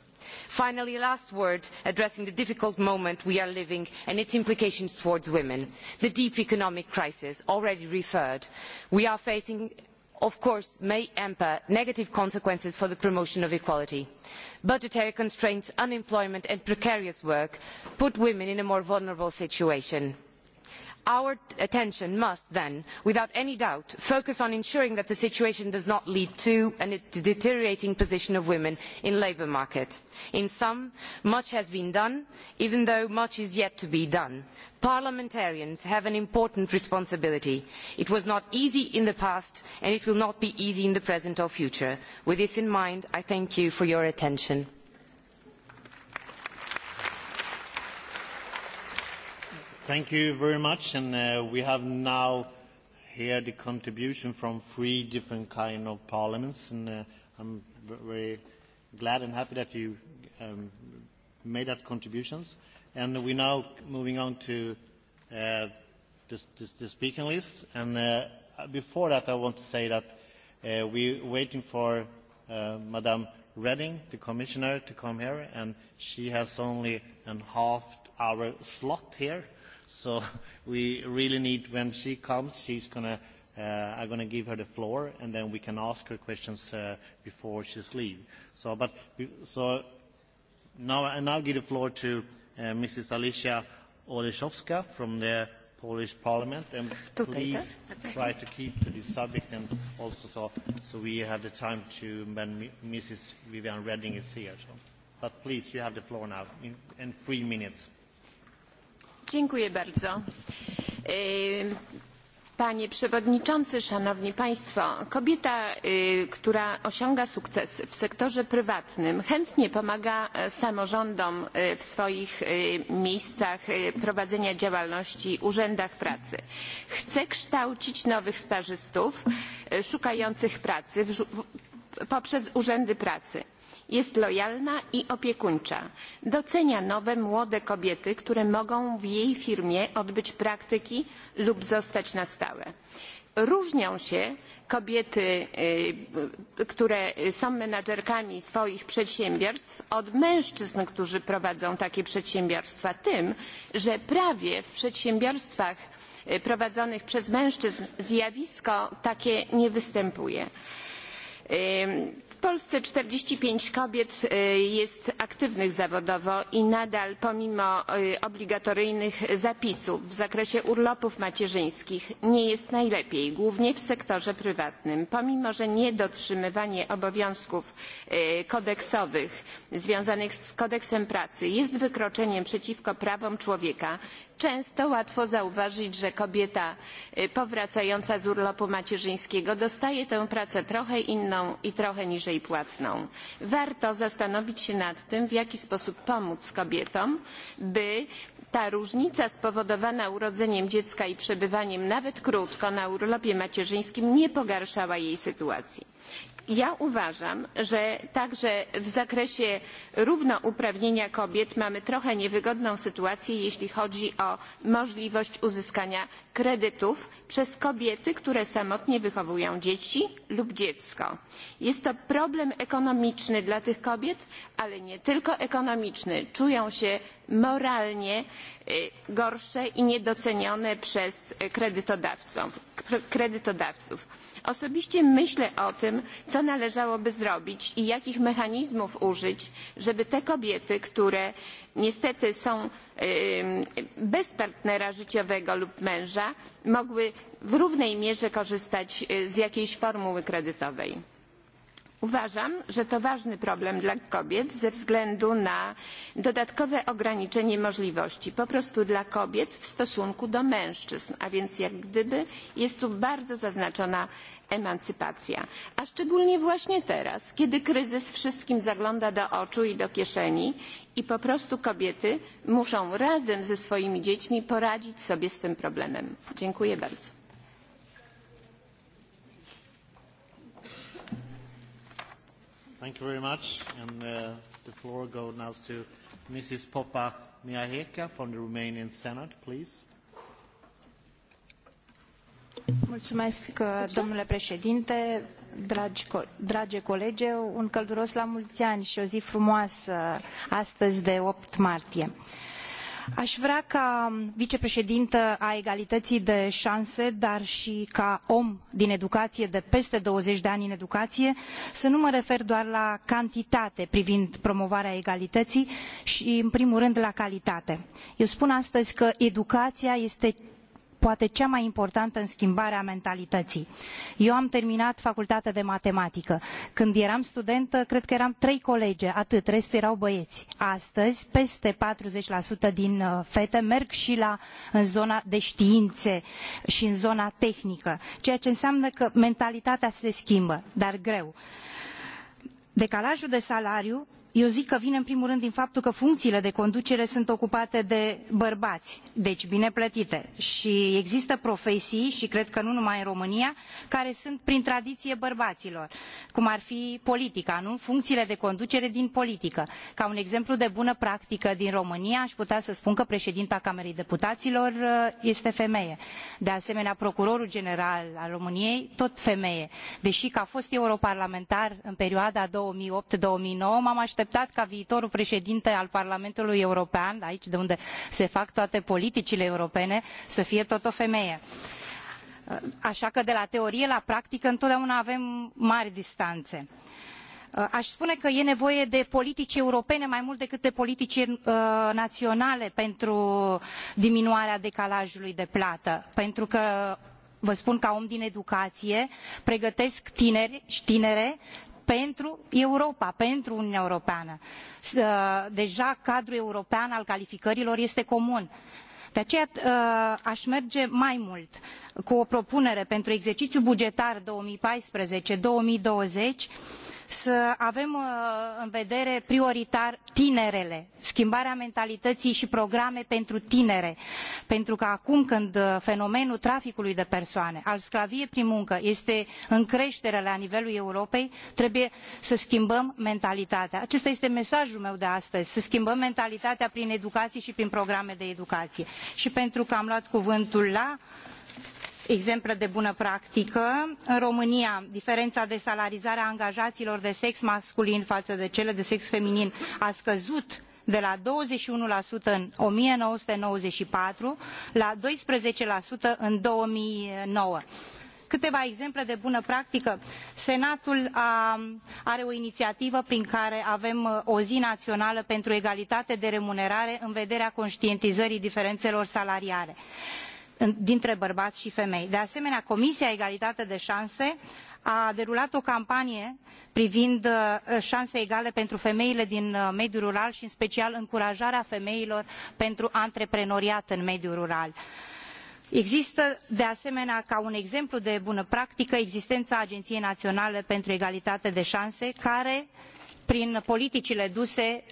Finally, a last word addressing the difficult moment we are living and its implications towards women. The deep economic crisis already referred we are facing of course may hamper negative consequences for the promotion of equality. Budgetary constraints, unemployment and precarious work put women in a more vulnerable situation Our attention must then, without any doubt, focus on ensuring that the situation does not lead to a deteriorating position of women in the labour market. In sum, much has been done, even though much is yet to be done. Parliamentarians have an important responsibility. It was not easy in the past and it will not be easy in the present or future. With this in mind, I thank you for your attention. Thank you very much. And uh, we have now here the contribution from three different kind of parliaments. And uh, I'm very glad and happy that you um, made that contributions. And we're now moving on to uh, this, this, the speaking list. And uh, before that, I want to say that uh, we're waiting for uh, Madame Redding, the commissioner, to come here. And she has only an half hour slot here. So we really need, when she comes, she's gonna, uh, I'm going to give her the floor, and then we can ask her questions uh, before she's leave. So, but, so now I now give the floor to uh, Mrs. Alicia Oleszowska from the Polish Parliament, and please try to keep to this subject, and also so, so we have the time to when Mrs. Vivian Redding is here. So. But please, you have the floor now in, in three minutes. Dziękuję bardzo. E, panie Przewodniczący, Szanowni Państwo, kobieta, e, która osiąga sukces w sektorze prywatnym, chętnie pomaga e, samorządom w swoich miejscach prowadzenia działalności, urzędach pracy. Chce kształcić nowych stażystów szukających pracy poprzez urzędy pracy Jest lojalna i opiekuńcza. Docenia nowe młode kobiety, które mogą w jej firmie odbyć praktyki lub zostać na stałe różnią się kobiety, które są menadżerkami swoich przedsiębiorstw od mężczyzn, którzy prowadzą takie przedsiębiorstwa tym, że prawie w przedsiębiorstwach prowadzonych przez mężczyzn zjawisko takie nie występuje. W Polsce czterdzieści pięć kobiet e, jest aktywnych zawodowo i nadal pomimo e, obligatoryjnych zapisów w zakresie urlopów macierzyńskich nie jest najlepiej, głównie w sektorze prywatnym. Pomimo, że niedotrzymywanie obowiązków e, kodeksowych związanych z kodeksem pracy jest wykroczeniem przeciwko prawom człowieka, Często łatwo zauważyć, że kobieta powracająca z urlopu macierzyńskiego dostaje tę pracę trochę inną i trochę niżej płatną. Warto zastanowić się nad tym, w jaki sposób pomóc kobietom, by ta różnica spowodowana urodzeniem dziecka i przebywaniem nawet krótko na urlopie macierzyńskim nie pogarszała jej sytuacji ja uważam, że także w zakresie równouprawnienia kobiet mamy trochę niewygodną sytuację, jeśli chodzi o możliwość uzyskania kredytów przez kobiety, które samotnie wychowują dzieci lub dziecko. Jest to problem ekonomiczny dla tych kobiet, ale nie tylko ekonomiczny. Czują się moralnie gorsze i niedocenione przez kredytodawców. kredytodawców. Osobiście myślę o tym, co należałoby zrobić i jakich mechanizmów użyć, żeby te kobiety, które niestety są bez partnera życiowego lub męża mogły w równej mierze korzystać e, z jakiejś formuły kredytowej. Uważam, że to ważny problem dla kobiet ze względu na dodatkowe ograniczenie możliwości po prostu dla kobiet w stosunku do mężczyzn, a więc jak gdyby jest tu bardzo zaznaczona emancypacja. A szczególnie właśnie teraz, kiedy kryzys wszystkim zagląda do oczu i do kieszeni i po prostu kobiety muszą razem ze swoimi dziećmi poradzić sobie z tym problemem. Dziękuję bardzo. Thank you very much. And uh, the floor goes now to Mrs. Popa Miaheka from the Romanian Senate, please. Mulțumesc, uh, domnule președinte, dragi, drage colege, un călduros la mulți ani și o zi frumoasă astăzi de 8 martie. Aș vrea ca vicepreședintă a egalității de șanse, dar și ca om din educație de peste 20 de ani în educație, să nu mă refer doar la cantitate privind promovarea egalității și, în primul rând, la calitate. Eu spun astăzi că educația este poate cea mai importantă în schimbarea mentalității. Eu am terminat facultatea de matematică. Când eram studentă, cred că eram trei colege, atât, restul erau băieți. Astăzi, peste 40% din uh, fete merg și la, în zona de științe și în zona tehnică, ceea ce înseamnă că mentalitatea se schimbă, dar greu. Decalajul de salariu Eu zic că vine în primul rând din faptul că funcțiile de conducere sunt ocupate de bărbați, deci bine plătite. Și există profesii, și cred că nu numai în România, care sunt prin tradiție bărbaților, cum ar fi politica, nu? Funcțiile de conducere din politică. Ca un exemplu de bună practică din România, aș putea să spun că președinta Camerei Deputaților uh, este femeie. De asemenea, procurorul general al României, tot femeie. Deși ca fost europarlamentar în perioada 2008-2009, m-am așteptat așteptat ca viitorul președinte al Parlamentului European, aici de unde se fac toate politicile europene, să fie tot o femeie. Așa că de la teorie la practică întotdeauna avem mari distanțe. Aș spune că e nevoie de politici europene mai mult decât de politici uh, naționale pentru diminuarea decalajului de plată, pentru că vă spun ca om din educație, pregătesc tineri și tinere pentru Europa, pentru Uniunea Europeană. Uh, deja cadrul european al calificărilor este comun. De aceea uh, aș merge mai mult cu o propunere pentru exercițiul bugetar 2014-2020 să avem uh, în vedere prioritar tinerele, schimbarea mentalității și programe pentru tinere. Pentru că acum când uh, fenomenul traficului de persoane, al sclaviei prin muncă, este în creștere la nivelul Europei, trebuie să schimbăm mentalitatea. Acesta este mesajul meu de astăzi, să schimbăm mentalitatea prin educație și prin programe de educație. Și pentru că am luat cuvântul la exemple de bună practică. În România, diferența de salarizare a angajaților de sex masculin față de cele de sex feminin a scăzut de la 21% în 1994 la 12% în 2009 câteva exemple de bună practică. Senatul a, are o inițiativă prin care avem uh, o zi națională pentru egalitate de remunerare în vederea conștientizării diferențelor salariale dintre bărbați și femei. De asemenea, Comisia Egalitate de Șanse a derulat o campanie privind uh, șanse egale pentru femeile din uh, mediul rural și în special încurajarea femeilor pentru antreprenoriat în mediul rural. Există, de asemenea, ca un exemplu de bună practică, existența Agenției Naționale pentru Egalitate de Șanse, care prin politicile duse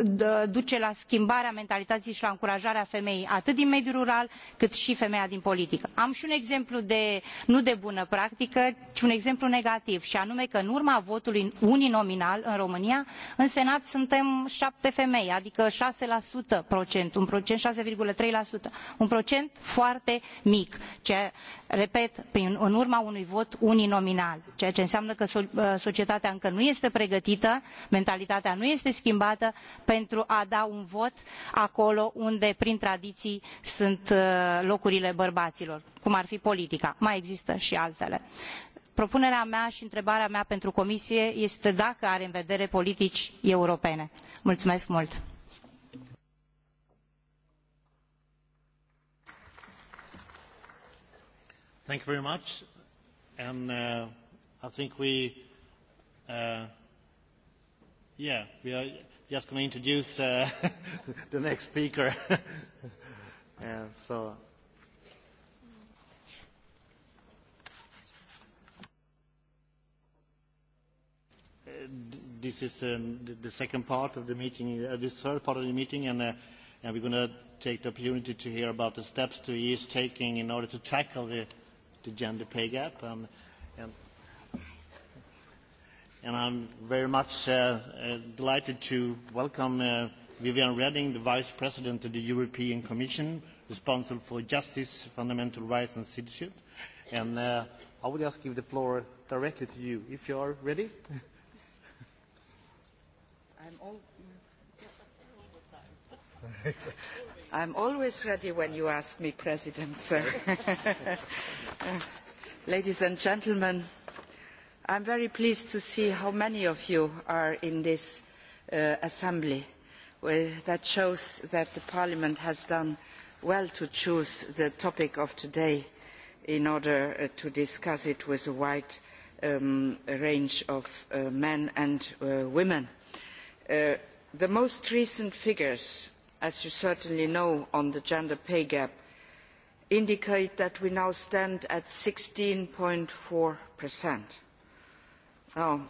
uh, duce la schimbarea mentalității și la încurajarea femeii atât din mediul rural cât și femeia din politică. Am și un exemplu de, nu de bună practică, ci un exemplu negativ și anume că în urma votului uninominal în România, în Senat suntem șapte femei, adică 6% procent, un procent 6,3%, un procent foarte mic, ce, repet, prin, în urma unui vot uninominal, ceea ce înseamnă că uh, societatea încă nu este pregătită schimbată, mentalitatea nu este schimbată pentru a da un vot acolo unde prin tradiții sunt uh, locurile bărbaților, cum ar fi politica. Mai există și altele. Propunerea mea și întrebarea mea pentru Comisie este dacă are în vedere politici europene. Mulțumesc mult! Thank you very much. And uh, I think we uh, Yeah, we are just going to introduce uh, the next speaker. yeah, so. Uh, this is um, the, second part of the meeting, uh, this third part of the meeting, and, uh, and we're going to take the opportunity to hear about the steps the EU is taking in order to tackle the, the gender pay gap. And, and and I'm very much uh, uh, delighted to welcome uh, Vivian Reding, the Vice President of the European Commission, responsible for justice, fundamental rights and citizenship. And uh, I would just give the floor directly to you, if you are ready. I'm, all, I'm always ready when you ask me, President, sir. Ladies and gentlemen, I am very pleased to see how many of you are in this uh, assembly. that shows that Parliament has done well to choose the topic of today in order uh, to discuss it with a wide um, range of uh, men and uh, women. Uh, the most recent figures, as you certainly know, on the gender pay gap indicate that we now stand at sixteen four percent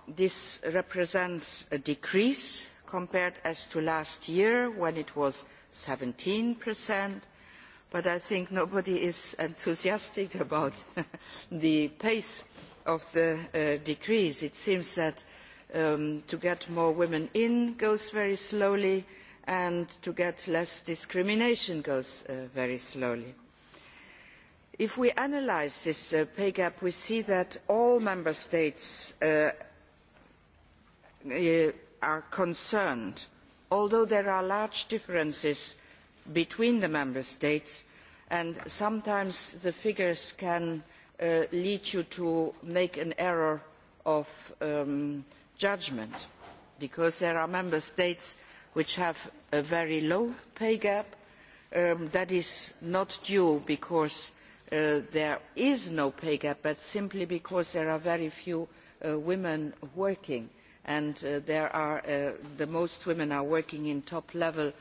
this represents a decrease compared as to last year when it was 17%, but I think nobody is enthusiastic about the pace of the uh, decrease. It seems that um, to get more women in goes very slowly and to get less discrimination goes uh, very slowly if we analyse this uh, pay gap we see that all member states uh, uh, are concerned although there are large differences between the member states and sometimes the figures can lead you to make an error of judgement judgment because there are member states which have a very low pay gap um, that is not due because Uh, there is no pay gap but simply because there are very few uh, women working and uh, most women are working in top level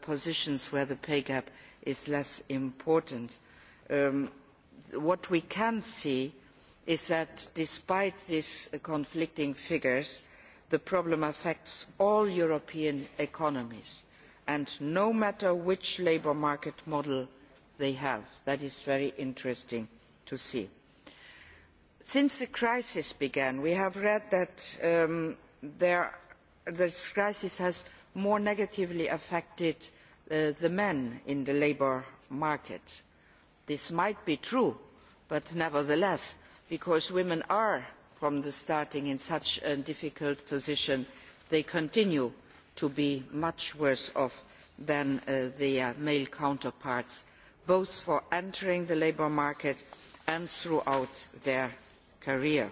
positions where the pay gap is less important. Um, what we can see is that despite these conflicting figures the problem affects all european economies and no matter which labour market model they have. That is very interesting to see. Since the crisis began, we have read that um, this crisis has more negatively affected uh, the men in the labour market. This might be true, but nevertheless, because women are from the starting in such a difficult position, they continue to be much worse off than uh, their male counterparts both for entering the labour market and throughout their career.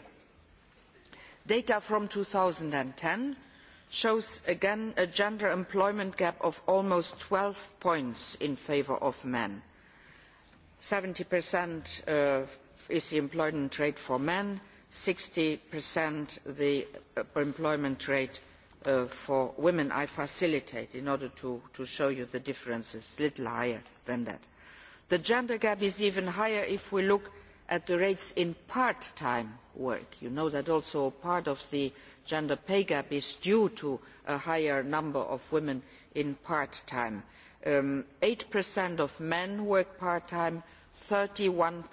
Data from ten shows again a gender employment gap of almost twelve points in favour of men. Seventy uh, is the employment rate for men, sixty the employment rate uh, for women. I facilitate in order to, to show you the differences, little higher than that. The gender gap is even higher if we look at the rates in part-time work. You know that also part of the gender pay gap is due to a higher number of women in part-time. Um, eight of men work part-time, thirty one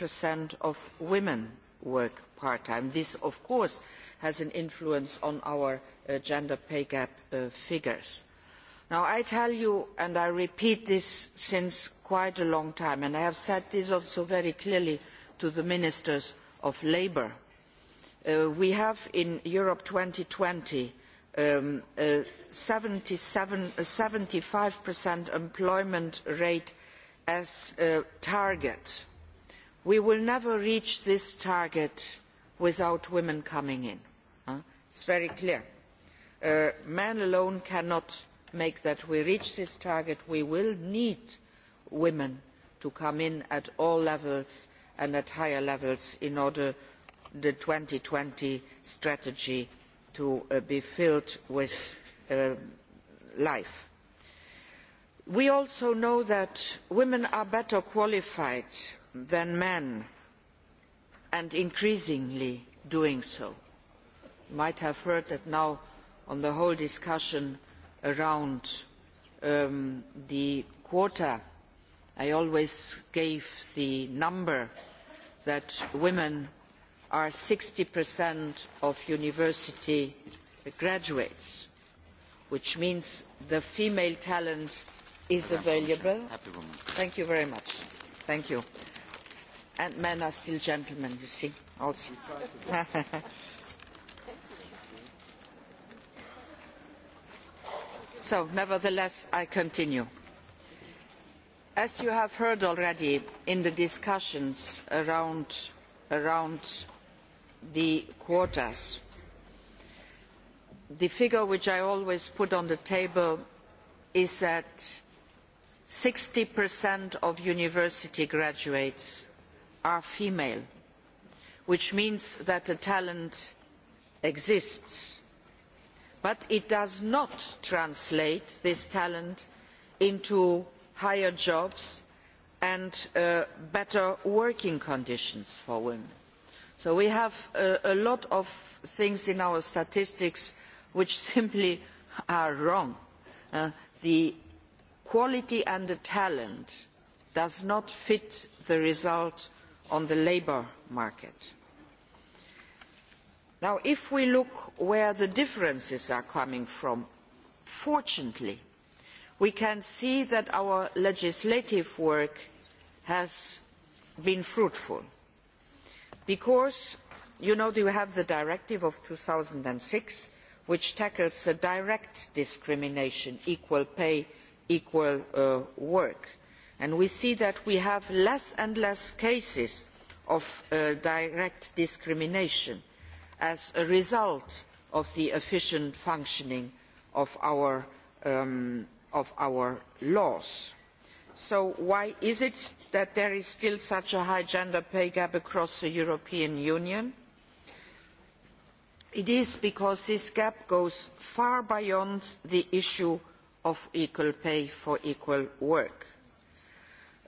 of women work part-time. This, of course, has an influence on our uh, gender pay gap uh, figures. I tell you, and I repeat this since quite a long time, and I have said this also very clearly to the ministers of labour, uh, we have in Europe twenty um, a seventy five employment rate as a target. We will never reach this target without women coming in. It is very clear. Uh, men alone cannot make that we reach this target we will need women to come in at all levels and at higher levels in order for the two thousand and twenty strategy to uh, be filled with uh, life. we also know that women are better qualified than men and increasingly doing so. you might have heard that now on the whole discussion around um, the quota, I always gave the number that women are 60% of university graduates, which means the female talent is available. Thank you very much. Thank you. And men are still gentlemen, you see, also. So, nevertheless, I continue. As you have heard already in the discussions around, the quotas, the figure which I always put on the table is that percent of university graduates are female, which means that the talent exists but it does not translate this talent into higher jobs and uh, better working conditions for women. So we have uh, a, lot of things in our statistics which simply are wrong. Uh, the quality and the talent do not fit the result on the labour market. Now, if we look where the differences are coming from, fortunately, we can see that our legislative work has been fruitful. Because, you know, you have the directive of two thousand six, which tackles the direct discrimination, equal pay, equal uh, work. And we see that we have less and less cases of uh, direct discrimination as a result of the efficient functioning um, of our, laws. So why is it that there is still such a high gender pay gap across the European Union? It is because this gap goes far beyond the issue of equal pay for equal work.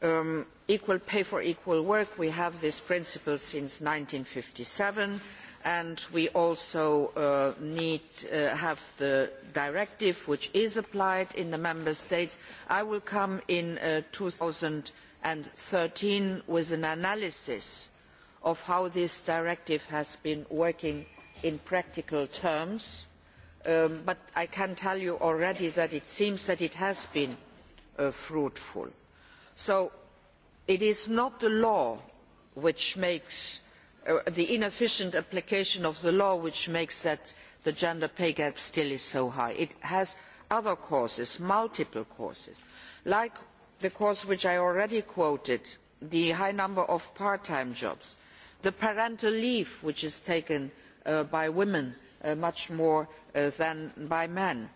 Um, equal pay for equal work, we have this principle since fifty seven and we also uh, need to uh, have the directive which is applied in the member states. I will come in uh, two thousand and thirteen with an analysis of how this directive has been working in practical terms, um, but I can tell you already that it seems that it has been fruitful. So it is not the law which makes Uh, the inefficient application of the law which makes that the gender pay gap still is so high. It has other causes, multiple causes, like the cause which I already quoted, the high number of part-time jobs, the parental leave which is taken uh, by women uh, much more than by men,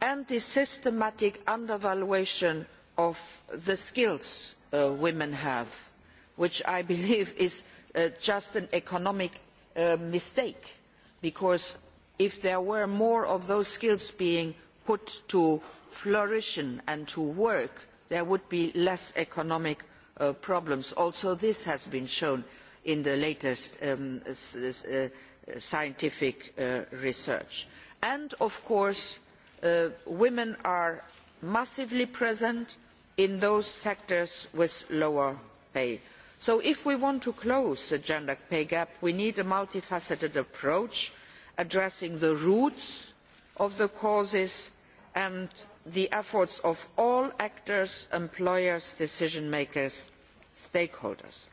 and the systematic undervaluation of the skills women have, which I believe is Uh, just an economic uh, mistake because if there were more of those skills being put to flourish and to work there would be less economic uh, problems. also this has been shown in the latest um, scientific research. and of course women are massively present in those sectors with lower pay so if we want to close the gender pay gap we need a multifaceted approach addressing the roots of the causes and the efforts of all actors employers decision makers and stakeholders.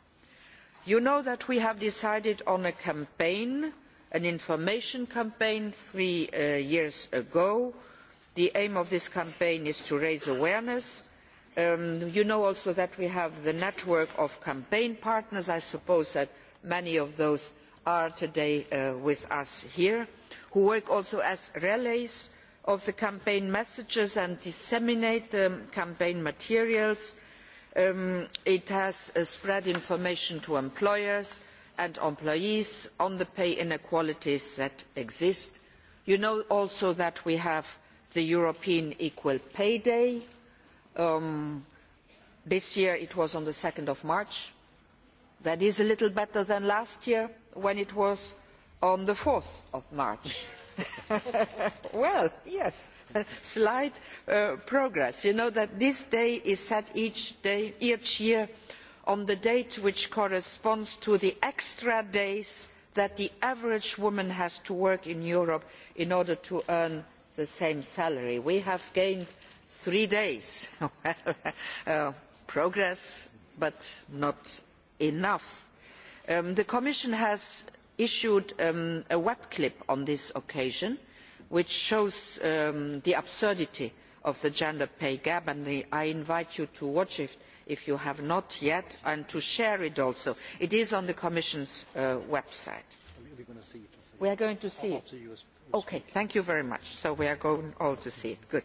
you know that we have decided on a campaign an information campaign three uh, years ago. the aim of this campaign is to raise awareness Um, you know also that we have the network of campaign partners. I suppose that many of those are today uh, with us here, who work also as relays of the campaign messages and disseminate the campaign materials. Um, it has uh, spread information to employers and employees on the pay inequalities that exist. You know also that we have the European Equal Pay Day, Um, this year it was on the of March. That is a little better than last year when it was on the of March. well, yes, slight uh, progress. You know that this day is set each year on the date which corresponds to the extra days that the average woman has to work in Europe in order to earn the same salary. We have gained three days. Uh, progress, but not enough. Um, the Commission has issued um, a web clip on this occasion, which shows um, the absurdity of the gender pay gap, and I invite you to watch it if you have not yet, and to share it also. It is on the Commission's uh, website. we, we are going to see it. Okay, thank you very much. So we are going all to see it. Good.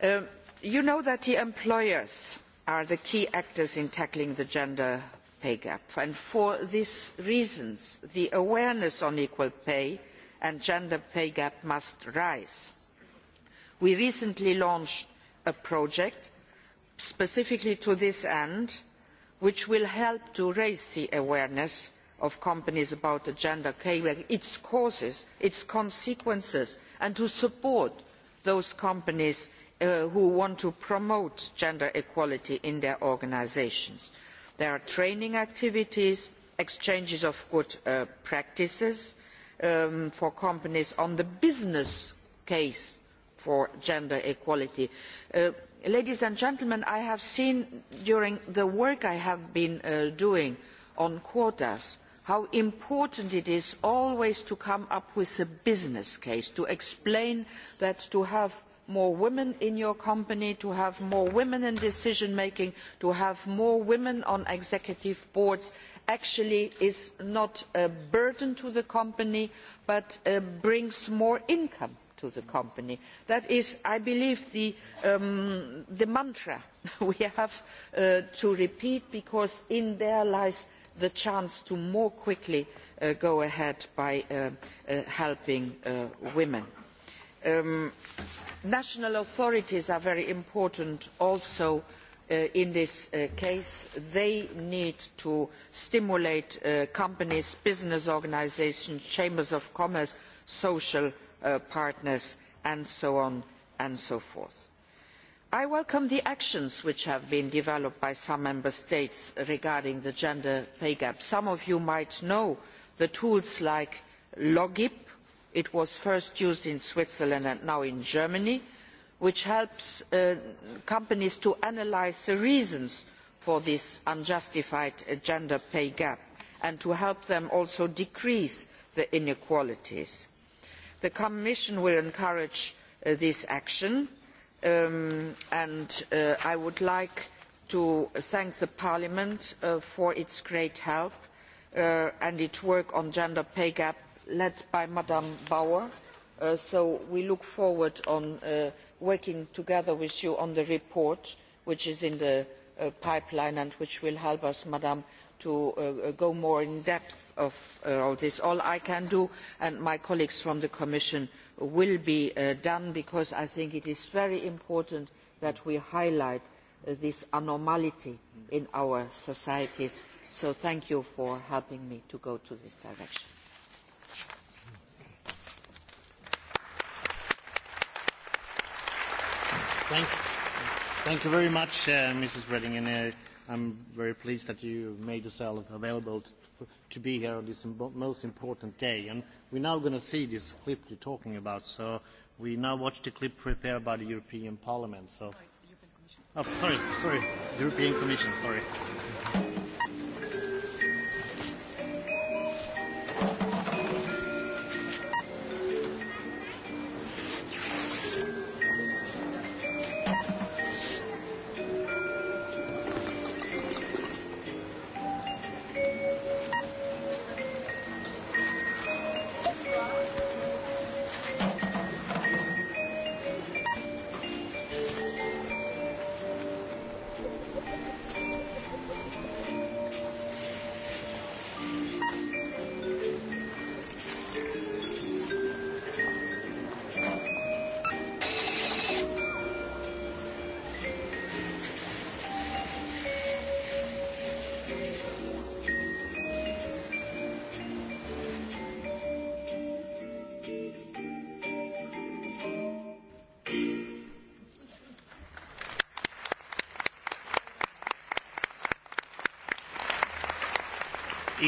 Um, you know that the employers are the key actors in tackling the gender pay gap and for these reasons the awareness on equal pay and gender pay gap must rise. We recently launched a project specifically to this end which will help to raise the awareness of companies about the gender pay gap, its causes, its consequences and to support those companies Uh, who want to promote gender equality in their organisations. There are training activities, exchanges of good uh, practices um, for companies on the business case for gender equality. Uh, ladies and gentlemen, I have seen during the work I have been doing on quotas how important it is always to come up with a business case, to explain that to have more women in your company to have more women in decision making to have more women on executive boards actually is not a burden to the company but uh, brings more income to the company. That is, I believe, the, um, mantra we have uh, to repeat because in there lies the chance to more quickly uh, go ahead by helping women. Um, national authorities are very important also uh, in this uh, case. They need to stimulate uh, companies, business organisations, chambers of commerce, social partners, and so on and so forth. I welcome the actions which have been developed by some member states regarding the gender pay gap. Some of you might know the tools like LOGIP, it was first used in switzerland and now in germany which helps uh, companies to analyse the reasons for this unjustified uh, gender pay gap and to help them also decrease the inequalities. the commission will encourage uh, this action um, and i would like to thank parliament for its great help and its work on the gender pay gap led by Ms Bauer. Uh, so we look forward to uh, working together with you on the report which is in the uh, pipeline and which will help us, Madam, to go more in depth on all this. All I can do and my colleagues from the Commission will be done because I think it is very important that we highlight this anomaly in our societies. So thank you for helping me to go in this direction. Thank, thank you very much, uh, Mrs. Redding, and uh, I'm very pleased that you made yourself available to, to be here on this Im most important day. And we're now going to see this clip you're talking about. So we now watch the clip prepared by the European Parliament. So, oh, it's the European Commission. Oh, sorry, sorry, the European Commission, sorry.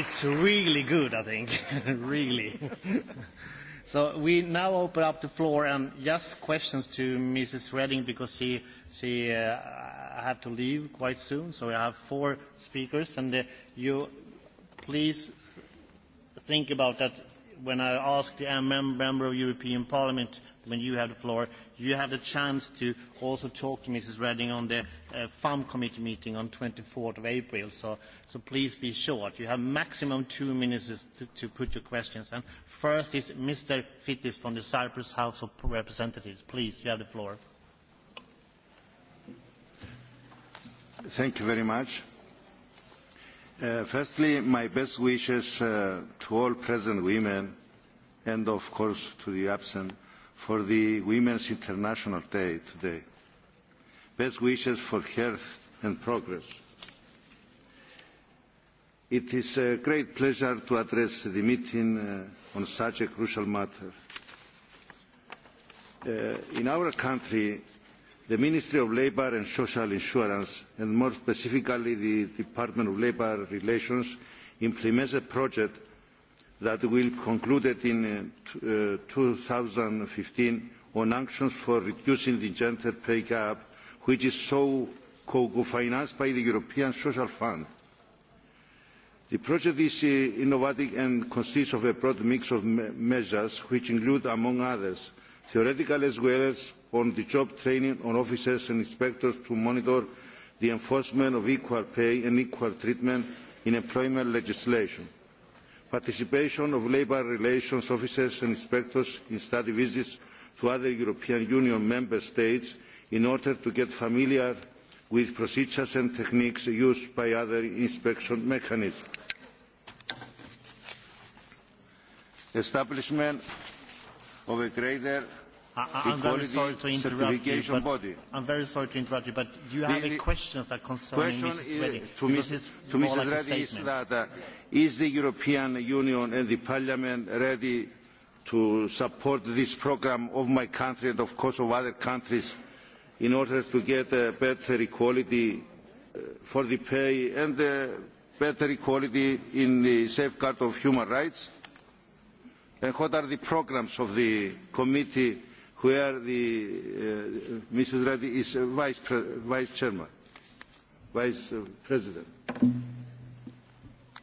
it's really good, I think, really. so we now open up the floor and just questions to Mrs. Redding because she, she uh, had to leave quite soon. So we have four speakers, and uh, you please think about that when I ask the member of European Parliament when you have the floor, you have the chance to also talk to Mrs. Redding on the uh, Farm Committee meeting on 24th of April, so, so please be short. You have maximum two minutes to, to put your questions. And first is Mr. Fittis from the Cyprus House of Representatives. Please, you have the floor. Thank you very much. Uh, firstly, my best wishes uh, to all present women and, of course, to the absent for the Women's International Day today. Best wishes for health and progress. It is a great pleasure to address the meeting uh, on such a crucial matter. Uh, in our country, the Ministry of Labour and Social Insurance, and more specifically the Department of Labour Relations, implements a project that will be concluded in uh, 2015 uh, on actions for reducing the gender pay gap which is so co-financed by the European Social Fund. The project is uh, innovative and consists of a broad mix of measures which include, among others, theoretical as well as on-the-job training on officers and inspectors to monitor the enforcement of equal pay and equal treatment in employment legislation, participation of labour relations officers and inspectors in study visits to other European Union member states in order to get familiar with procedures and techniques used by other inspection mechanisms. Establishment of a greater certification body. I'm very sorry to interrupt you, but do you have the, any questions that concern question Mrs. Reddy? To, Mrs. to Mrs. Like Reddy is that uh, is the European Union and the Parliament ready to support this program of my country and of course of other countries in order to get a better equality uh, for the pay and a better equality in the safeguard of human rights? And what are the programs of the committee where the, uh, Mrs. Reddy is uh, vice, pre vice chairman, vice uh, president?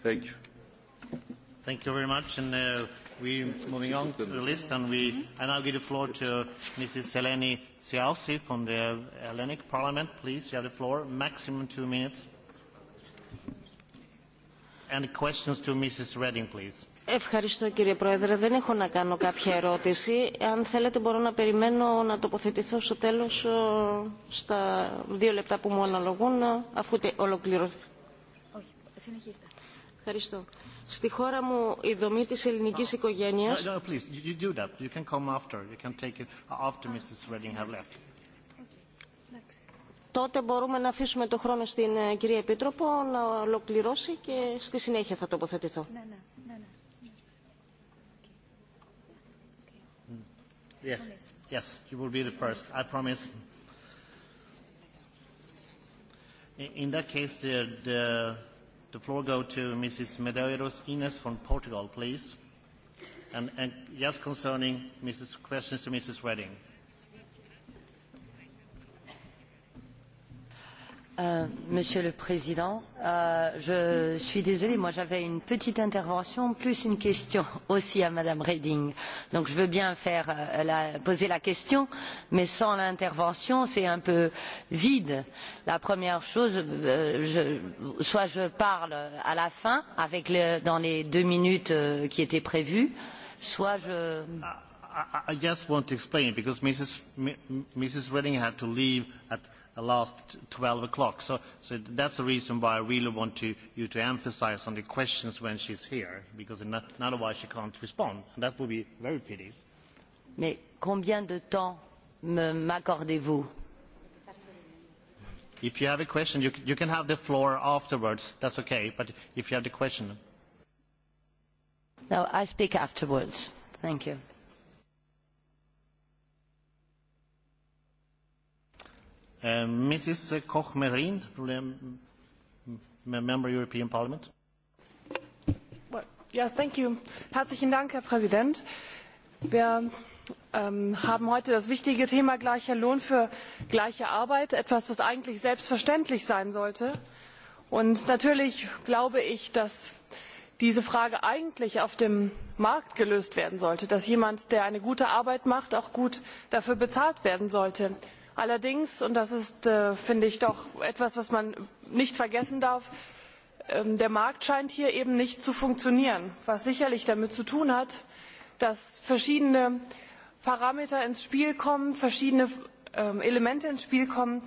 Thank you. Thank you very much. And, uh, We're moving on to the list, and we I now give the floor to Mrs. Eleni Sialsi from the Hellenic Parliament. Please, you have the floor, maximum two minutes. And questions to Mrs. Redding, please. Ευχαριστώ κύριε Πρόεδρε. Δεν έχω να κάνω κάποια ερώτηση. Αν θέλετε μπορώ να περιμένω να τοποθετηθώ στο τέλος στα δύο λεπτά που μου αναλογούν αφού ολοκληρωθεί. Όχι, συνεχίστε. Ευχαριστώ. Στη χώρα μου η δομή της ελληνικής οικογένειας... No, no, please, you, do that. You can come after. You can take it after Mrs. Redding left. Τότε μπορούμε να αφήσουμε το χρόνο στην κυρία Επίτροπο να ολοκληρώσει και στη συνέχεια θα τοποθετηθώ. Mm. Yes, yes, you will be the first, I promise. In that case, the, the the floor go to Mrs. Medeiros Ines from Portugal, please. And, and yes, concerning Mrs. questions to Mrs. Redding. Euh, Monsieur le Président, euh, je suis désolée, moi j'avais une petite intervention plus une question aussi à Madame Reding. Donc je veux bien faire euh, la, poser la question, mais sans l'intervention c'est un peu vide. La première chose, euh, je, soit je parle à la fin, avec le, dans les deux minutes euh, qui étaient prévues, soit je. I, I just want to explain because Mrs. M Mrs. had to leave at last 12 o'clock. So, so that's the reason why I really want to, you to emphasize on the questions when she's here, because not, otherwise she can't respond. And that would be very pity. Mais combien de temps m'accordez-vous? If you have a question, you, you can have the floor afterwards. That's okay. But if you have the question. No, I speak afterwards. Thank you. Mrs. Um, Koch-Merin, Member European Parliament. Well, yes, thank you. Herzlichen Dank, Herr Präsident. Wir ähm, haben heute das wichtige Thema gleicher Lohn für gleiche Arbeit, etwas, was eigentlich selbstverständlich sein sollte. Und natürlich glaube ich, dass diese Frage eigentlich auf dem Markt gelöst werden sollte, dass jemand, der eine gute Arbeit macht, auch gut dafür bezahlt werden sollte. Allerdings, und das ist, äh, finde ich, doch etwas, was man nicht vergessen darf, ähm, der Markt scheint hier eben nicht zu funktionieren, was sicherlich damit zu tun hat, dass verschiedene Parameter ins Spiel kommen, verschiedene ähm, Elemente ins Spiel kommen,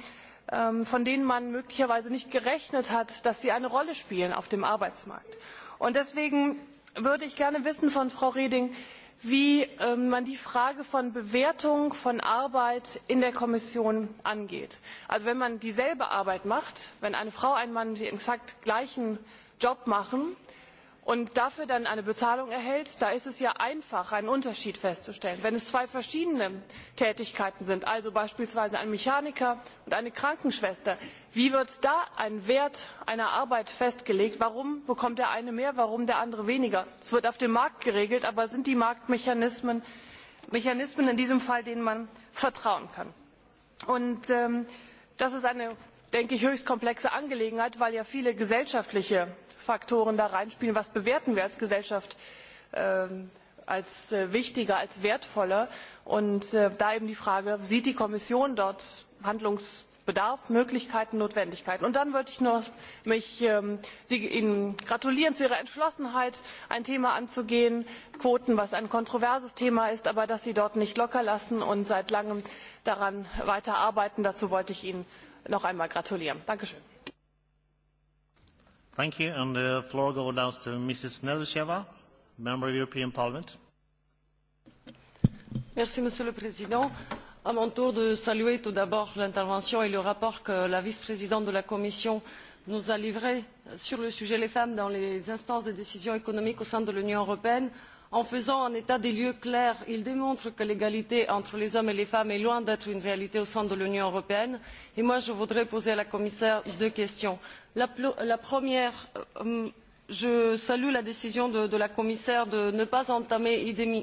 ähm, von denen man möglicherweise nicht gerechnet hat, dass sie eine Rolle spielen auf dem Arbeitsmarkt. spielen. deswegen würde ich gerne wissen von Frau Reding, wie ähm, man die Frage von Bewertung von Arbeit in der Kommission angeht. Also wenn man dieselbe Arbeit macht, wenn eine Frau und ein Mann den exakt gleichen Job machen, und dafür dann eine Bezahlung erhält, da ist es ja einfach, einen Unterschied festzustellen. Wenn es zwei verschiedene Tätigkeiten sind, also beispielsweise ein Mechaniker und eine Krankenschwester, wie wird da ein Wert einer Arbeit festgelegt? Warum bekommt der eine mehr, warum der andere weniger? Es wird auf dem Markt geregelt, aber sind die Marktmechanismen Mechanismen in diesem Fall, denen man vertrauen kann? Und ähm, das ist eine, denke ich, höchst komplexe Angelegenheit, weil ja viele gesellschaftliche Faktoren da reinspielen. Was bewerten wir als Gesellschaft ähm, als äh, wichtiger, als wertvoller? Und äh, da eben die Frage, sieht die Kommission dort Handlungsbedarf, Möglichkeiten, Notwendigkeiten. Und dann würde ich noch mich, ähm, Sie, Ihnen gratulieren zu Ihrer Entschlossenheit, ein Thema anzugehen, Quoten, was ein kontroverses Thema ist, aber dass Sie dort nicht locker lassen und seit langem daran weiterarbeiten. Dazu wollte ich Ihnen noch einmal gratulieren. Dankeschön. Thank you. And the floor goes down to Mrs. Nelisheva, Member of European Parliament. Merci, Monsieur le Président. À mon tour de saluer tout d'abord l'intervention et le rapport que la vice-présidente de la Commission nous a livré sur le sujet des femmes dans les instances de décision économique au sein de l'Union européenne. En faisant un état des lieux clair, il démontre que l'égalité entre les hommes et les femmes est loin d'être une réalité au sein de l'Union européenne. Et moi, je voudrais poser à la commissaire deux questions. La, première, euh, je salue la décision de, de la commissaire de ne pas entamer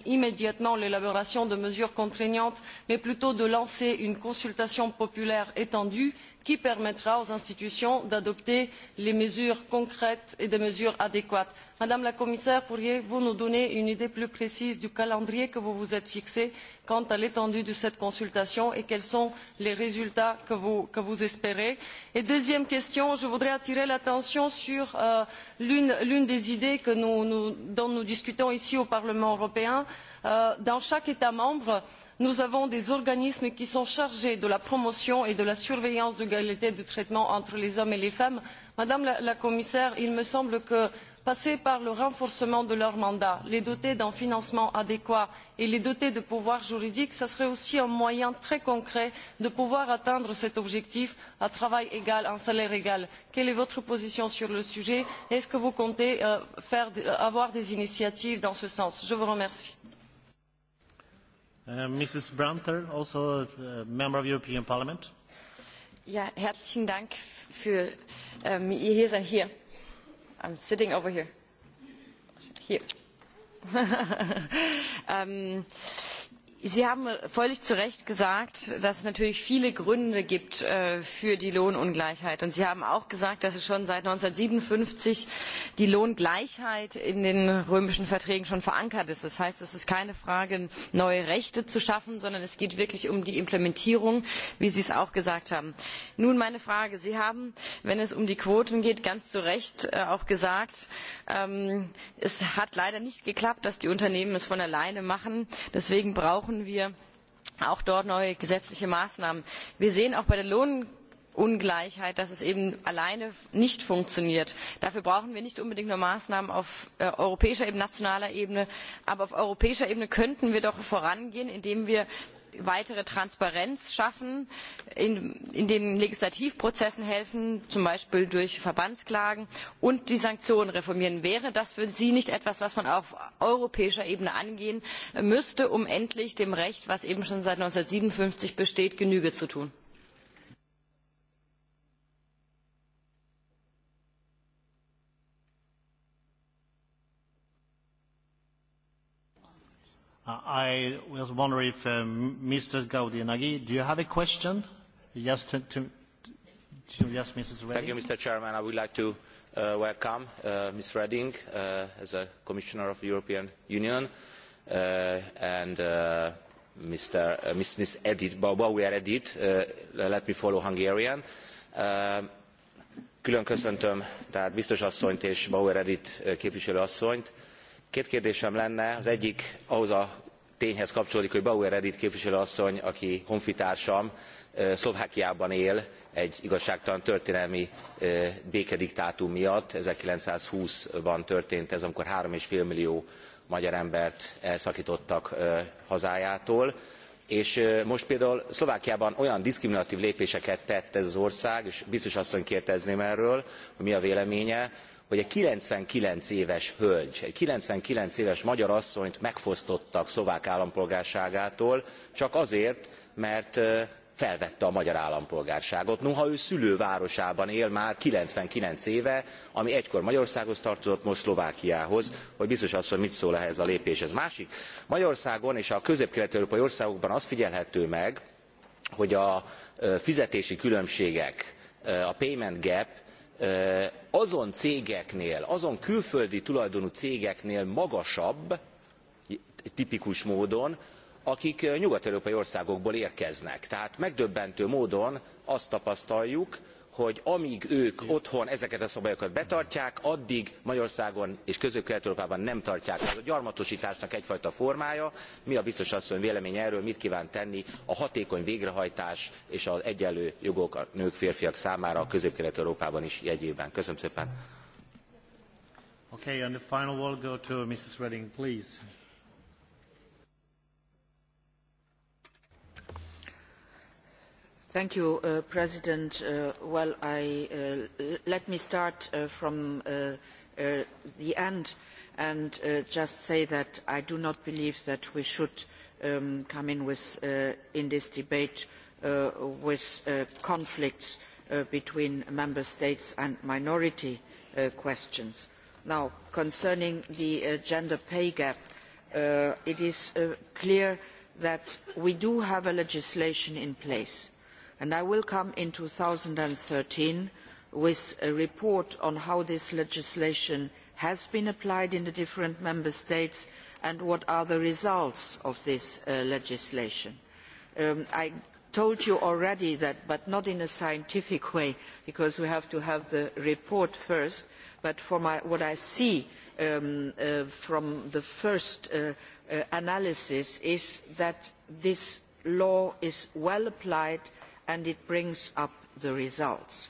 immédiatement l'élaboration de mesures contraignantes, mais plutôt de lancer une consultation populaire étendue qui permettra aux institutions d'adopter les mesures concrètes et des mesures adéquates. Madame la commissaire, pourriez-vous nous donner une idée plus précise du calendrier que vous vous êtes fixé quant à l'étendue de cette consultation et quels sont les résultats que vous, que vous espérez Et deuxième question, je voudrais attirer l'attention sur euh, l'une des idées que nous, nous, dont nous discutons ici au Parlement européen, Euh, dans chaque État membre, nous avons des organismes qui sont chargés de la promotion et de la surveillance de l'égalité de traitement entre les hommes et les femmes. Madame la, commissaire, il me semble que passer par le renforcement de leur mandat, les doter d'un financement adéquat et les doter de pouvoirs juridiques, ce serait aussi un moyen très concret de pouvoir atteindre cet objectif à travail égal, en salaire égal. Quelle est votre position sur le sujet Est-ce que vous comptez euh, avoir des initiatives dans ce sens Je vous remercie. Uh, Mrs. Brunter, also a member of European Parliament. Ja, herzlichen Dank für um, Ihr Hiersein hier. I'm sitting over here. Here. um, Sie haben völlig zu Recht gesagt, dass es natürlich viele Gründe gibt äh, für die Lohnungleichheit. Und Sie haben auch gesagt, dass es schon seit 1957 die Lohngleichheit in den römischen Verträgen schon verankert ist. Das heißt, es ist keine Frage, neue Rechte zu schaffen, sondern es geht wirklich um die Implementierung, wie Sie es auch gesagt haben. Nun meine Frage. Sie haben, wenn es um die Quoten geht, ganz zu Recht äh, auch gesagt, ähm, es hat leider nicht geklappt, dass die Unternehmen es von alleine machen. Deswegen brauchen brauchen wir auch dort neue gesetzliche Maßnahmen. Wir sehen auch bei der Lohnungleichheit, dass es eben alleine nicht funktioniert. Dafür brauchen wir nicht unbedingt nur Maßnahmen auf äh, europäischer Ebene, nationaler Ebene, aber auf europäischer Ebene könnten wir doch vorangehen, indem wir weitere Transparenz schaffen, in, in den Legislativprozessen helfen, zum Beispiel durch Verbandsklagen und die Sanktionen reformieren. Wäre das für Sie nicht etwas, was man auf europäischer Ebene angehen müsste, um endlich dem Recht, was eben schon seit 1957 besteht, Genüge zu tun? Uh, I was wondering if um, Mr. Gaudi Nagy, do you have a question? Yes, to, to, to yes, Mrs. Redding. Thank you, Mr. Chairman. I would like to uh, welcome uh, Ms. Redding uh, as a Commissioner of the European Union uh, and uh, Mr. Uh, Ms. Ms. Edith Baba, we are Edith. Uh, let me follow Hungarian. Uh, külön köszöntöm tehát biztos asszonyt és Bauer Edith uh, képviselő asszonyt. Uh, Két kérdésem lenne, az egyik ahhoz a tényhez kapcsolódik, hogy Bauer Edith képviselő asszony, aki honfitársam, Szlovákiában él egy igazságtalan történelmi békediktátum miatt. 1920-ban történt ez, amikor három és fél millió magyar embert elszakítottak hazájától. És most például Szlovákiában olyan diszkriminatív lépéseket tett ez az ország, és biztos asszony kérdezném erről, hogy mi a véleménye, hogy egy 99 éves hölgy, egy 99 éves magyar asszonyt megfosztottak szlovák állampolgárságától csak azért, mert felvette a magyar állampolgárságot. Noha ő szülővárosában él már 99 éve, ami egykor Magyarországhoz tartozott, most Szlovákiához, hogy biztos az, hogy mit szól ehhez a lépéshez. Másik, Magyarországon és a közép-kelet-európai országokban az figyelhető meg, hogy a fizetési különbségek, a payment gap azon cégeknél, azon külföldi tulajdonú cégeknél magasabb, tipikus módon, akik nyugat-európai országokból érkeznek. Tehát megdöbbentő módon azt tapasztaljuk, hogy amíg ők otthon ezeket a szabályokat betartják, addig Magyarországon és Közép-Kelet-Európában nem tartják. Ez a gyarmatosításnak egyfajta formája. Mi a biztos asszony véleménye erről, mit kíván tenni a hatékony végrehajtás és az egyenlő jogok a nők férfiak számára a Közép-Kelet-Európában is jegyében. Köszönöm szépen. Okay, Mr uh, President. Uh, well, uh, let me start from the end and just say that I do not believe that we should um, come in, with, in this debate with conflicts between member states and minority questions. concerning the gender pay gap, it is clear that we do have legislation in place and I will come in thirteen with a report on how this legislation has been applied in the different member states and what are the results of this uh, legislation. are. Um, I told you already that, but not in a scientific way, because we have to have the report first, but from what I see um, uh, from the first uh, analysis is that this law is well applied and it brings up the results.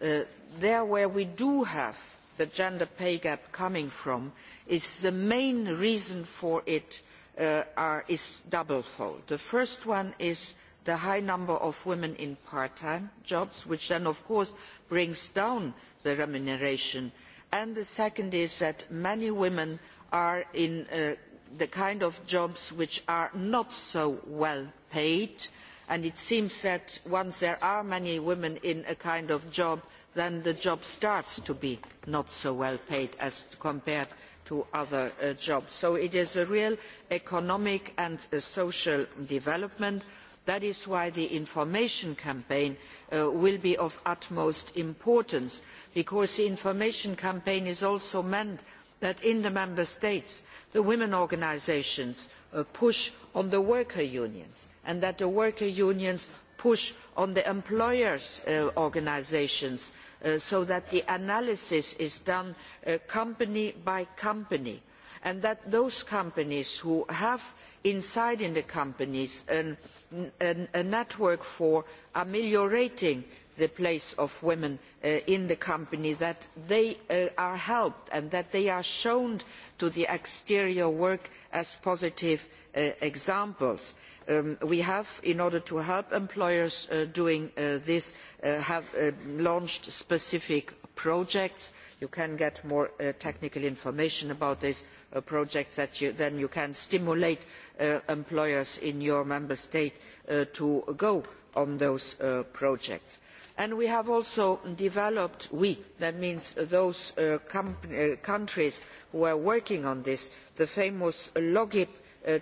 Uh, there where we do have the gender pay gap coming from is the main reason for it uh, is doublefold. The first one is the high number of women in part-time jobs, which then of course brings down the remuneration. And the second is that many women are in uh, the kind of jobs which are not so well paid and it seems that once there are many women in a kind of job then the job starts to be not so well paid as compared to other uh, jobs. so it is a real economic and social development. that is why the information campaign uh, will be of utmost importance because the information campaign is also meant that in the member states the women's organisations uh, push on the worker unions and that the worker unions push on the employers' uh, organisations uh, so that the analysis is done uh, company by company and that those companies who have inside the companies a network for ameliorating the place of women in the company that they are helped and that they are shown to the exterior world as positive examples. Um, we have, in order to help employers uh, doing uh, this, uh, launched specific projects. You can get more technical information about these projects that you, then you can stimulate employers in your member state to go on those projects. we have also developed we that means those countries who are working on this the famous logip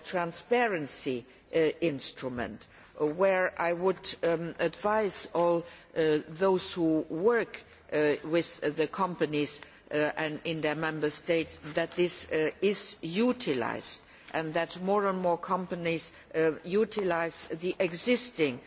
transparency Uh, instrument uh, where I would um, advise all uh, those who work with the companies in their member states that this is utilised and that more and more companies utilise the existing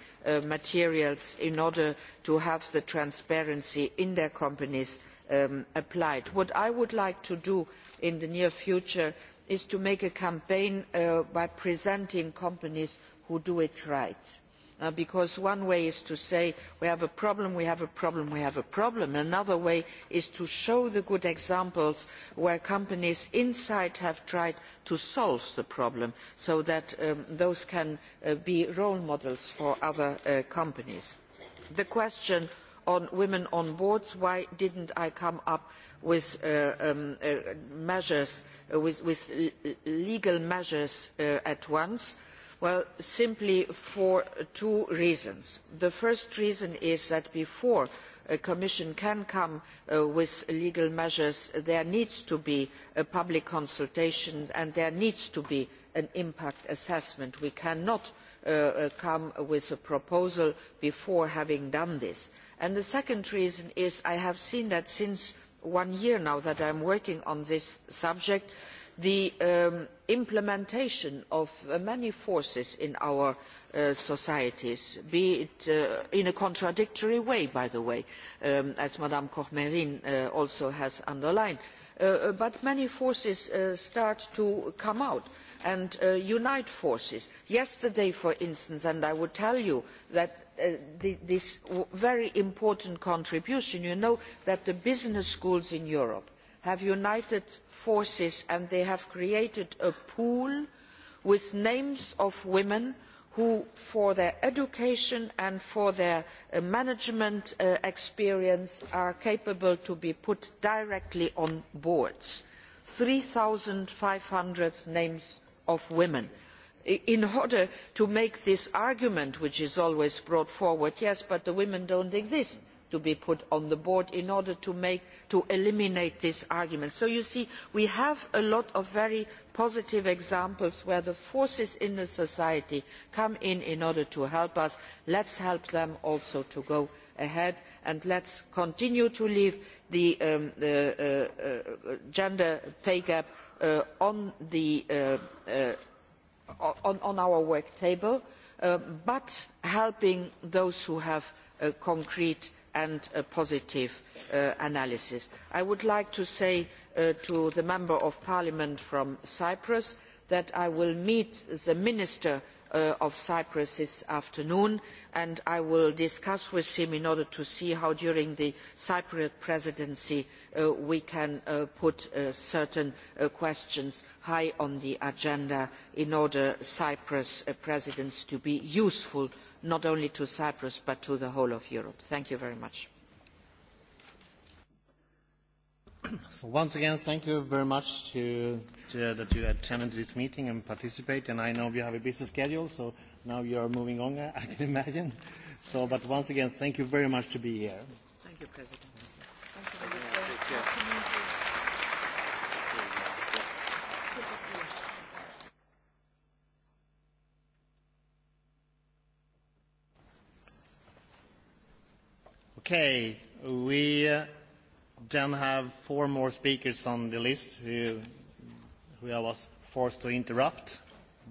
materials in order to have the transparency in their companies um, applied. What I would like to do in the near future is to make a campaign uh, by presenting companies who do it right. Uh, because one way is to say we have a problem we have a problem we have a problem another way is to show the good examples where companies inside have tried to solve the problem so that um, those can uh, be role models for other companies. the question on women on boards why did i not come up with with uh, um, uh, measures, uh, with, with, legal measures at once? Well, simply for two reasons. The first reason is that before a commission can come uh, with legal measures there needs to be a public consultation and there needs to be an impact assessment. we cannot uh, come with a proposal before having done this. And the second reason is that i have seen that since one year now that I am working on this subject, the um, implementation of uh, many forces in our uh, societies, be it uh, in a contradictory way, by the way, um, as Ms Koch-Merin also has underlined. but many forces start to come out and unite forces. Yesterday, for instance, and I would tell you that Uh, this very important contribution. You know that the business schools in Europe have united forces and they have created a pool with names of women who for their education and for their uh, management uh, experience are capable of being put directly on boards three five hundred names of women in order to make this argument which is always brought forward yes but the women do not exist to be put on the board in order to, eliminate this argument. so you see we have a lot of very positive examples where the forces in the society come in in order to help us. let us help them also to go ahead and let us continue to leave the, um, uh, uh, gender pay gap uh, on the on, our work table, uh, but helping those who have a uh, concrete and uh, positive analysis. I would like to say to the Member of Parliament from Cyprus that I will meet the Minister of Cyprus this afternoon and I will discuss with him in order to see how during the Cypriot presidency uh, we can uh, put uh, certain questions high on the agenda in order for the Cyprus presidency to be useful not only to Cyprus but to the whole of Europe. Thank you very much. So once again, thank you very much to, to, uh, that you attended this meeting and participate. And I know you have a busy schedule, so now you are moving on, I can imagine. So, but once again, thank you very much to be here. Thank you, President. Okay, we uh, then have four more speakers on the list who, who I was forced to interrupt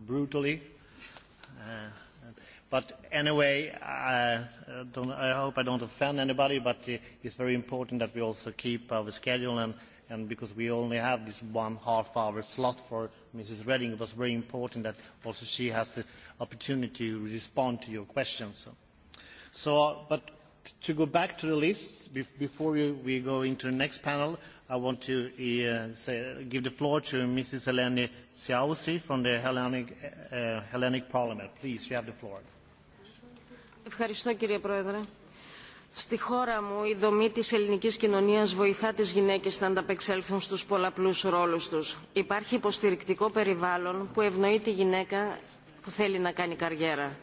brutally. Uh, but anyway, I, don't, I hope I don't offend anybody, but uh, it's very important that we also keep our schedule, and, and because we only have this one half-hour slot for Mrs. Redding, it was very important that also she has the opportunity to respond to your questions. So, so but to go back to the list before we, we go into the next panel. I want to uh, say, give the floor to Mrs. Eleni Siausi from the Hellenic, uh, uh, Hellenic Parliament. Please, you have the floor. Ευχαριστώ κύριε Πρόεδρε. Στη χώρα μου η δομή της ελληνικής κοινωνίας βοηθά τις γυναίκες να ανταπεξέλθουν στους πολλαπλούς ρόλους τους. Υπάρχει υποστηρικτικό περιβάλλον που ευνοεί τη γυναίκα που θέλει να κάνει καριέρα.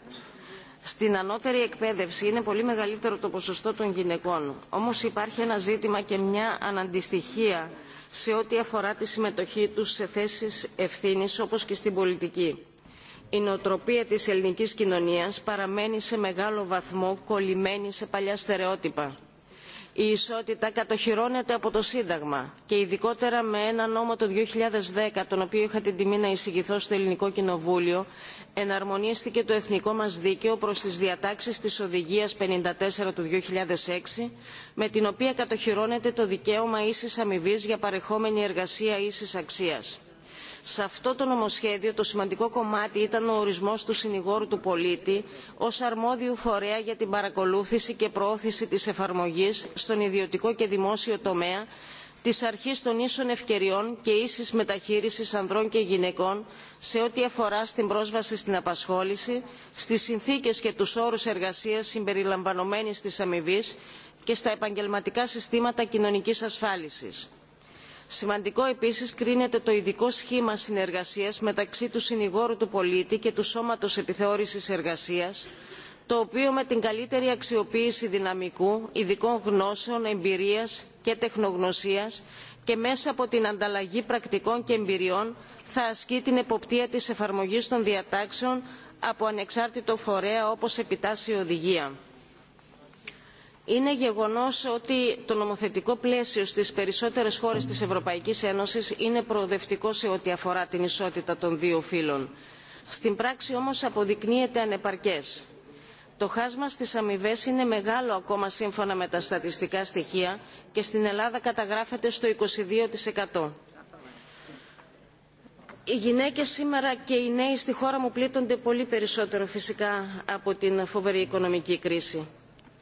Στην ανώτερη εκπαίδευση είναι πολύ μεγαλύτερο το ποσοστό των γυναικών. Όμως υπάρχει ένα ζήτημα και μια αναντιστοιχία σε ό,τι αφορά τη συμμετοχή τους σε θέσεις ευθύνης όπως και στην πολιτική. Η νοοτροπία της ελληνικής κοινωνίας παραμένει σε μεγάλο βαθμό κολλημένη σε παλιά στερεότυπα Η ισότητα κατοχυρώνεται από το Σύνταγμα και ειδικότερα με ένα νόμο το 2010, τον οποίο είχα την τιμή να εισηγηθώ στο Ελληνικό Κοινοβούλιο, εναρμονίστηκε το εθνικό μας δίκαιο προς τις διατάξεις της Οδηγίας 54 του 2006, με την οποία κατοχυρώνεται το δικαίωμα ίσης αμοιβή για παρεχόμενη εργασία ίσης αξίας. Σε αυτό το νομοσχέδιο το σημαντικό κομμάτι ήταν ο ορισμός του συνηγόρου του πολίτη ως αρμόδιου φορέα για την παρακολούθηση και προώθηση της εφαρμογής στον ιδιωτικό και δημόσιο τομέα της αρχής των ίσων ευκαιριών και ίσης μεταχείρισης ανδρών και γυναικών σε ό,τι αφορά στην πρόσβαση στην απασχόληση, στις συνθήκες και τους όρους εργασίας συμπεριλαμβανομένης της αμοιβή και στα επαγγελματικά συστήματα κοινωνικής ασφάλισης. Σημαντικό επίσης κρίνεται το ειδικό σχήμα συνεργασίας μεταξύ του συνηγόρου του πολίτη και του σώματος επιθεώρησης εργασίας, το οποίο με την καλύτερη αξιοποίηση δυναμικού, ειδικών γνώσεων, εμπειρίας και τεχνογνωσίας και μέσα από την ανταλλαγή πρακτικών και εμπειριών θα ασκεί την εποπτεία της εφαρμογής των διατάξεων από ανεξάρτητο φορέα όπως επιτάσσει η οδηγία. Είναι γεγονός ότι το νομοθετικό πλαίσιο στις περισσότερες χώρες της Ευρωπαϊκής Ένωσης είναι προοδευτικό σε ό,τι αφορά την ισότητα των δύο φύλων. Στην πράξη όμως αποδεικνύεται ανεπαρκές. Το χάσμα στις αμοιβέ είναι μεγάλο ακόμα σύμφωνα με τα στατιστικά στοιχεία και στην Ελλάδα καταγράφεται στο 22%. Οι γυναίκες σήμερα και οι νέοι στη χώρα μου πλήττονται πολύ περισσότερο φυσικά από την φοβερή οικονομική κρίση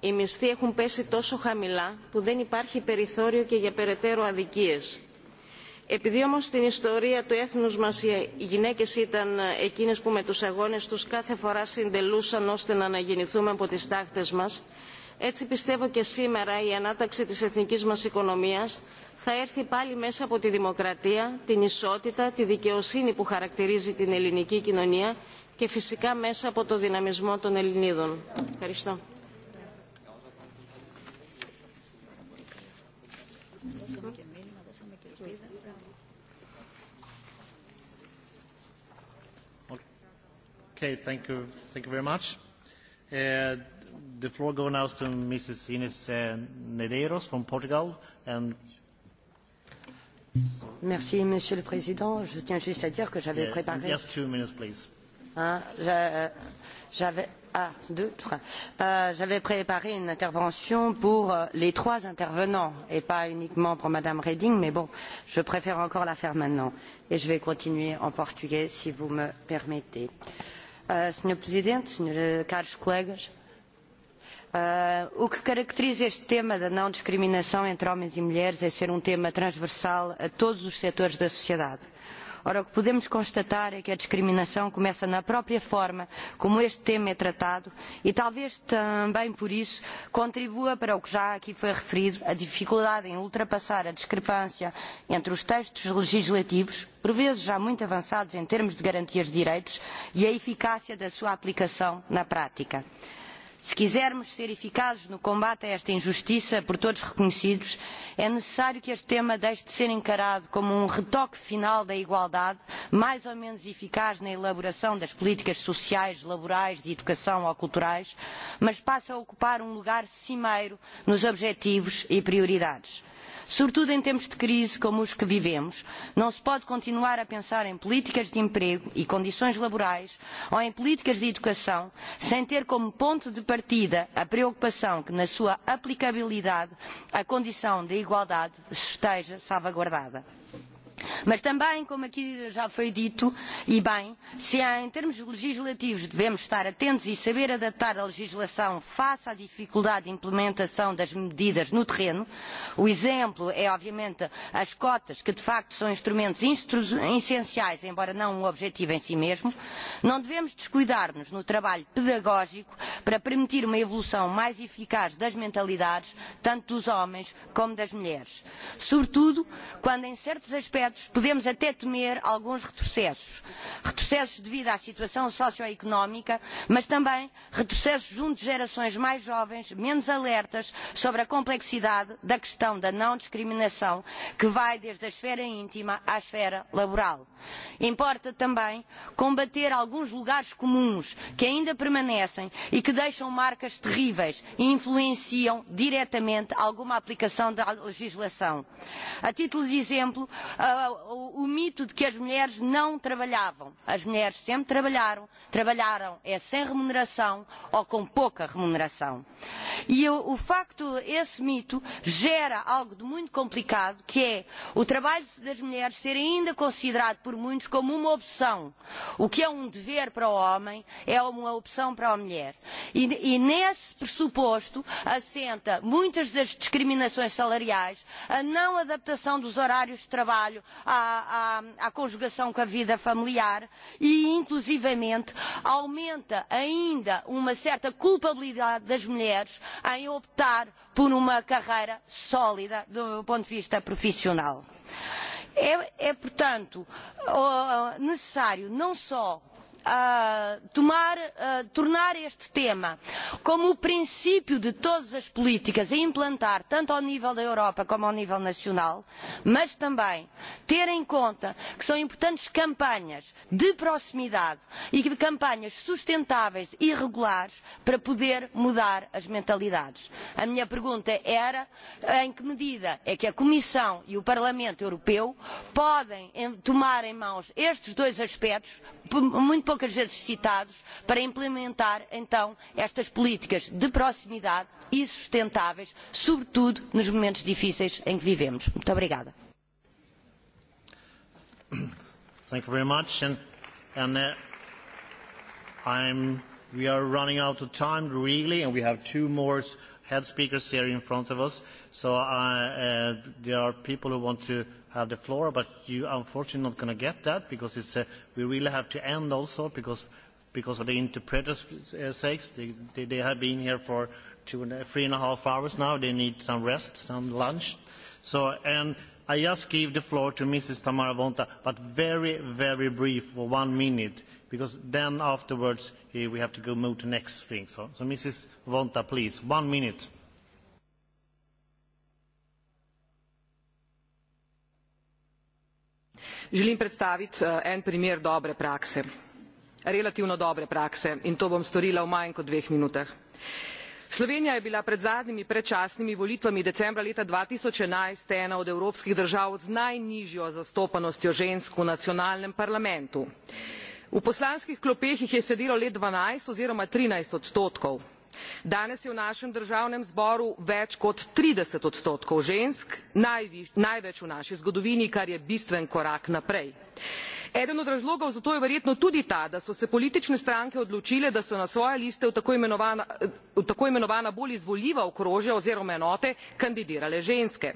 οι μισθοί έχουν πέσει τόσο χαμηλά που δεν υπάρχει περιθώριο και για περαιτέρω αδικίες. Επειδή όμως στην ιστορία του έθνους μας οι γυναίκες ήταν εκείνες που με τους αγώνες τους κάθε φορά συντελούσαν ώστε να αναγεννηθούμε από τις τάχτες μας, έτσι πιστεύω και σήμερα η ανάταξη της εθνικής μας οικονομίας θα έρθει πάλι μέσα από τη δημοκρατία, την ισότητα, τη δικαιοσύνη που χαρακτηρίζει την ελληνική κοινωνία και φυσικά μέσα από το δυναμισμό των Ελληνίδων. Ευχαριστώ. Okay, thank you. Thank you very much. Uh, the floor goes now to Mrs. Ines uh, Nedeiros from Portugal. And Merci, Monsieur le Président. Je tiens juste à dire que j'avais yeah, préparé. Yes, two minutes, please. Euh, j'avais ah, deux, trois. Euh, j'avais préparé une intervention pour euh, les trois intervenants et pas uniquement pour Madame Reding, mais bon, je préfère encore la faire maintenant et je vais continuer en portugais si vous me permettez. Euh, Ah, Sr. Presidente, Sr. Eh, caros colegas, uh, o que caracteriza este tema da não discriminação entre homens e mulheres é ser um tema transversal a todos os setores da sociedade Ora, o que podemos constatar é que a discriminação começa na própria forma como este tema é tratado e talvez também por isso contribua para o que já aqui foi referido, a dificuldade em ultrapassar a discrepância entre os textos legislativos, por vezes já muito avançados em termos de garantias de direitos, e a eficácia da sua aplicação na prática. Se quisermos ser eficazes no combate a esta injustiça, por todos reconhecidos, é necessário que este tema deixe de ser encarado como um retoque final da igualdade, mais ou menos eficaz na elaboração das políticas sociais, laborais, de educação ou culturais, mas passe a ocupar um lugar cimeiro nos objetivos e prioridades. Sobretudo em tempos de crise como os que vivemos, não se pode continuar a pensar em políticas de emprego e condições laborais ou em políticas de educação sem ter como ponto de partida a preocupação que, na sua aplicabilidade, a condição da igualdade esteja salvaguardada. Mas também, como aqui já foi dito, e bem, se há em termos legislativos devemos estar atentos e saber adaptar a legislação face à dificuldade de implementação das medidas no terreno, o exemplo é obviamente as cotas, que de facto são instrumentos essenciais, embora não um objetivo em si mesmo, não devemos descuidar-nos no trabalho pedagógico para permitir uma evolução mais eficaz das mentalidades, tanto dos homens como das mulheres. Sobretudo, quando em certos aspectos projetos, podemos até temer alguns retrocessos. Retrocessos devido à situação socioeconómica, mas também retrocessos junto de gerações mais jovens, menos alertas sobre a complexidade da questão da não discriminação, que vai desde a esfera íntima à esfera laboral. Importa também combater alguns lugares comuns que ainda permanecem e que deixam marcas terríveis e influenciam diretamente alguma aplicação da legislação. A título de exemplo, o mito de que as mulheres não trabalhavam. As mulheres sempre trabalharam, trabalharam é sem remuneração ou com pouca remuneração. E o facto, esse mito, gera algo de muito complicado que é o trabalho das mulheres ser ainda considerado por por muitos como uma opção. O que é um dever para o homem é uma opção para a mulher. E, e nesse pressuposto assenta muitas das discriminações salariais, a não adaptação dos horários de trabalho à, à, à conjugação com a vida familiar e, inclusivamente, aumenta ainda uma certa culpabilidade das mulheres em optar por uma carreira sólida do ponto de vista profissional. É, é portanto, necessário não só uh, tomar, uh, tornar este tema como o princípio de todas as políticas a implantar, tanto ao nível da Europa como ao nível nacional, mas também ter em conta que são importantes campanhas de proximidade e campanhas sustentáveis e regulares para poder mudar as mentalidades. A minha pergunta era em que medida é que a Comissão e o Parlamento Europeu podem tomar em mãos estes dois aspectos muito poucas vezes citados, para implementar então estas políticas de proximidade e sustentáveis, sobretudo nos momentos difíceis em que vivemos. Muito obrigada. Thank you very much. And, and uh, I'm, we are running out of time, really, and we have two more head speakers here in front of us, so I, uh, uh, there are people who want to have the floor, but you unfortunately not going to get that because it's, uh, we really have to end also because, because of the interpreters' uh, sakes. They, they, they have been here for two and, three and a half hours now. They need some rest, some lunch. So, and I just give the floor to Mrs. Tamara Vonta, but very, very brief for one minute, because then afterwards we have to go move to next thing. So, so Mrs. Vonta, please, one minute. Želim predstaviti eh, en primer dobre prakse, relativno dobre prakse in to bom storila v manj kot dveh minutah. Slovenija je bila pred zadnjimi predčasnimi volitvami decembra leta 2011 ena od evropskih držav z najnižjo zastopanostjo žensk v nacionalnem parlamentu. V poslanskih klopeh jih je sedelo le dvanajst oziroma trinajst odstotkov. Danes je v našem državnem zboru več kot trideset odstotkov žensk, največ v naši zgodovini, kar je bistven korak naprej. Eden od razlogov za to je verjetno tudi ta, da so se politične stranke odločile, da so na svoje liste v tako imenovana, v tako imenovana bolj izvoljiva okrožja oziroma enote kandidirale ženske.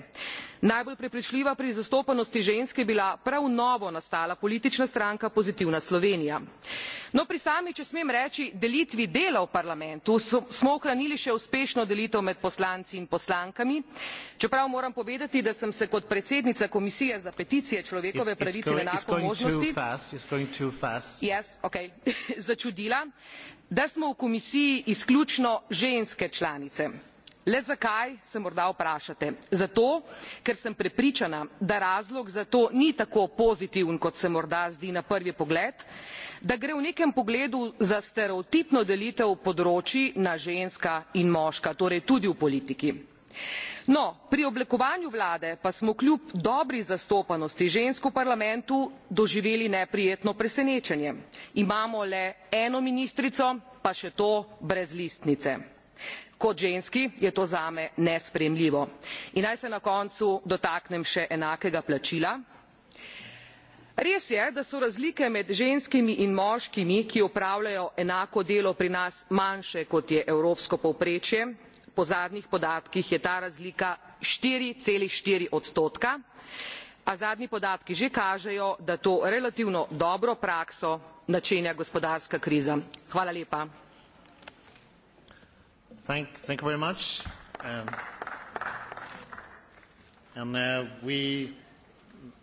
Najbolj prepričljiva pri zastopanosti žensk je bila prav novo nastala politična stranka Pozitivna Slovenija. No, pri sami, če smem reči, delitvi dela v parlamentu so, smo ohranili še uspešno delitev med poslanci in poslankami, čeprav moram povedati, da sem se kot predsednica Komisije za peticije človekove pravice in enake možnosti začudila, da smo v Komisiji izključno ženske članice. Le zakaj, se morda vprašate. Zato, ker sem prepričana, da razlog za to ni tako pozitiven, kot se morda zdi na prvi pogled, da gre v nekem pogledu za stereotipno delitev področij na ženska in moška, torej tudi v politiki. No, pri oblikovanju vlade pa smo kljub dobri zastopanosti žensk v parlamentu doživeli neprijetno presenečenje. Imamo le eno ministrico, pa še to brez listnice. Kot ženski je to zame nesprejemljivo. In naj se na koncu dotaknem še enakega plačila. Res je, da so razlike med ženskimi in moškimi, ki opravljajo enako delo pri nas manjše, kot je evropsko povprečje. Po zadnjih podatkih je ta razlika štiri štiri odstotka, a zadnji podatki že kažejo, da to relativno dobro prakso načenja gospodarska kriza. Hvala lepa. Thank, thank you very much. Um, and uh, we,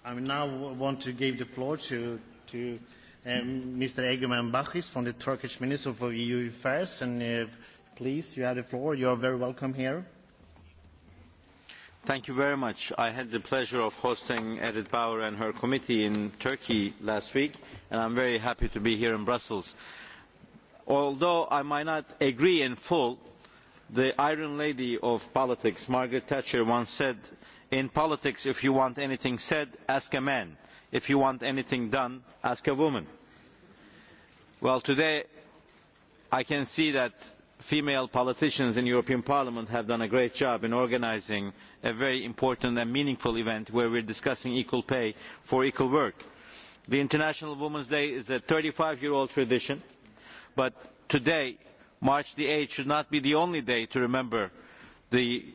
I now want to give the floor to, to uh, um, Mr. Egemen Bachis from the Turkish Minister for EU Affairs. And uh, please, you have the floor. You are very welcome here. Thank you very much. I had the pleasure of hosting Edith Bauer and her committee in Turkey last week, and I am very happy to be here in Brussels. Although I might not agree in full The Iron Lady of politics, Margaret Thatcher, once said, in politics, if you want anything said, ask a man. If you want anything done, ask a woman. Well, today, I can see that female politicians in the European Parliament have done a great job in organising a very important and meaningful event where we are discussing equal pay for equal work. The International Women's Day is a thirty five year old tradition, but today March the 8th should not be the only day to remember the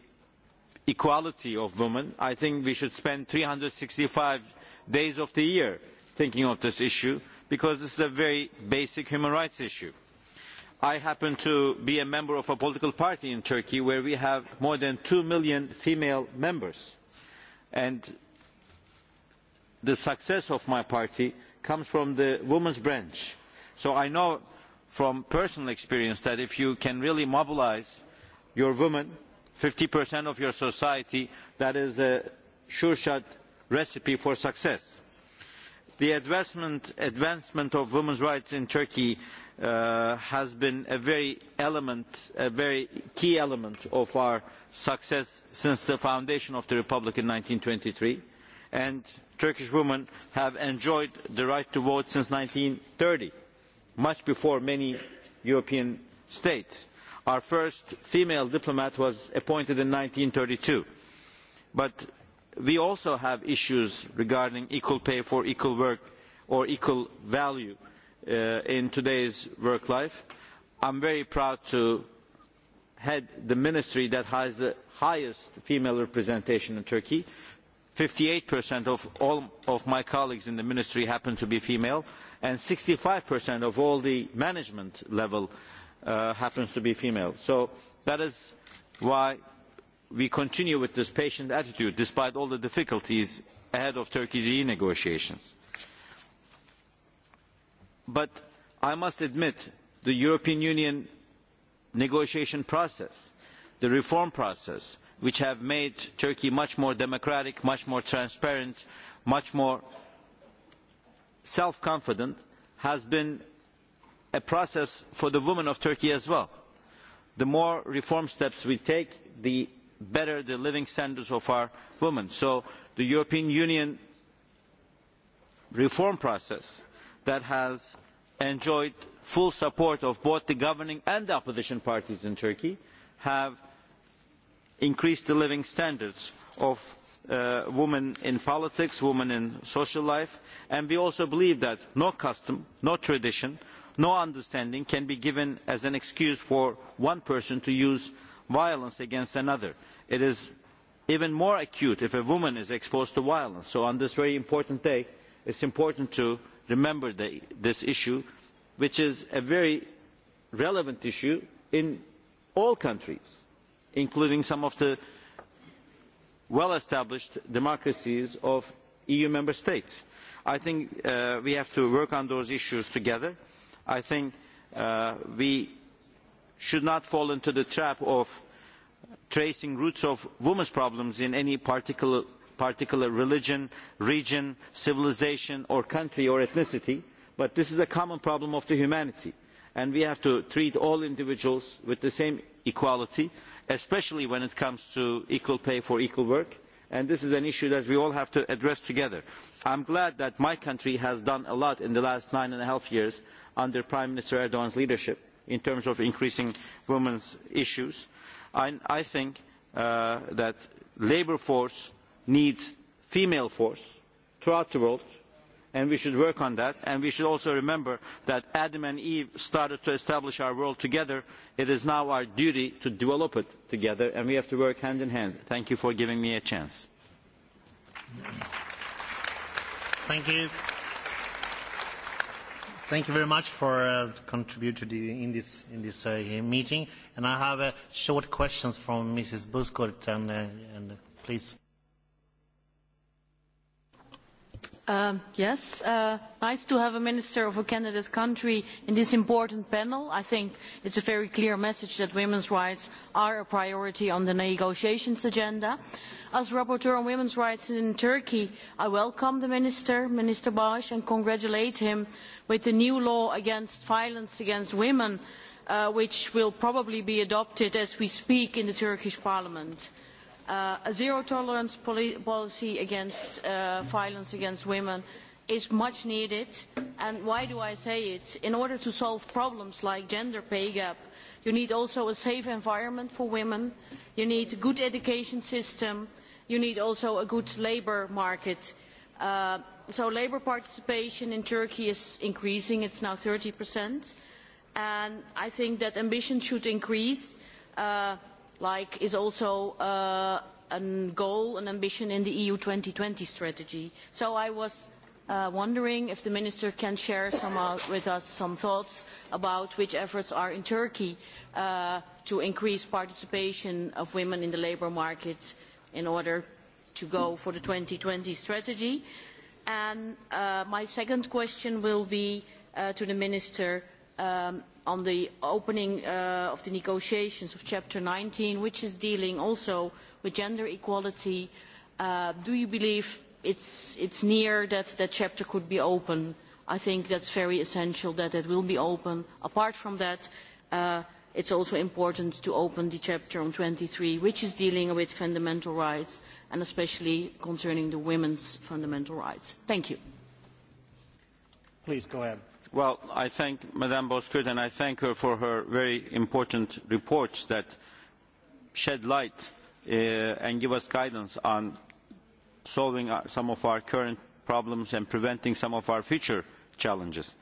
equality of women. I think we should spend three hundred and sixty five days of the year thinking of this issue because this is a very basic human rights issue. I happen to be a member of a political party in Turkey where we have more than two million female members. And the success of my party comes from the women's branch. So I know from personal experience that if you can really mobilise your women, 50% of your society, that is a sure shot recipe for success. The advancement, advancement of women's rights in Turkey uh, has been a very element, a very key element of our success since the foundation of the Republic in twenty three, and Turkish women have enjoyed the right to vote since thirty much before many European states. Our first female diplomat was appointed in thirty two. But we also have issues regarding equal pay for equal work or equal value uh, in today's work life. I am very proud to head the ministry that has the highest female representation in Turkey. Fifty 58% of all of my colleagues in the ministry happen to be female and sixty 65% of all the management level uh, happens to be female. So that is why we continue with this patient attitude despite all the difficulties ahead of Turkey's EU negotiations. But I must admit the European Union negotiation process, the reform process, which have made Turkey much more democratic, much more transparent, much more self confident has been a process for the women of Turkey as well. The more reform steps we take, the better the living standards of our women. So the European Union reform process that has enjoyed full support of both the governing and the opposition parties in Turkey have increased the living standards of uh, women in politics, women in social life, and we also believe that no custom, no tradition, no understanding can be given as an excuse for one person to use violence against another. It is even more acute if a woman is exposed to violence. So on this very important day, it is important to remember the, this issue, which is a very relevant issue in all countries, including some of the well established democracies of EU member states. I think uh, we have to work on those issues together. I think uh, we should not fall into the trap of tracing roots of women's problems in any particular, particular religion, region, civilization or country or ethnicity, but this is a common problem of the humanity. And we have to treat all individuals with the same equality especially when it comes to equal pay for equal work. And this is an issue that we all have to address together. I am glad that my country has done a lot in the last nine and a half years under Prime Minister Erdogan's leadership in terms of increasing women's issues. I, I think uh, that the labour force needs female force throughout the world and we should work on that. And we should also remember that Adam and Eve started to establish our world together. It is now our duty to develop it together, and we have to work hand in hand. Thank you for giving me a chance. Thank you. Thank you very much for uh, contributing to the, in this, in this uh, meeting. And I have uh, short questions from Mrs. Buskurt, and, uh, and uh, please. Um, yes, uh, nice to have a minister of a candidate country in this important panel. I think it is a very clear message that women's rights are a priority on the negotiations agenda. As rapporteur on women's rights in Turkey, I welcome the minister, Minister Bash, and congratulate him with the new law against violence against women, uh, which will probably be adopted as we speak in the Turkish parliament. Uh, a zero tolerance policy against uh, violence against women is much needed. And why do I say it? In order to solve problems like gender pay gap, you need also a safe environment for women, you need a good education system, you need also a good labour market. Uh, so labour participation in Turkey is increasing, it is now 30%. And I think that ambition should increase. Uh, like is also uh, a goal, an ambition in the EU twenty strategy. So I was uh, wondering if the Minister can share some, uh, with us some thoughts about which efforts are in Turkey uh, to increase participation of women in the labour market in order to go for the twenty strategy. And uh, my second question will be uh, to the Minister um, on the opening uh, of the negotiations of Chapter 19, which is dealing also with gender equality. Uh, do you believe it's, it's near that that chapter could be open? I think that's very essential that it will be open. Apart from that, uh, it's also important to open the chapter on 23, which is dealing with fundamental rights, and especially concerning the women's fundamental rights. Thank you. Please go ahead. Well, I thank Madame Boscoet and I thank her for her very important reports that shed light uh, and give us guidance on solving our, some of our current problems and preventing some of our future challenges.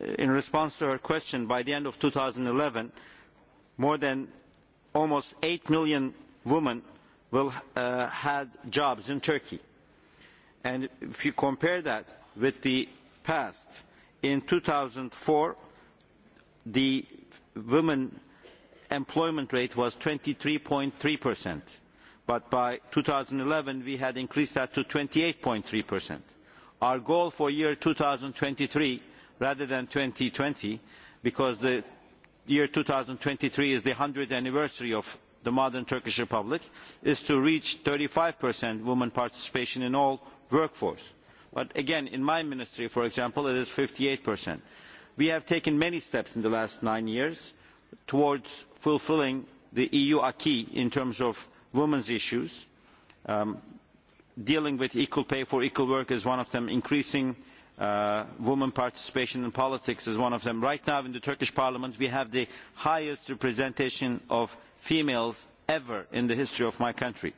Uh, in response to her question, by the end of eleven, more than almost eight million women will uh, have jobs in Turkey. And if you compare that with the past, in two thousand four the women employment rate was twenty three three percent, but by eleven we had increased that to twenty eight three percent. Our goal for year twenty three, rather than twenty, because the year twenty three is the 100th anniversary of the modern Turkish Republic, is to reach thirty percent women participation in all workforce. But again, in my ministry, for example, it is 58%. We have taken many steps in the last nine years towards fulfilling the EU acquis in terms of women's issues. Um, dealing with equal pay for equal work is one of them, increasing uh, women participation in politics is one of them. Right now in the Turkish parliament we have the highest representation of females ever in the history of my country.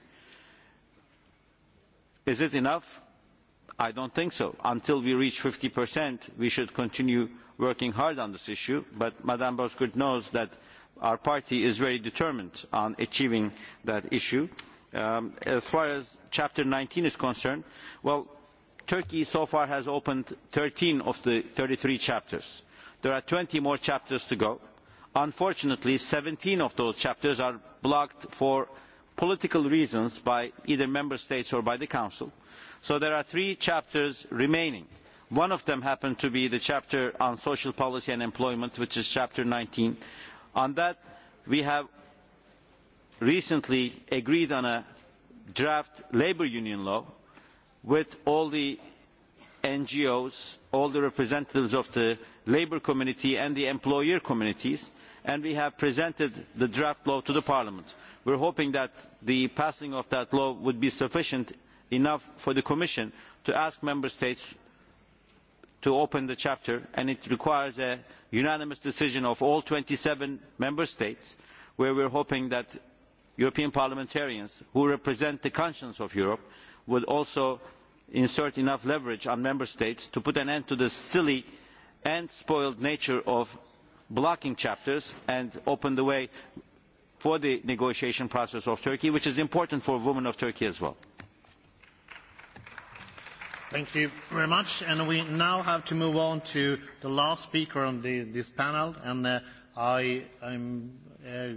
Is it enough? I do not think so. Until we reach 50%, we should continue working hard on this issue, but Madame Boskurt knows that our party is very determined on achieving that issue. Um, as far as Chapter nineteen is concerned, well, Turkey so far has opened thirteen of the thirty three chapters. There are twenty more chapters to go. Unfortunately, seventeen of those chapters are blocked for political reasons by either member states or by the council. So there are three chapters remaining. One of them happened to be the chapter on social policy and employment, which is chapter nineteen. On that, we have recently agreed on a draft labour union law with all the NGOs, all the representatives of the labour community and the employer communities, and we have presented the draft law to the parliament. We are hoping that the passing of that law would be sufficient enough for the Commission to ask Member States to open the chapter and it requires a unanimous decision of all twenty seven Member States where we are hoping that European parliamentarians who represent the conscience of Europe would also insert enough leverage on Member States to put an end to the silly and spoiled nature of blocking chapters and open the way for the negotiation process of Turkey, which is important for women of Turkey as well. Thank you very much. And we now have to move on to the last speaker on the, this panel. And uh, I am uh,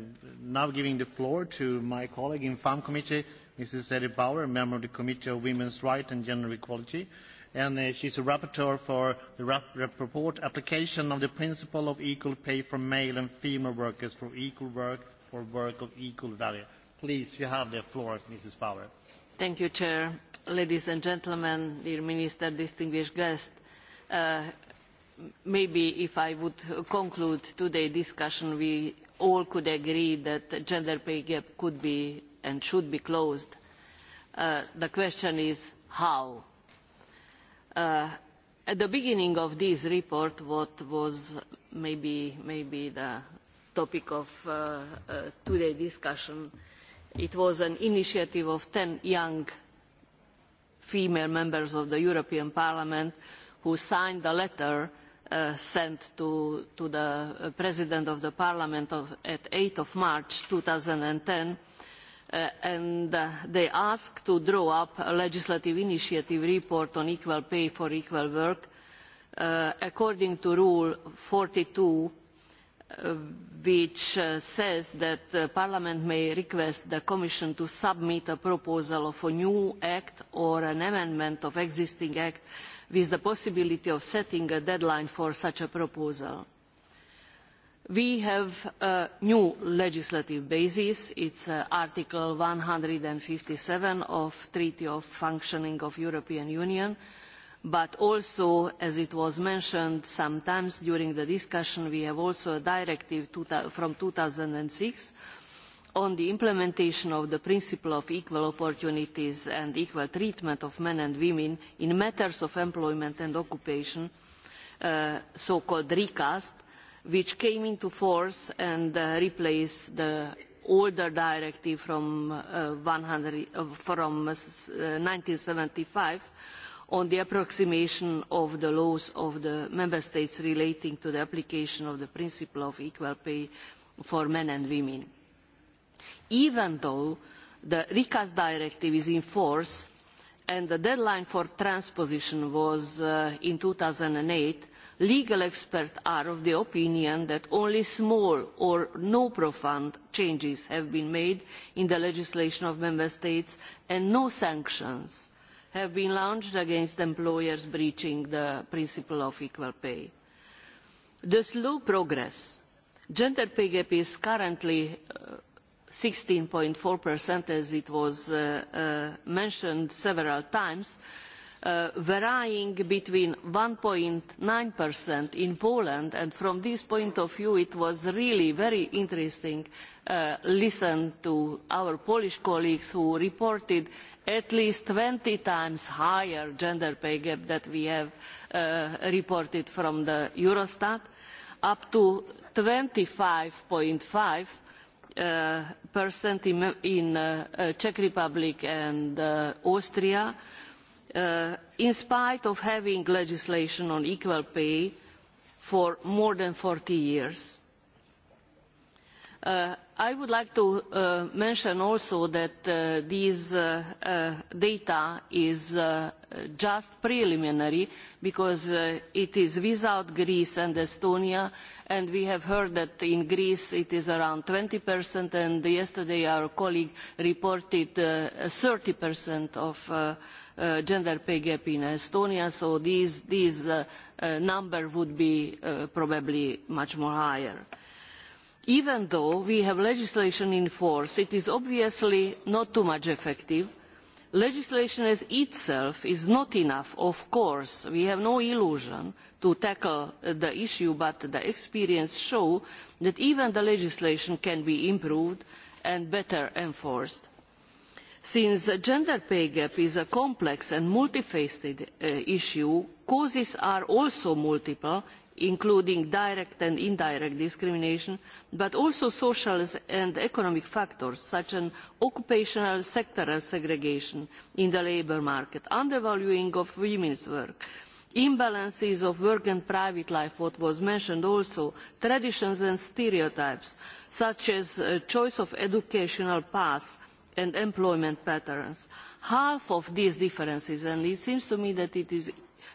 now giving the floor to my colleague in FAM Committee, Mrs. Edith Bauer, a member of the Committee on Women's Rights and Gender Equality. And uh, she's a rapporteur for the rap report application of the principle of equal pay for male and female workers for equal work for work of equal value. Please, you have the floor, Mrs. Power. Thank you, Chair. Ladies and gentlemen, dear Minister, distinguished guests, uh, maybe if I would conclude today's discussion, we all could agree that the gender pay gap could be and should be closed. Uh, the question is how? Uh, at the beginning of this report, what was maybe, maybe the topic of uh, uh, today's discussion. It was an initiative of ten young female members of the European Parliament who signed a letter uh, sent to, to the uh, President of the Parliament of, at 8th of March 2010 uh, and uh, they asked to draw up a legislative initiative report on equal pay for equal work uh, according to Rule 42 which uh, says that uh, Parliament may request the Commission to submit a proposal of a new act or an amendment of existing act with the possibility of setting a deadline for such a proposal. We have a new legislative basis. It's uh, Article one hundred and fifty seven of the Treaty of Functioning of the European Union, but also, as it was mentioned sometimes during the discussion, we have also a directive to, from two thousand six on the implementation of the principle of equal opportunities and equal treatment of men and women in matters of employment and occupation, uh, so-called recast, which came into force and uh, replaced the older directive from, uh, 100, uh, from uh, 1975, on the approximation of the laws of the member states relating to the application of the principle of equal pay for men and women. Even though the recast directive is in force and the deadline for transposition was uh, in two thousand eight, legal experts are of the opinion that only small or no profound changes have been made in the legislation of member states and no sanctions have been launched against employers breaching the principle of equal pay. The slow progress. Gender pay gap is currently uh, as it was uh, uh, mentioned several times, uh, varying between 1.9% in Poland and from this point of view it was really very interesting uh, listen to our Polish colleagues who reported at least twenty times higher gender pay gap that we have uh, reported from the Eurostat, up to twenty five 25.5 uh, percent in, in uh, uh, Czech Republic and uh, Austria, uh, in spite of having legislation on equal pay for more than forty years. Uh, I would like to uh, mention also that uh, this uh, uh, data is uh, just preliminary because uh, it is without Greece and Estonia and we have heard that in Greece it is around 20% and yesterday our colleague reported uh, 30% of uh, uh, gender pay gap in Estonia so these, these uh, uh, number would be uh, probably much more higher. Uh, even though we have legislation in force, it is obviously not too much effective. Legislation as itself is not enough, of course. We have no illusion to tackle uh, the issue, but the experience shows that even the legislation can be improved and better enforced. Since the gender pay gap is a complex and multifaceted uh, issue, causes are also multiple, including direct and indirect discrimination, but also social and economic factors such as occupational sectoral segregation in the labour market, undervaluing of women's work, imbalances of work and private life, what was mentioned also, traditions and stereotypes, such as uh, choice of educational paths and employment patterns. Half of these differences, and it seems to me that it is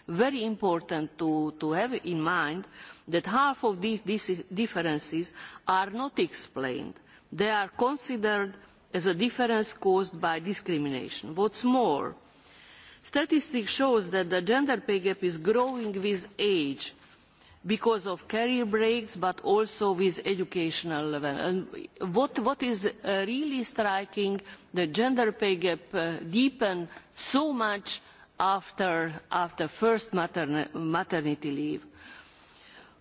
very important to, to have in mind that half of these, these differences are not explained. They are considered as a difference caused by discrimination. What's more, statistics shows that the gender pay gap is growing with age because of career breaks, but also with educational level. And what, what is uh, really striking, the gender pay gap uh, deepened so much after, after first materni maternity leave.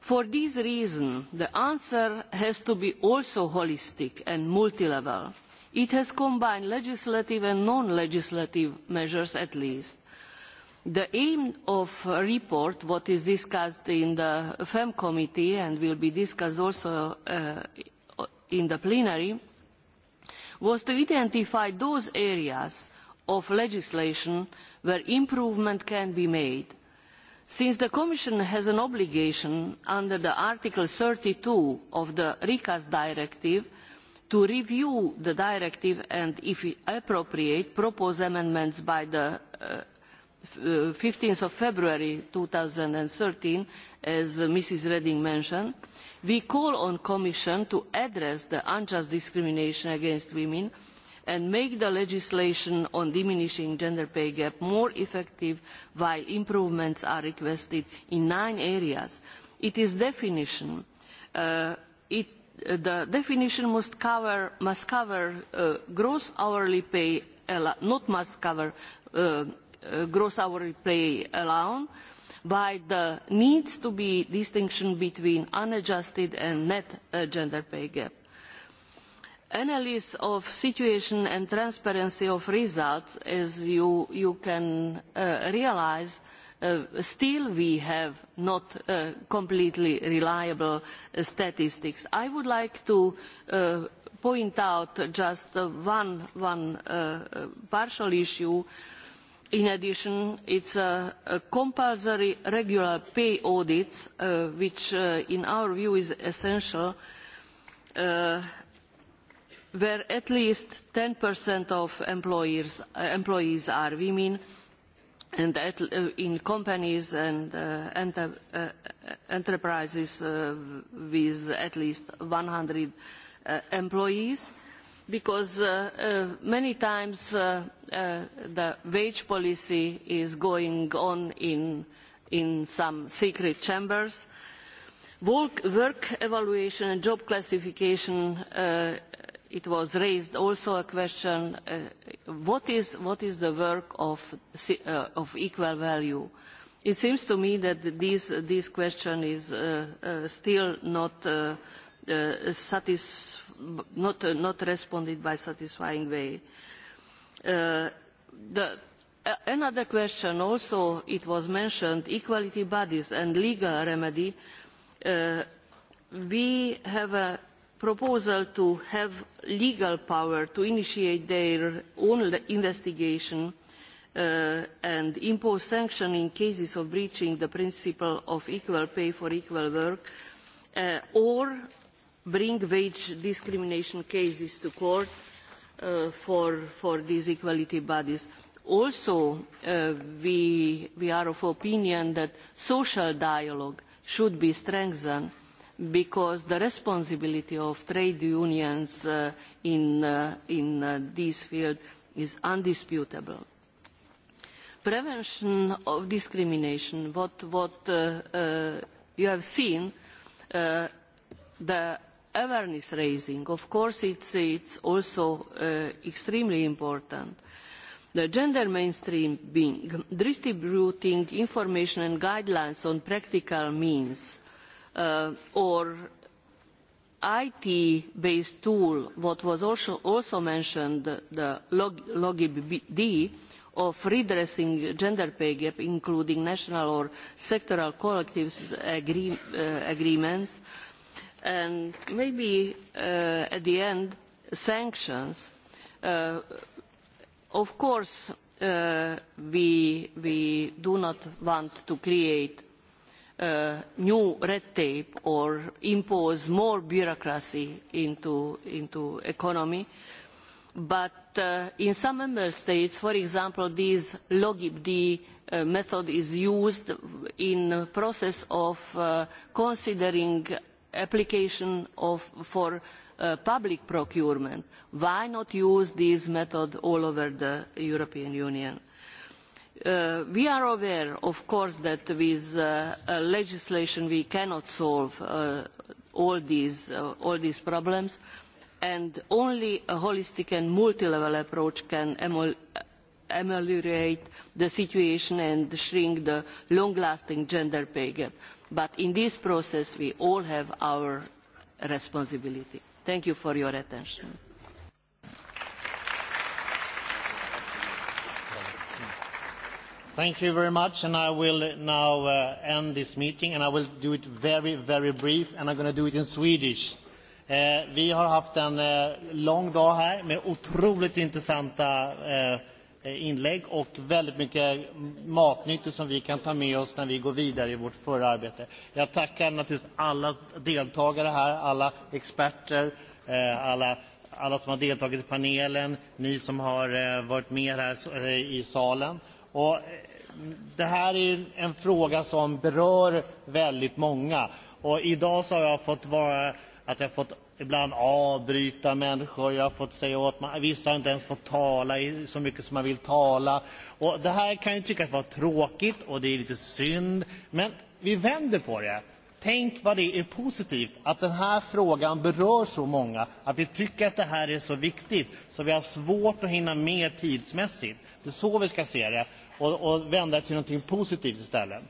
For this reason, the answer has to be also holistic and multilevel. It has combined legislative and non-legislative measures at least. The aim of the report, what is discussed in the FEM committee and will be discussed also uh, in the plenary, was to identify those areas of legislation where improvement can be made. Since the Commission has an obligation under Article thirty two of the RICAS directive to review the directive and, if appropriate, propose amendments by the uh, uh of February thirteen, as Ms Reding mentioned, we call on the Commission to address the unjust discrimination against women and make the legislation on diminishing gender pay gap more effective while improvements are requested in nine areas. is definition, uh, it, uh, the definition must cover, must cover uh, gross hourly pay, not must cover uh, uh, gross hourly pay alone, by the needs to be distinction between unadjusted and net uh, gender pay gap analysis of situation and transparency of results, as you, you can uh, realize, uh, still we have not uh, completely reliable uh, statistics. I would like to uh, point out just uh, one, one uh, uh partial issue. In addition, it's a, a compulsory regular pay audits, uh, which uh, in our view is essential. Uh, where at least 10% of employers, uh, employees are women and at, uh, in companies and uh, enter, uh, enterprises uh, with at least 100 uh, employees because uh, uh, many times uh, uh, the wage policy is going on in, in some secret chambers. Work, work evaluation and job classification uh, it was raised also a question, uh, what, is, what is the work of, uh, of equal value? It seems to me that this, this question is uh, uh, still not, uh, uh, satisf not, uh, not responded by satisfying way. Uh, the, uh, another question also, it was mentioned, equality bodies and legal remedy. Uh, we have a proposal to have legal power to initiate their own investigation uh, and impose sanctions in cases of breaching the principle of equal pay for equal work uh, or bring wage discrimination cases to court uh, for, for these equality bodies. Also, uh, we, we are of opinion that social dialogue should be strengthened because the responsibility of trade unions uh, in, uh, in uh, this field is undisputable. Prevention of discrimination, what, what uh, uh, you have seen, uh, the awareness raising, of course it's, it's also uh, extremely important. The gender mainstreaming, distributing information and guidelines on practical means, uh, or IT-based tool, what was also, also mentioned, the log, LogibD, of redressing gender pay gap, including national or sectoral collectives agree, uh, agreements, and maybe uh, at the end, sanctions. Uh, of course, uh, we, we do not want to create uh, new red tape or impose more bureaucracy into, into economy. But uh, in some member states, for example, this logip, the uh, method is used in the process of uh, considering application of, for uh, public procurement. Why not use this method all over the European Union? Uh, we are aware, of course, that with uh, uh, legislation we cannot solve uh, all, these, uh, all these problems, and only a holistic and multi-level approach can ameliorate the situation and shrink the long-lasting gender pay gap. But in this process, we all have our responsibility. Thank you for your attention. Thank you very much, and I will now uh, end this meeting, and I will do it very, very brief, and I'm gonna do it in Swedish. Uh, vi har haft en uh, lång dag här med otroligt intressanta inlägg och väldigt mycket matnyttigt som vi kan ta med oss när vi går vidare i vårt förra arbete. Jag tackar naturligtvis alla deltagare här, alla experter, alla som har deltagit i panelen, ni som har varit med här eh, i salen det här är en fråga som berör väldigt många. Och idag så har jag fått vara att jag fått ibland avbryta människor, jag har fått säga åt man, vissa har inte ens fått tala i så mycket som man vill tala. Och det här kan ju tyckas vara tråkigt och det är lite synd, men vi vänder på det. Tänk vad det är positivt att den här frågan berör så många, att vi tycker att det här är så viktigt så vi har svårt att hinna med tidsmässigt. Det är så vi ska se det och, och vända till något positivt istället.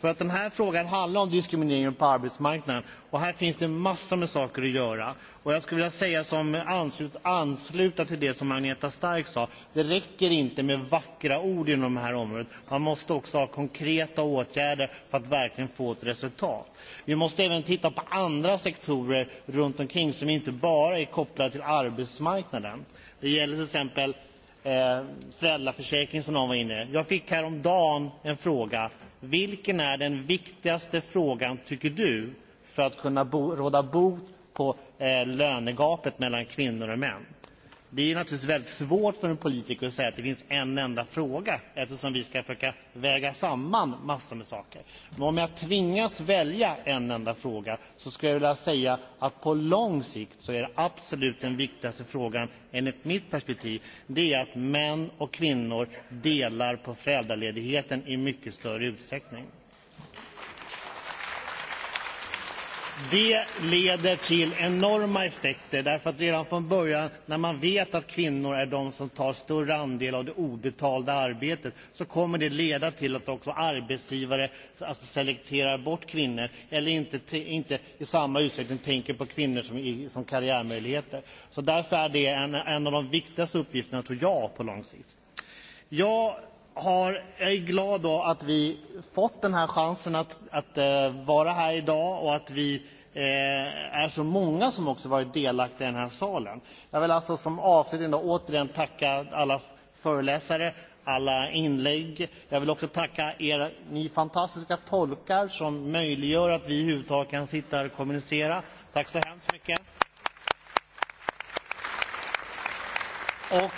För att den här frågan handlar om diskriminering på arbetsmarknaden och här finns det massor med saker att göra. Och jag skulle vilja säga som anslut, ansluta till det som Agneta Stark sa, det räcker inte med vackra ord inom det här området. Man måste också ha konkreta åtgärder för att verkligen få ett resultat. Vi måste även titta på andra sektorer runt omkring som inte bara är kopplade till arbetsmarknaden. Det gäller till exempel Eh, föräldraförsäkring som någon var inne. Jag fick häromdagen en fråga. Vilken är den viktigaste frågan tycker du för att kunna bo, råda bot på eh, lönegapet mellan kvinnor och män? Det är naturligtvis väldigt svårt för en politiker att säga att det finns en enda fråga eftersom vi ska försöka väga samman massor med saker. Men om jag tvingas välja en enda fråga så skulle jag vilja säga att på lång sikt så är det absolut den viktigaste frågan enligt mitt perspektiv det är att män och kvinnor delar på föräldraledigheten i mycket större utsträckning. Det leder till enorma effekter därför att redan från början när man vet att kvinnor är de som tar större andel av det obetalda arbetet så kommer det leda till att också arbetsgivare alltså, selekterar bort kvinnor eller inte, inte i samma utsträckning tänker på kvinnor som, som karriärmöjligheter. Så därför är det en, en av de viktigaste uppgifterna tror jag på lång sikt. Jag har, jag är glad då att vi fått den här chansen att, att uh, vara här idag och att vi eh, är så många som också varit delaktiga i den här salen. Jag vill alltså som avslutning då återigen tacka alla föreläsare, alla inlägg. Jag vill också tacka er, ni fantastiska tolkar som möjliggör att vi överhuvudtaget kan sitta här och kommunicera. Tack så hemskt mycket. Och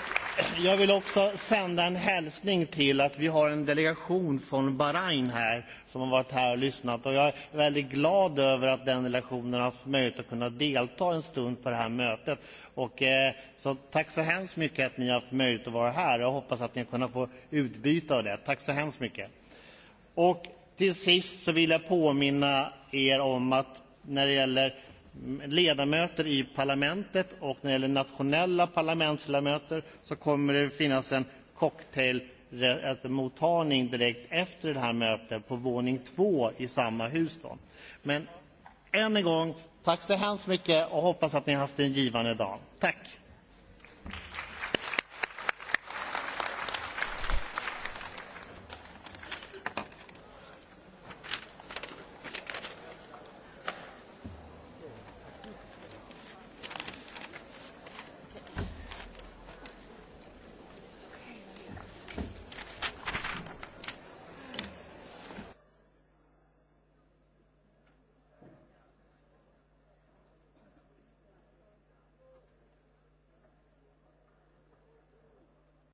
Jag vill också sända en hälsning till att vi har en delegation från Bahrain här som har varit här och lyssnat. Och jag är väldigt glad över att den delegationen har haft möjlighet att kunna delta en stund på det här mötet. Och, eh, så tack så hemskt mycket att ni har haft möjlighet att vara här. Jag hoppas att ni har kunnat få utbyta av det. Tack så hemskt mycket. Och till sist så vill jag påminna er om att när det gäller ledamöter i parlamentet och när det gäller nationella parlamentsledamöter så kommer det finnas en cocktail ett mottagning direkt efter det här mötet på våning två i samma hus. Då. Men än en gång, tack så hemskt mycket och hoppas att ni har haft en givande dag. Tack!